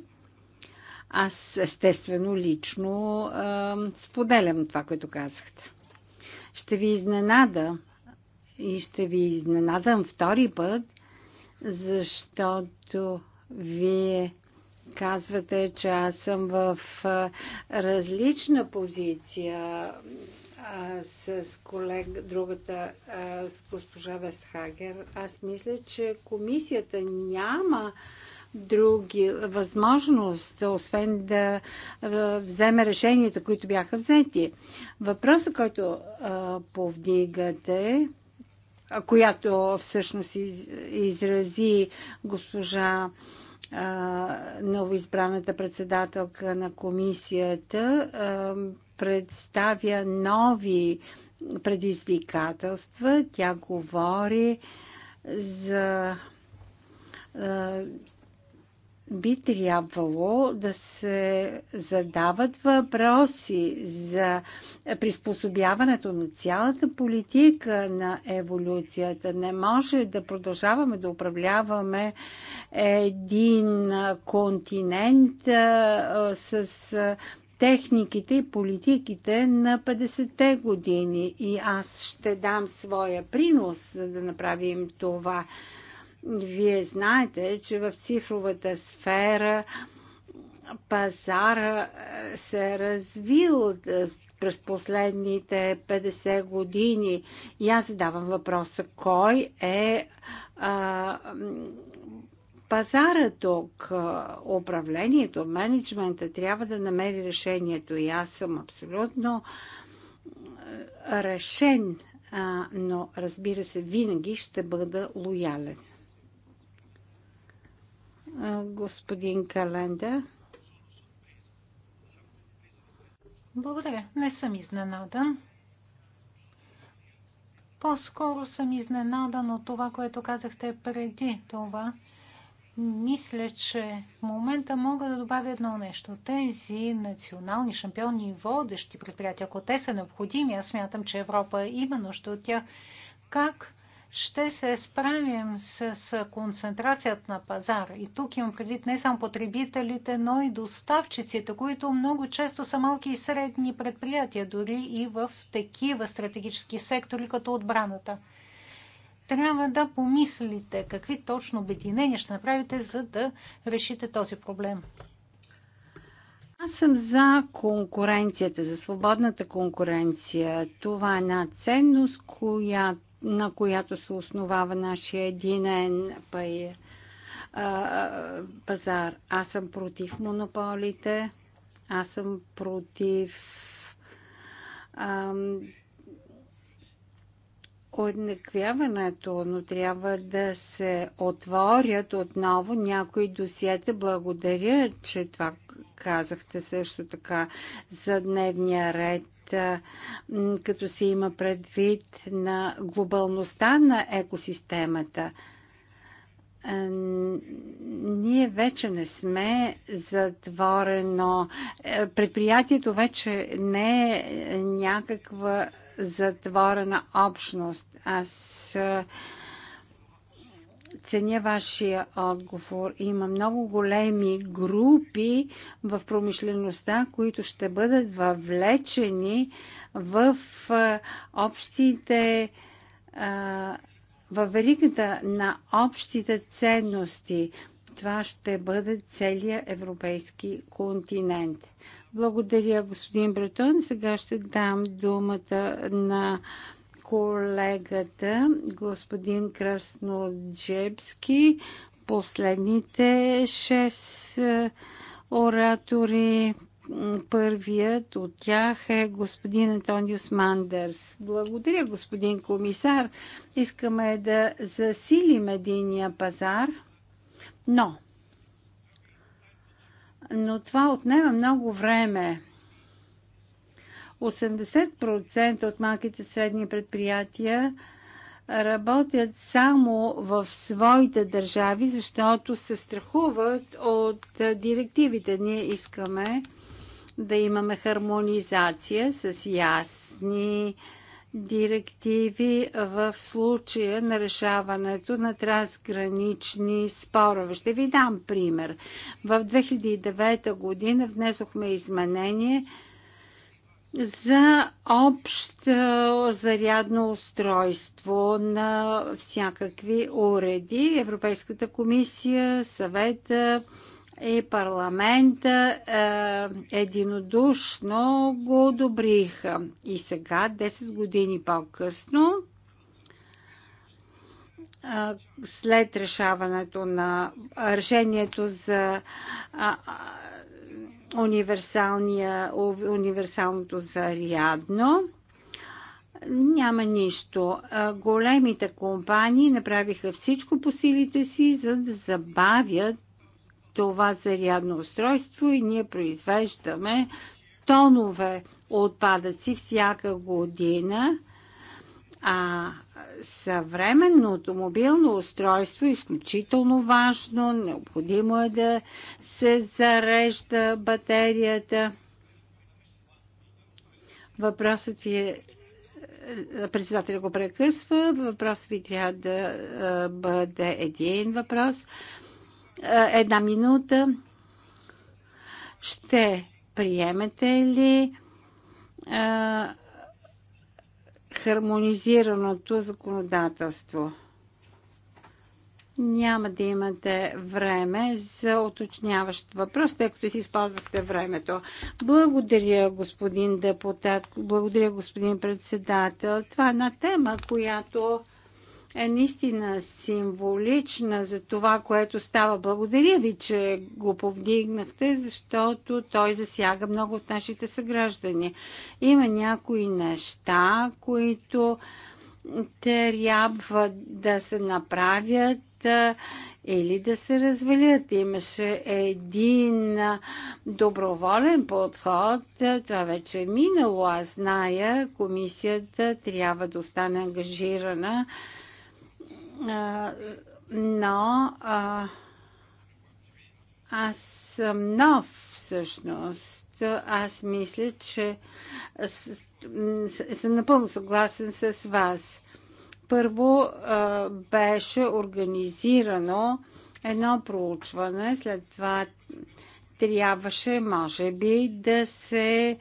Аз естествено лично споделям това, което казахте. Ще ви изненада и ще ви изненадам втори път, защото вие казвате, че аз съм в различна позиция а, с колег, другата, а, с госпожа Вестхагер, аз мисля, че комисията няма други възможност, освен да вземе решенията, които бяха взети. Въпросът, който а, повдигате, която всъщност из, изрази госпожа новоизбраната председателка на комисията, представя нови предизвикателства. Тя говори за би трябвало да се задават въпроси за приспособяването на цялата политика на еволюцията. Не може да продължаваме да управляваме един континент с техниките и политиките на 50-те години. И аз ще дам своя принос, за да направим това. Вие знаете, че в цифровата сфера пазара е, се е развил е, през последните 50 години. И аз задавам въпроса, кой е а, пазара тук, управлението, менеджмента трябва да намери решението и аз съм абсолютно решен, но разбира се, винаги ще бъда лоялен. Господин Календа. Благодаря. Не съм изненадан. По-скоро съм изненадан от това, което казахте преди това – мисля, че в момента мога да добавя едно нещо. Тези национални шампиони и водещи предприятия, ако те са необходими, аз смятам, че Европа е има нужда от тях. Как ще се справим с, с концентрацията на пазар? И тук имам предвид не само потребителите, но и доставчиците, които много често са малки и средни предприятия, дори и в такива стратегически сектори, като отбраната трябва да помислите какви точно обединения ще направите, за да решите този проблем. Аз съм за конкуренцията, за свободната конкуренция. Това е една ценност, коя, на която се основава нашия единен пазар. Аз съм против монополите, аз съм против уеднаквяването, но трябва да се отворят отново някои досиета. Благодаря, че това казахте също така за дневния ред като се има предвид на глобалността на екосистемата ние вече не сме затворено. Е, предприятието вече не е, е някаква затворена общност. Аз ценя вашия отговор. Има много големи групи в промишлеността, които ще бъдат въвлечени в общите във великата на общите ценности. Това ще бъде целият европейски континент. Благодаря, господин Бретон. Сега ще дам думата на колегата, господин Красноджебски. Последните шест е, оратори Първият от тях е господин Антониус Мандърс. Благодаря, господин комисар. Искаме да засилим единия пазар, но но това отнема много време. 80% от малките средни предприятия работят само в своите държави, защото се страхуват от директивите. Ние искаме да имаме хармонизация с ясни директиви в случая на решаването на трансгранични спорове. Ще ви дам пример. В 2009 година внесохме изменение за общо зарядно устройство на всякакви уреди. Европейската комисия, съвета, и парламента е, единодушно го одобриха. И сега, 10 години по-късно, е, след решаването на решението за универсалното зарядно, няма нищо. Е, големите компании направиха всичко по силите си, за да забавят това зарядно устройство и ние произвеждаме тонове отпадъци всяка година, а съвременното мобилно устройство е изключително важно. Необходимо е да се зарежда батерията. Въпросът ви е, е председателя го прекъсва. Въпросът ви трябва да е, бъде един въпрос. Е, една минута. Ще приемете ли а, е, хармонизираното законодателство? Няма да имате време за уточняващ въпрос, тъй като си използвахте времето. Благодаря, господин депутат, благодаря, господин председател. Това е една тема, която е наистина символична за това, което става. Благодаря ви, че го повдигнахте, защото той засяга много от нашите съграждани. Има някои неща, които трябва да се направят или да се развалят. Имаше един доброволен подход. Това вече е минало. Аз зная, комисията трябва да остане ангажирана но аз съм нов всъщност. Аз мисля, че съм напълно съгласен с вас. Първо беше организирано едно проучване, след това трябваше, може би, да се а,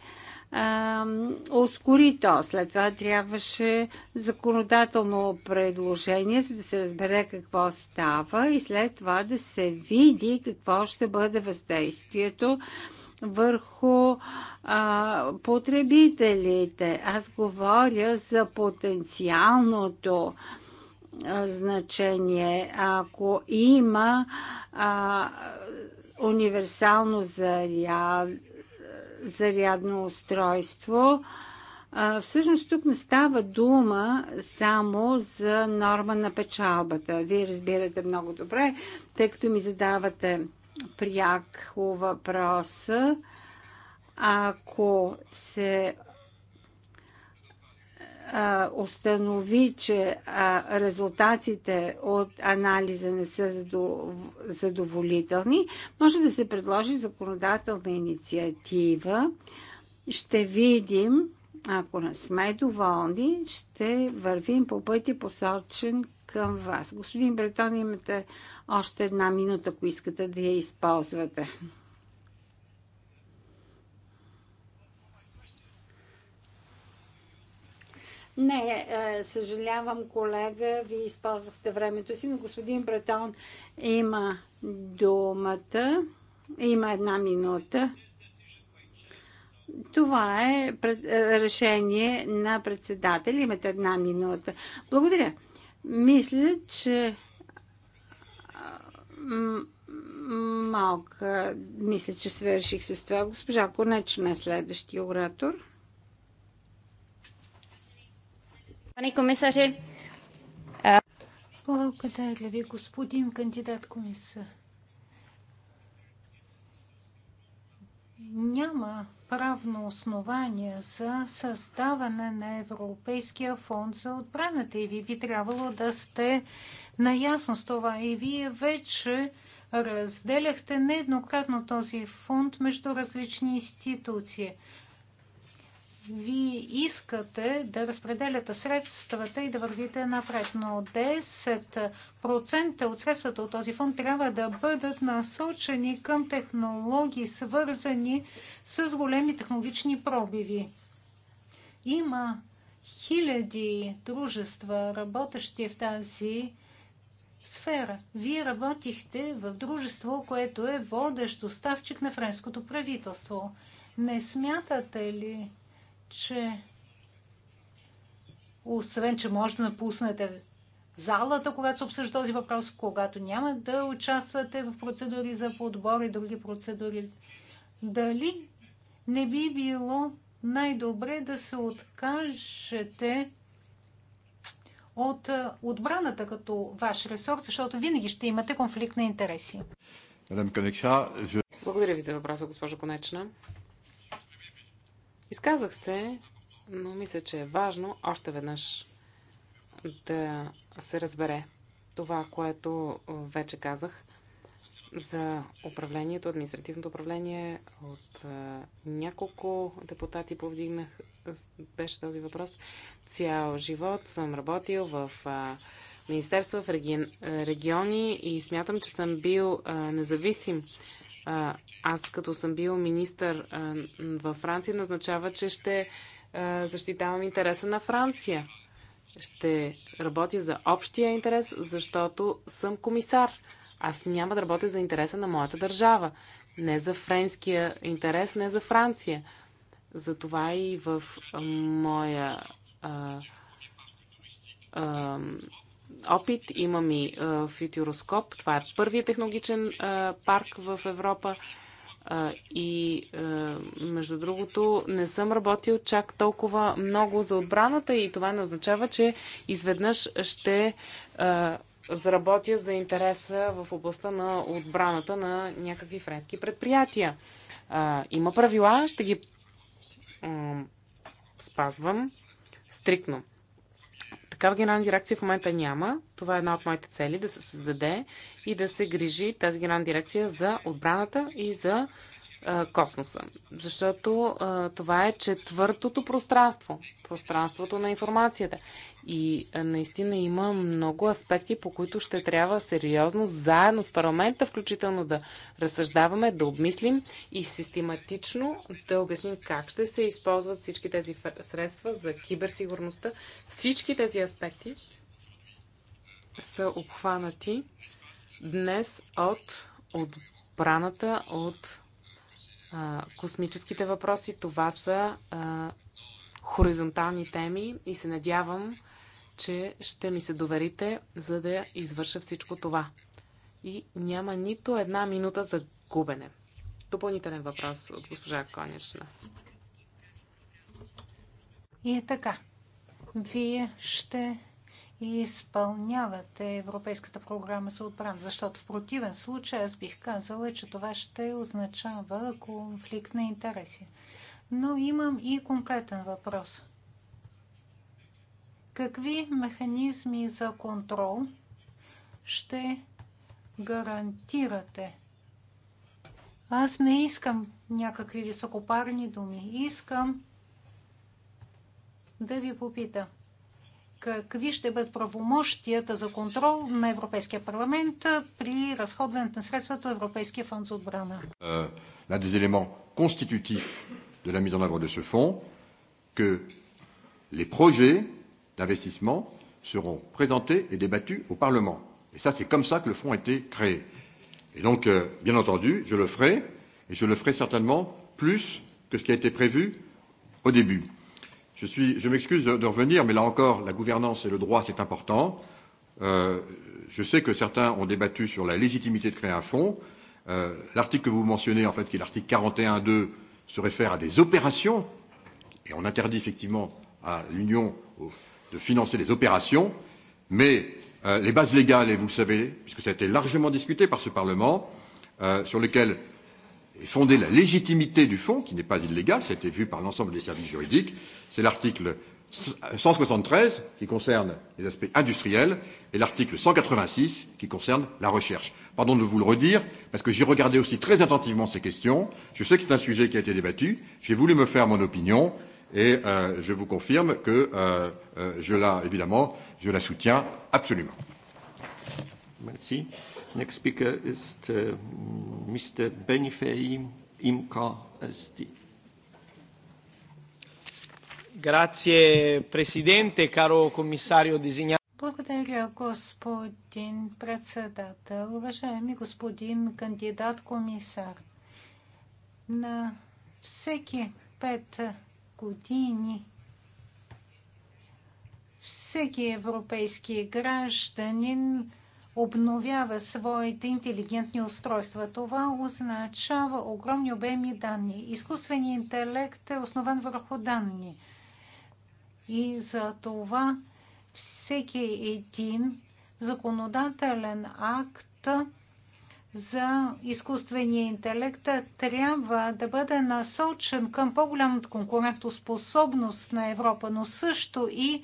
а, ускори то. След това трябваше законодателно предложение, за да се разбере какво става и след това да се види какво ще бъде въздействието върху а, потребителите. Аз говоря за потенциалното а, значение. Ако има а, универсално заряд, зарядно устройство. Всъщност тук не става дума само за норма на печалбата. Вие разбирате много добре, тъй като ми задавате пряк въпроса. Ако се установи, че резултатите от анализа не са задоволителни, може да се предложи законодателна инициатива. Ще видим, ако не сме доволни, ще вървим по пъти посочен към вас. Господин Бретон, имате още една минута, ако искате да я използвате. Не, е, съжалявам, колега, вие използвахте времето си, но господин Бретон има думата. Има една минута. Това е, е решение на председателя. Имате една минута. Благодаря. Мисля, че е, малко мисля, че свърших с това. Госпожа Конечна е следващия оратор. Пане комисари, благодаря ви, господин кандидат комисар. Няма правно основание за създаване на Европейския фонд за отбраната и ви би трябвало да сте наясно с това. И вие вече разделяхте нееднократно този фонд между различни институции вие искате да разпределяте средствата и да вървите напред, но 10% от средствата от този фонд трябва да бъдат насочени към технологии, свързани с големи технологични пробиви. Има хиляди дружества, работещи в тази сфера. Вие работихте в дружество, което е водещ доставчик на френското правителство. Не смятате ли, че освен, че може да напуснете залата, когато се обсъжда този въпрос, когато няма да участвате в процедури за подбор и други процедури, дали не би било най-добре да се откажете от отбраната като ваш ресор, защото винаги ще имате конфликт на интереси. Благодаря ви за въпроса, госпожо Конечна. Изказах се, но мисля, че е важно още веднъж да се разбере това, което вече казах за управлението, административното управление. От а, няколко депутати повдигнах, беше този въпрос. Цял живот съм работил в а, Министерство, в реги... региони и смятам, че съм бил а, независим аз като съм бил министър във Франция, не означава, че ще защитавам интереса на Франция. Ще работя за общия интерес, защото съм комисар. Аз няма да работя за интереса на моята държава. Не за френския интерес, не за Франция. Затова и в моя а, а, опит, имам и а, фитюроскоп. Това е първият технологичен а, парк в Европа. А, и, а, между другото, не съм работил чак толкова много за отбраната и това не означава, че изведнъж ще а, заработя за интереса в областта на отбраната на някакви френски предприятия. А, има правила, ще ги а, спазвам стриктно. Такава генерална дирекция в момента няма. Това е една от моите цели да се създаде и да се грижи тази генерална дирекция за отбраната и за космоса. Защото това е четвъртото пространство. Пространството на информацията. И наистина има много аспекти, по които ще трябва сериозно, заедно с парламента, включително да разсъждаваме, да обмислим и систематично да обясним как ще се използват всички тези средства за киберсигурността. Всички тези аспекти са обхванати днес от отбраната от а, космическите въпроси. Това са а, хоризонтални теми и се надявам, че ще ми се доверите, за да извърша всичко това. И няма нито една минута за губене. Допълнителен въпрос от госпожа Конечна. И е така. Вие ще и изпълнявате Европейската програма за отбрана, защото в противен случай аз бих казала, че това ще означава конфликт на интереси. Но имам и конкретен въпрос. Какви механизми за контрол ще гарантирате? Аз не искам някакви високопарни думи. Искам да ви попитам какви ще бъдат правомощията за контрол на Европейския парламент при разходването на средствата от Европейския фонд за отбрана. L'un des éléments constitutifs de la mise en œuvre de ce fonds, que les projets d'investissement seront présentés et débattus au Parlement. Et ça, c'est comme ça que le fonds a été créé. Et donc, euh, bien entendu, je le ferai, et je le ferai certainement plus que ce qui a été prévu au début. Je, suis, je m'excuse de, de revenir, mais là encore, la gouvernance et le droit, c'est important. Euh, je sais que certains ont débattu sur la légitimité de créer un fonds. Euh, l'article que vous mentionnez, en fait, qui est l'article 41.2, se réfère à des opérations, et on interdit effectivement à l'Union de financer des opérations, mais euh, les bases légales, et vous le savez, puisque ça a été largement discuté par ce Parlement, euh, sur lesquelles euh, fonder la légitimité du fonds, qui n'est pas illégal, c'était vu par l'ensemble des services juridiques. C'est l'article 173 qui concerne les aspects industriels et l'article 186 qui concerne la recherche. Pardon de vous le redire, parce que j'ai regardé aussi très attentivement ces questions. Je sais que c'est un sujet qui a été débattu. J'ai voulu me faire mon opinion et euh, je vous confirme que euh, euh, je la, évidemment, je la soutiens absolument. Merci. Next speaker is uh, Mr. Benifei, IMCA SD. Grazie Presidente, caro commissario designato. Благодаря, господин председател. Уважаеми господин кандидат-комисар, на всеки пет години всеки европейски гражданин обновява своите интелигентни устройства. Това означава огромни обеми данни. Изкуственият интелект е основан върху данни. И за това всеки един законодателен акт за изкуствения интелект трябва да бъде насочен към по-голямата конкурентоспособност на Европа, но също и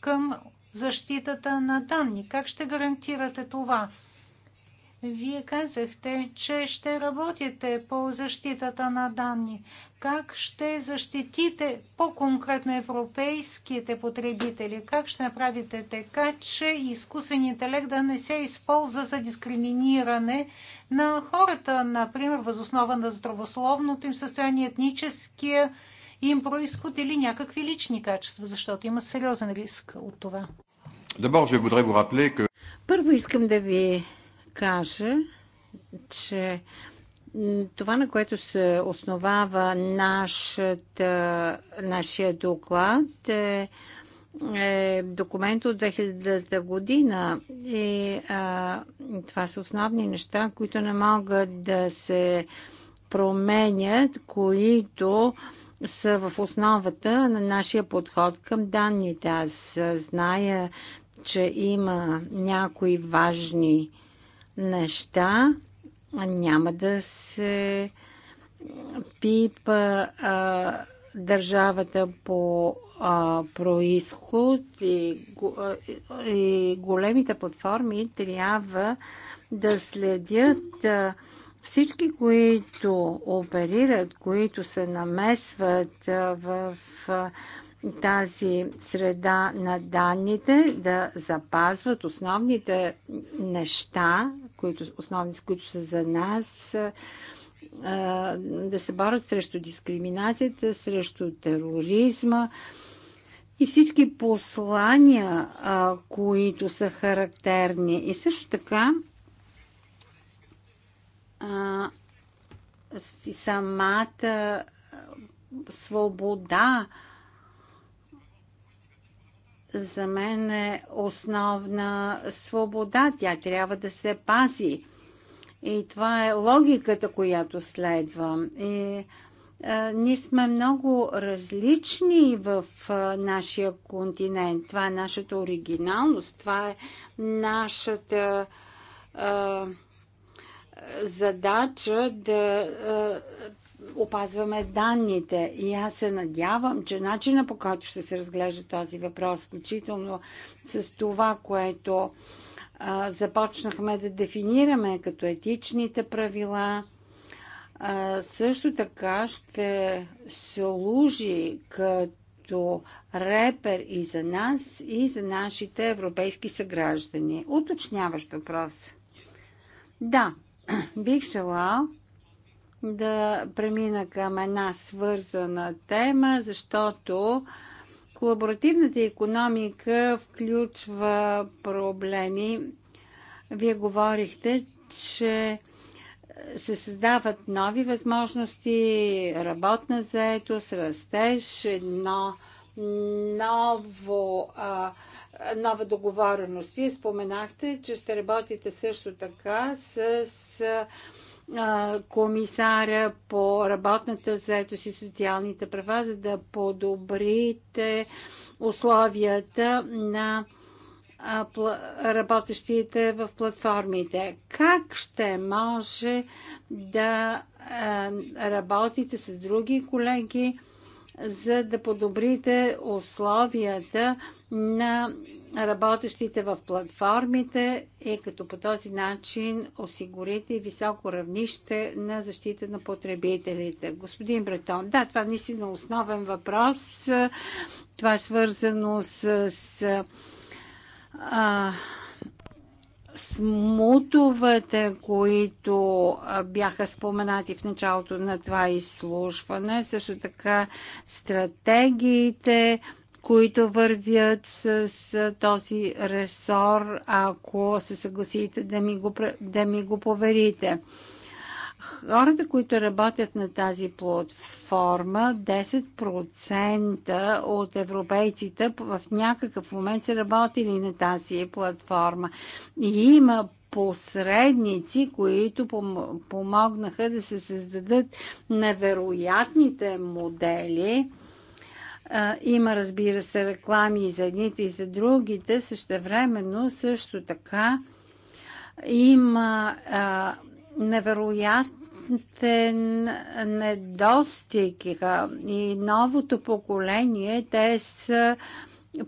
към защитата на данни. Как ще гарантирате това? Вие казахте, че ще работите по защитата на данни. Как ще защитите по-конкретно европейските потребители? Как ще направите така, че изкуственият интелект да не се използва за дискриминиране на хората, например, възоснова на здравословното им състояние, етническия им происход или някакви лични качества, защото има сериозен риск от това? Първо искам да ви кажа, че това, на което се основава нашата, нашия доклад е, е документ от 2000-та година и а, това са основни неща, които не могат да се променят, които са в основата на нашия подход към данните. Аз зная че има някои важни неща, няма да се пипа а, държавата по а, происход и, и големите платформи трябва да следят а, всички, които оперират, които се намесват а, в а, тази среда на данните, да запазват основните неща, които, основни, които са за нас, да се борят срещу дискриминацията, срещу тероризма и всички послания, които са характерни. И също така самата свобода за мен е основна свобода. Тя трябва да се пази. И това е логиката, която следвам. И а, е, ние сме много различни в а, е, нашия континент. Това е нашата оригиналност, това е нашата а, е, задача да опазваме данните. И аз се надявам, че начина по който ще се разглежда този въпрос, включително с това, което а, започнахме да дефинираме като етичните правила, а, също така ще служи като репер и за нас, и за нашите европейски съграждани. Уточняващ въпрос. Да, бих желал да премина към една свързана тема, защото колаборативната економика включва проблеми. Вие говорихте, че се създават нови възможности, работна заетост, растеж, едно ново, а, нова договореност. Вие споменахте, че ще работите също така с а, комисаря по работната заетост и социалните права, за да подобрите условията на работещите в платформите. Как ще може да работите с други колеги, за да подобрите условията на работещите в платформите и като по този начин осигурите високо равнище на защита на потребителите. Господин Бретон, да, това е наистина основен въпрос. Това е свързано с, с а, смутовете, които бяха споменати в началото на това изслушване, също така стратегиите които вървят с, с този ресор, ако се съгласите да ми го, да ми го поверите. Хората, които работят на тази платформа, 10% от европейците в някакъв момент са работили на тази платформа. И има посредници, които помогнаха да се създадат невероятните модели – а, има, разбира се, реклами и за едните и за другите. Същевременно също така има а, невероятен недостиг и новото поколение, те са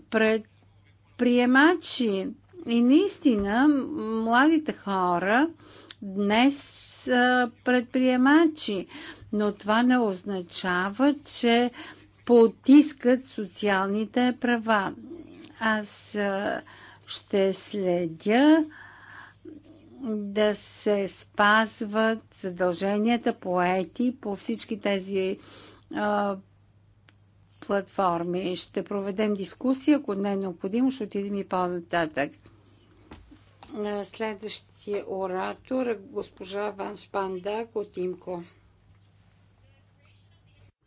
предприемачи. И наистина, младите хора днес са предприемачи, но това не означава, че а, потискат социалните права. Аз ще следя да се спазват задълженията поети по всички тези а, платформи. Ще проведем дискусия, ако не е необходимо, ще отидем и по-нататък. Следващия оратор е госпожа Ван Шпандак от Имко.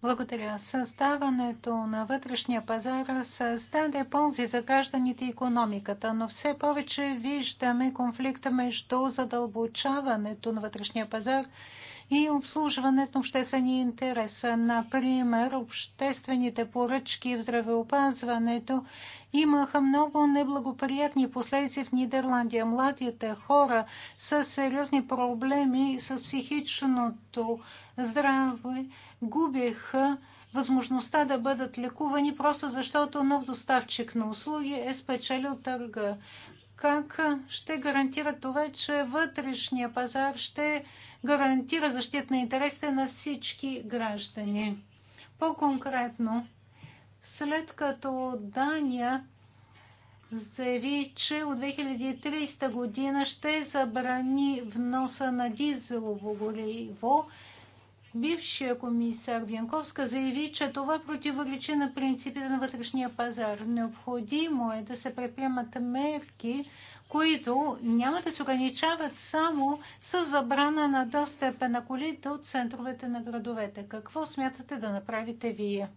Благодаря. Създаването на вътрешния пазар създаде ползи за гражданите и економиката, но все повече виждаме конфликта между задълбочаването на вътрешния пазар и обслужването на обществения интерес. Например, обществените поръчки в здравеопазването имаха много неблагоприятни последици в Нидерландия. Младите хора с сериозни проблеми с психичното здраве губиха възможността да бъдат лекувани, просто защото нов доставчик на услуги е спечелил търга. Как ще гарантира това, че вътрешния пазар ще гарантира защита на интересите на всички граждани? По-конкретно, след като Дания заяви, че от 2030 година ще забрани вноса на дизелово гориво, Бившия комисар Бянковска заяви, че това противоречи на принципите на вътрешния пазар. Необходимо е да се предприемат мерки, които няма да се ограничават само с забрана на достъпа на колите от центровете на градовете. Какво смятате да направите вие?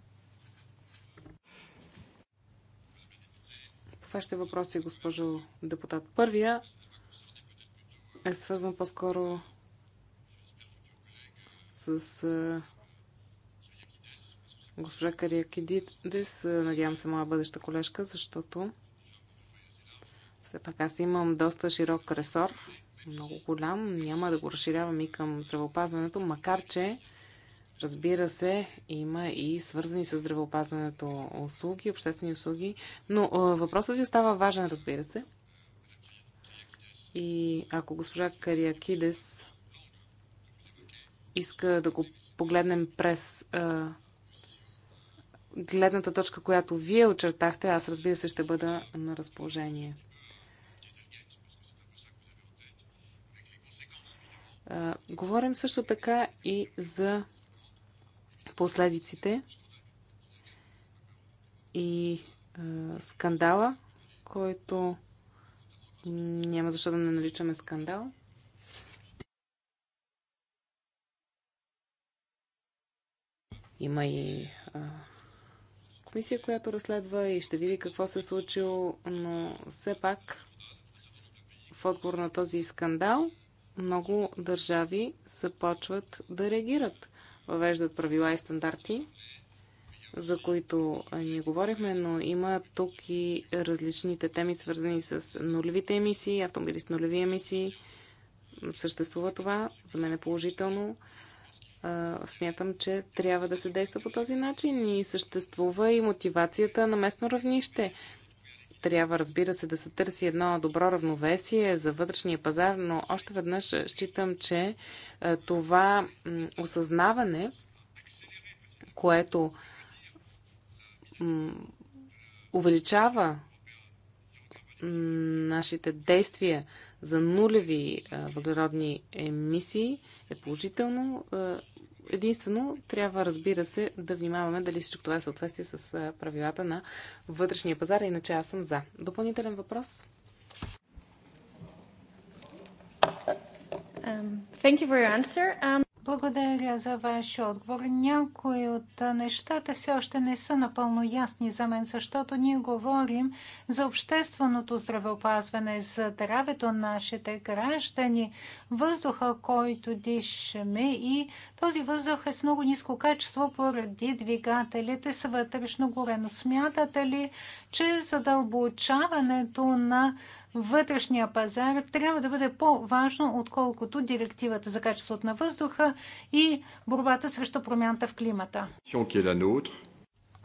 По вашите въпроси, госпожо депутат. Първия е свързан по-скоро с а, госпожа Кариакидис, надявам се моя бъдеща колежка, защото все пак аз имам доста широк ресор, много голям, няма да го разширявам и към здравеопазването, макар че, разбира се, има и свързани с здравеопазването услуги, обществени услуги, но а, въпросът ви остава важен, разбира се. И ако госпожа Кариакидес иска да го погледнем през а, гледната точка, която вие очертахте, аз разбира се ще бъда на разположение. А, говорим също така и за последиците и а, скандала, който няма защо да не наричаме скандал. Има и а, комисия, която разследва и ще види какво се е случило, но все пак в отговор на този скандал много държави започват да реагират. Въвеждат правила и стандарти, за които ние говорихме, но има тук и различните теми, свързани с нулевите емисии, автомобили с нулеви емисии. Съществува това, за мен е положително смятам, че трябва да се действа по този начин и съществува и мотивацията на местно равнище. Трябва, разбира се, да се търси едно добро равновесие за вътрешния пазар, но още веднъж считам, че това осъзнаване, което увеличава нашите действия за нулеви въглеродни емисии е положително единствено трябва, разбира се, да внимаваме дали всичко това е съответствие с правилата на вътрешния пазар, иначе аз съм за. Допълнителен въпрос? Um, thank you for your answer. Um... Благодаря за вашия отговор. Някои от нещата все още не са напълно ясни за мен, защото ние говорим за общественото здравеопазване, за здравето на нашите граждани, въздуха, който дишаме и този въздух е с много ниско качество поради двигателите с вътрешно горено. Смятате ли, че задълбочаването на вътрешния пазар трябва да бъде по-важно, отколкото директивата за качеството на въздуха и борбата срещу промяната в климата. Е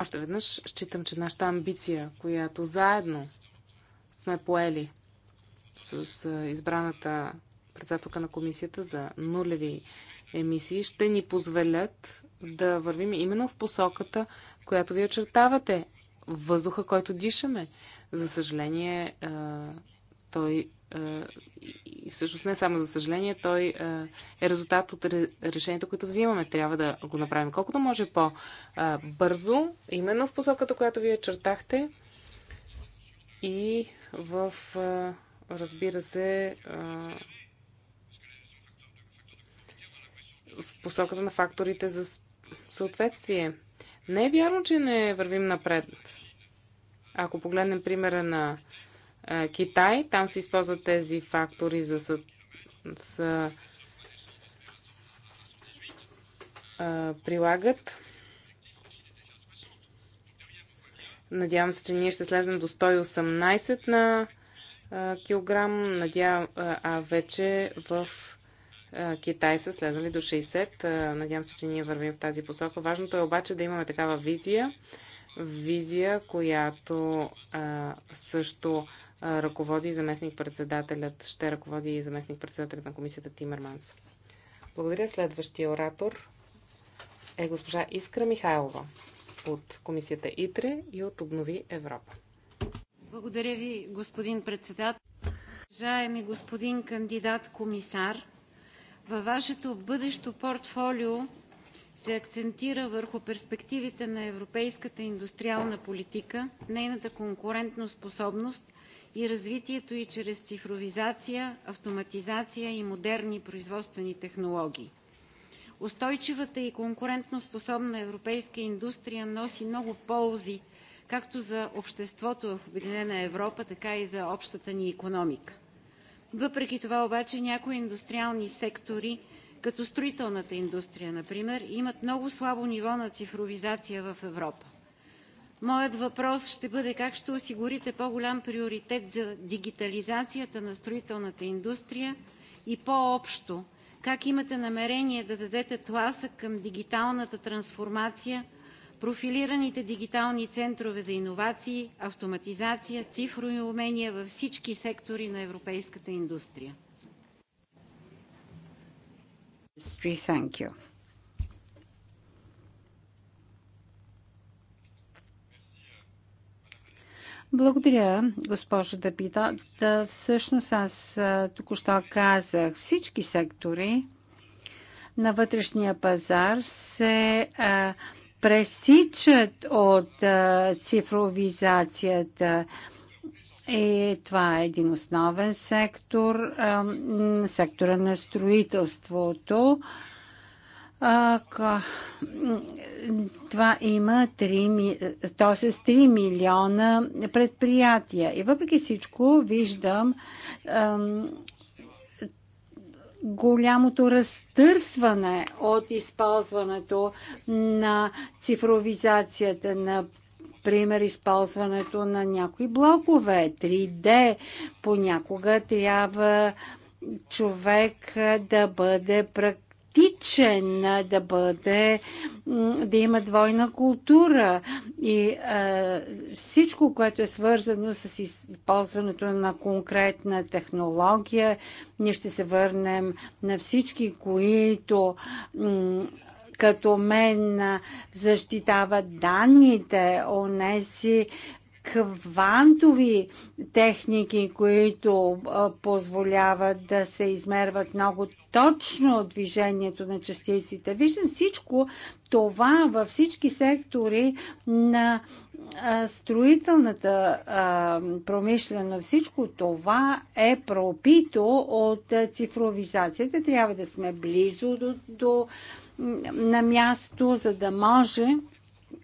Още веднъж считам, че нашата амбиция, която заедно сме поели с избраната председателка на комисията за нулеви емисии, ще ни позволят да вървим именно в посоката, която ви очертавате. Въздуха, който дишаме. За съжаление, той и всъщност не само за съжаление, той е резултат от решението, което взимаме. Трябва да го направим колкото може по-бързо, именно в посоката, която вие чертахте и в, разбира се, в посоката на факторите за съответствие. Не е вярно, че не вървим напред. Ако погледнем примера на Китай. Там се използват тези фактори за, съ, а, прилагат. Надявам се, че ние ще слезем до 118 на а, килограм, надявам, а, а вече в а, Китай са слезали до 60. А, надявам се, че ние вървим в тази посока. Важното е обаче да имаме такава визия визия, която а, също а, ръководи заместник-председателят, ще ръководи и заместник-председателят на комисията Тимерманс. Благодаря. Следващия оратор е госпожа Искра Михайлова от комисията ИТРЕ и от Обнови Европа. Благодаря ви, господин председател. Уважаеми господин кандидат комисар, във вашето бъдещо портфолио се акцентира върху перспективите на европейската индустриална политика, нейната конкурентоспособност и развитието й чрез цифровизация, автоматизация и модерни производствени технологии. Устойчивата и конкурентоспособна европейска индустрия носи много ползи както за обществото в Обединена Европа, така и за общата ни економика. Въпреки това обаче някои индустриални сектори като строителната индустрия например, имат много слабо ниво на цифровизация в Европа. Моят въпрос ще бъде как ще осигурите по-голям приоритет за дигитализацията на строителната индустрия и по-общо как имате намерение да дадете тласък към дигиталната трансформация, профилираните дигитални центрове за иновации, автоматизация, цифрови умения във всички сектори на европейската индустрия? Ministry, thank you. Благодаря, госпожо Дапита. Да, всъщност аз току-що казах, всички сектори на вътрешния пазар се а, пресичат от а, цифровизацията. А, и това е един основен сектор, сектора на строителството. Това има 3, то е с 3 милиона предприятия. И въпреки всичко виждам голямото разтърсване от използването на цифровизацията на Пример, използването на някои блокове, 3D. Понякога трябва човек да бъде практичен да бъде, да има двойна култура и е, всичко, което е свързано с използването на конкретна технология. Ние ще се върнем на всички, които като мен защитават данните, онеси квантови техники, които позволяват да се измерват много точно движението на частиците. Виждам всичко това във всички сектори на строителната промишлена, Всичко това е пропито от цифровизацията. Трябва да сме близо до, до на място, за да може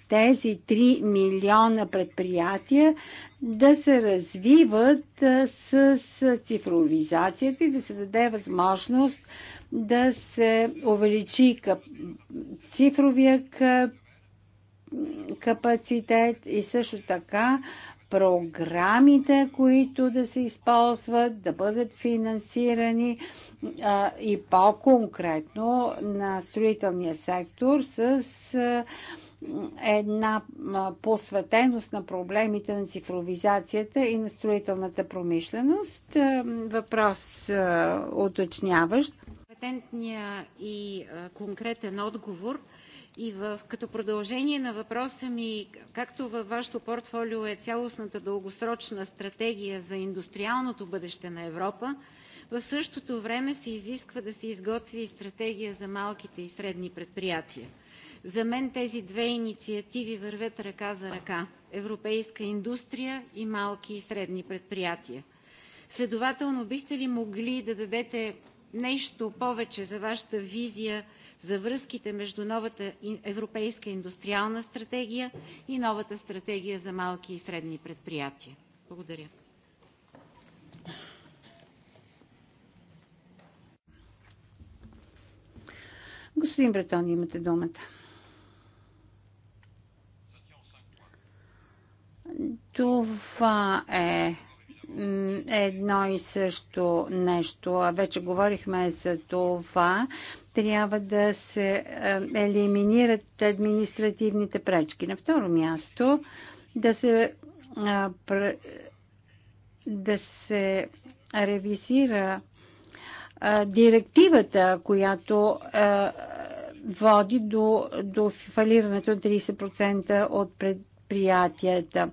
тези 3 милиона предприятия да се развиват с цифровизацията и да се даде възможност да се увеличи цифровия капацитет и също така програмите, които да се използват, да бъдат финансирани а, и по-конкретно на строителния сектор с а, една посветеност на проблемите на цифровизацията и на строителната промишленост. Въпрос уточняващ. Патентния и конкретен отговор – и в, като продължение на въпроса ми, както във вашето портфолио е цялостната дългосрочна стратегия за индустриалното бъдеще на Европа, в същото време се изисква да се изготви и стратегия за малките и средни предприятия. За мен тези две инициативи вървят ръка за ръка – европейска индустрия и малки и средни предприятия. Следователно, бихте ли могли да дадете нещо повече за вашата визия за връзките между новата Европейска индустриална стратегия и новата стратегия за малки и средни предприятия. Благодаря. Господин Бретон, имате думата. Това е едно и също нещо. Вече говорихме за това, трябва да се е, елиминират административните пречки. На второ място да се, е, да се ревизира е, директивата, която води до, до фалирането на 30% от предприятията.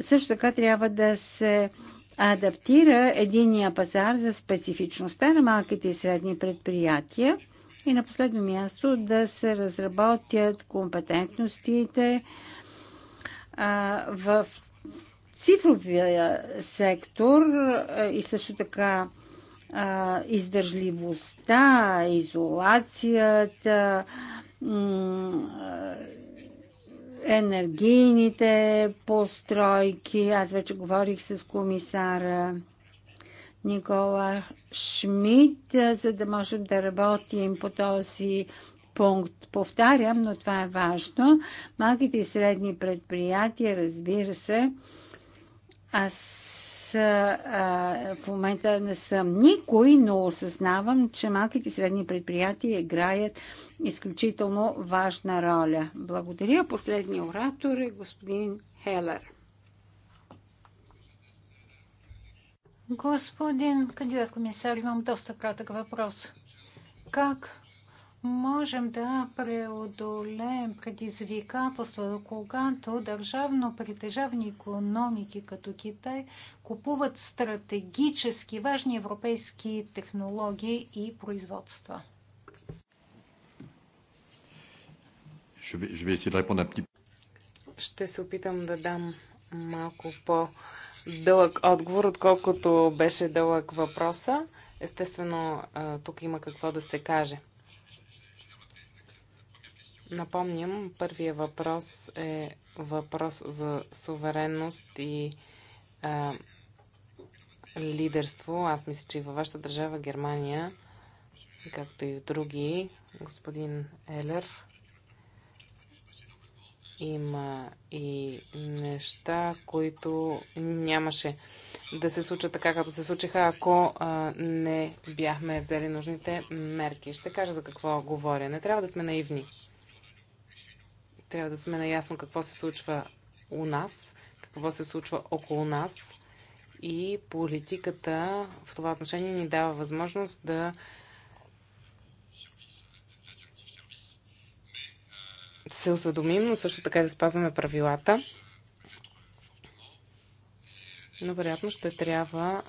Също така трябва да се адаптира единия пазар за специфичността на малките и средни предприятия и на последно място да се разработят компетентностите в цифровия сектор и също така издържливостта, изолацията, енергийните постройки. Аз вече говорих с комисара Никола Шмидт, за да можем да работим по този пункт. Повтарям, но това е важно. Малките и средни предприятия, разбира се, аз а, в момента не съм никой, но осъзнавам, че малките и средни предприятия играят изключително важна роля. Благодаря. Последния оратор е господин Хелер. Господин кандидат комисар, имам доста кратък въпрос. Как можем да преодолеем предизвикателства, когато държавно притежавни економики като Китай купуват стратегически важни европейски технологии и производства? Ще се опитам да дам малко по- дълъг отговор, отколкото беше дълъг въпроса. Естествено, тук има какво да се каже. Напомням, първия въпрос е въпрос за суверенност и а, лидерство. Аз мисля, че и във вашата държава Германия, както и в други, господин Елер, има и неща, които нямаше да се случат така, като се случиха, ако а, не бяхме взели нужните мерки. Ще кажа за какво говоря. Не трябва да сме наивни. Трябва да сме наясно какво се случва у нас, какво се случва около нас. И политиката в това отношение ни дава възможност да се осведомим, но също така и да спазваме правилата. Но вероятно ще трябва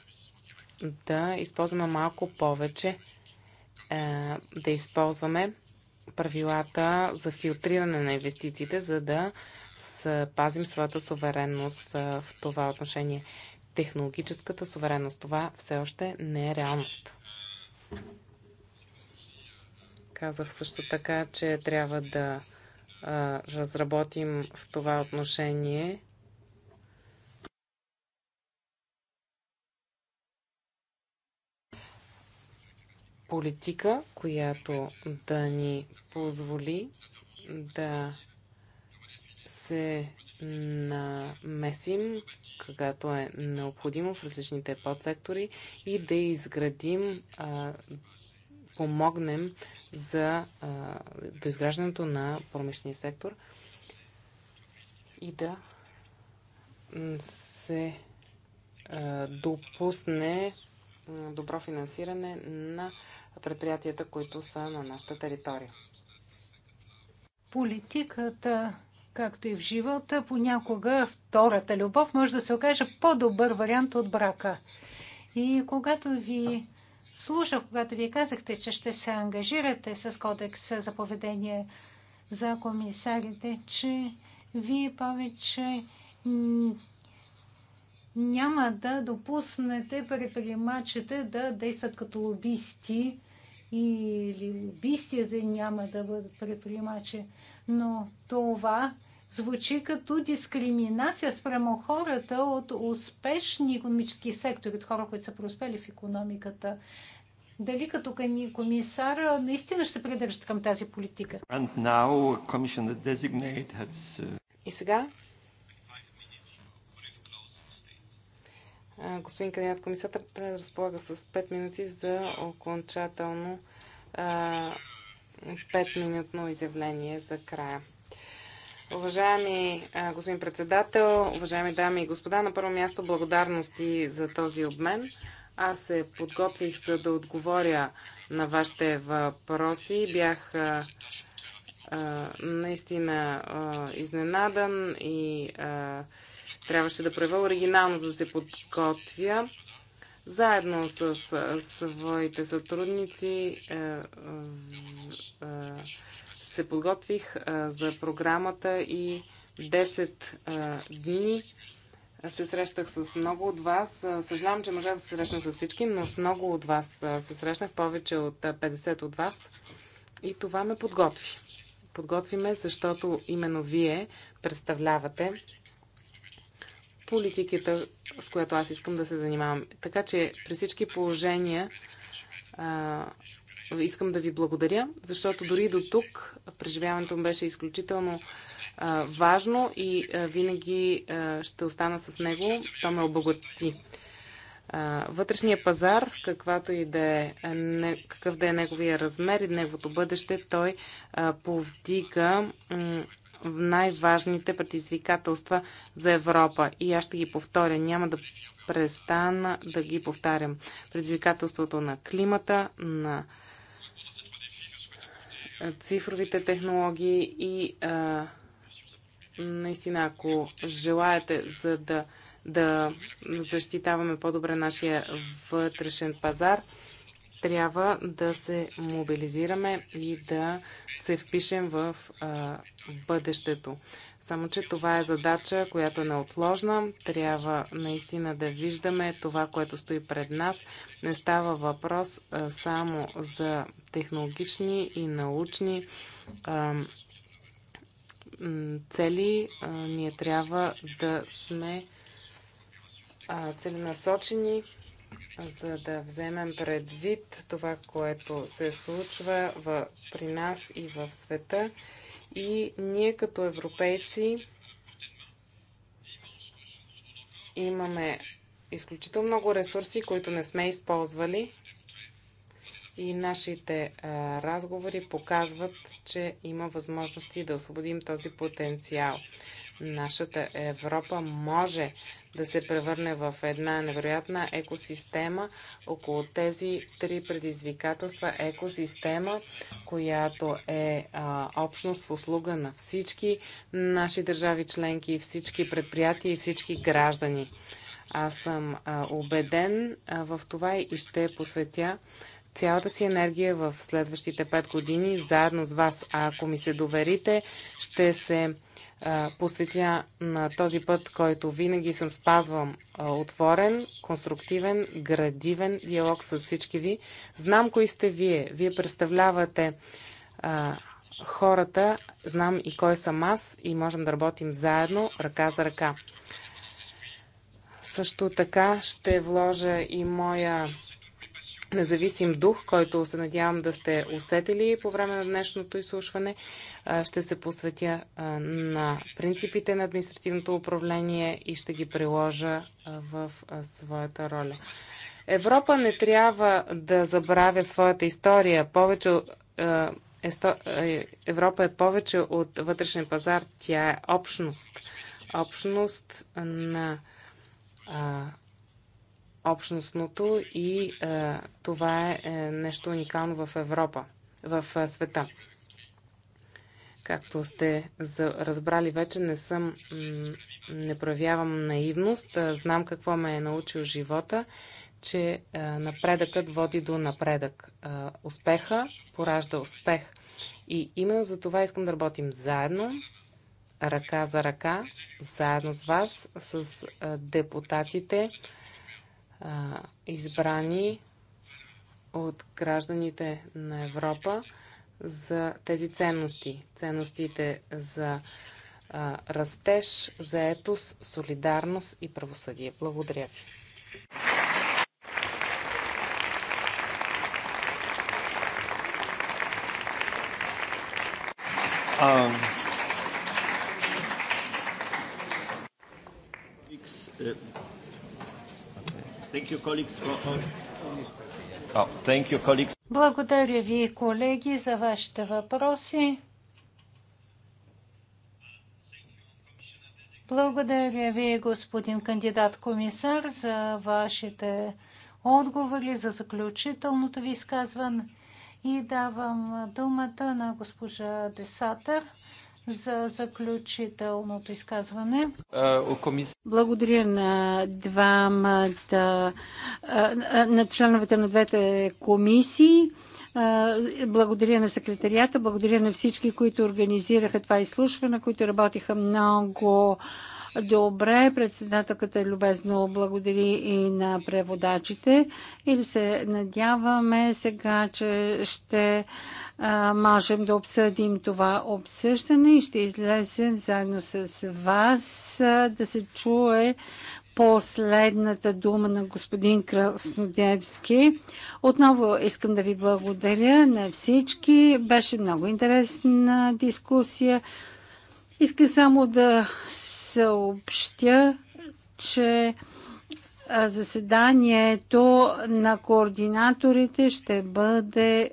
да използваме малко повече, е, да използваме правилата за филтриране на инвестициите, за да пазим своята суверенност е, в това отношение. Технологическата суверенност, това все още не е реалност. Казах също така, че трябва да разработим в това отношение. политика, която да ни позволи да се намесим, когато е необходимо в различните подсектори и да изградим а, помогнем за доизграждането на промишления сектор и да се допусне добро финансиране на предприятията, които са на нашата територия. Политиката, както и в живота, понякога втората любов може да се окаже по-добър вариант от брака. И когато ви слушах, когато вие казахте, че ще се ангажирате с кодекс за поведение за комисарите, че вие повече няма да допуснете предприемачите да действат като лобисти или лобистите няма да бъдат предприемачи. Но това звучи като дискриминация спрямо хората от успешни економически сектори, от хора, които са преуспели в економиката. Дали като комисар наистина ще придържат към тази политика? Has... Uh, И сега господин кандидат комисар разполага с 5 минути за окончателно 5-минутно изявление за края. Уважаеми господин председател, уважаеми дами и господа, на първо място благодарности за този обмен. Аз се подготвих за да отговоря на вашите въпроси. Бях а, а, наистина а, изненадан и трябваше да проявя оригинално, за да се подготвя. Заедно с, с своите сътрудници се подготвих а, за програмата и 10 а, дни се срещах с много от вас. Съжалявам, че можах да се срещна с всички, но с много от вас се срещнах, повече от 50 от вас. И това ме подготви. Подготви ме, защото именно вие представлявате политиката, с която аз искам да се занимавам. Така че при всички положения искам да ви благодаря, защото дори до тук преживяването му беше изключително важно и винаги ще остана с него. То ме обогати. Вътрешния пазар, каквато и да е, какъв да е неговия размер и неговото бъдеще, той повдига най-важните предизвикателства за Европа. И аз ще ги повторя. Няма да престана да ги повтарям. Предизвикателството на климата, на цифровите технологии и а, наистина, ако желаете, за да, да защитаваме по-добре нашия вътрешен пазар, трябва да се мобилизираме и да се впишем в а, бъдещето. Само, че това е задача, която е неотложна. Трябва наистина да виждаме това, което стои пред нас. Не става въпрос а, само за технологични и научни а, цели. А, ние трябва да сме целенасочени за да вземем предвид това, което се случва в, при нас и в света и ние като европейци имаме изключително много ресурси, които не сме използвали. И нашите разговори показват, че има възможности да освободим този потенциал. Нашата Европа може да се превърне в една невероятна екосистема около тези три предизвикателства. Екосистема, която е а, общност в услуга на всички наши държави членки, всички предприятия и всички граждани. Аз съм а, убеден а, в това и ще посветя цялата си енергия в следващите 5 години заедно с вас. А ако ми се доверите, ще се посветя на този път, който винаги съм спазвам отворен, конструктивен, градивен диалог с всички ви. Знам кои сте вие. Вие представлявате а, хората, знам и кой съм аз и можем да работим заедно, ръка за ръка. Също така ще вложа и моя независим дух, който се надявам да сте усетили по време на днешното изслушване. Ще се посветя на принципите на административното управление и ще ги приложа в своята роля. Европа не трябва да забравя своята история. Повече Европа е повече от вътрешен пазар. Тя е общност. Общност на общностното и е, това е, е нещо уникално в Европа, в е, света. Както сте за, разбрали вече, не съм, не проявявам наивност. Е, знам какво ме е научил живота, че е, напредъкът води до напредък. Е, успеха поражда успех. И именно за това искам да работим заедно, ръка за ръка, заедно с вас, с е, депутатите, а, избрани от гражданите на Европа за тези ценности. Ценностите за а, растеж, заетост, солидарност и правосъдие. Благодаря ви. Um, uh, Oh, Благодаря ви, колеги, за вашите въпроси. Благодаря ви, господин кандидат комисар, за вашите отговори, за заключителното ви изказване. И давам думата на госпожа Десатър за заключителното изказване. Благодаря на двамата, на членовете на двете комисии. Благодаря на секретарията, благодаря на всички, които организираха това изслушване, които работиха много добре. Председателката е любезно благодари и на преводачите. и се надяваме сега, че ще можем да обсъдим това обсъждане и ще излезем заедно с вас да се чуе последната дума на господин Краснодевски. Отново искам да ви благодаря на всички. Беше много интересна дискусия. Искам само да съобщя, че Заседанието на координаторите ще бъде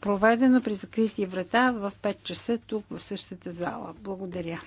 проведено при закрити врата в 5 часа тук в същата зала. Благодаря.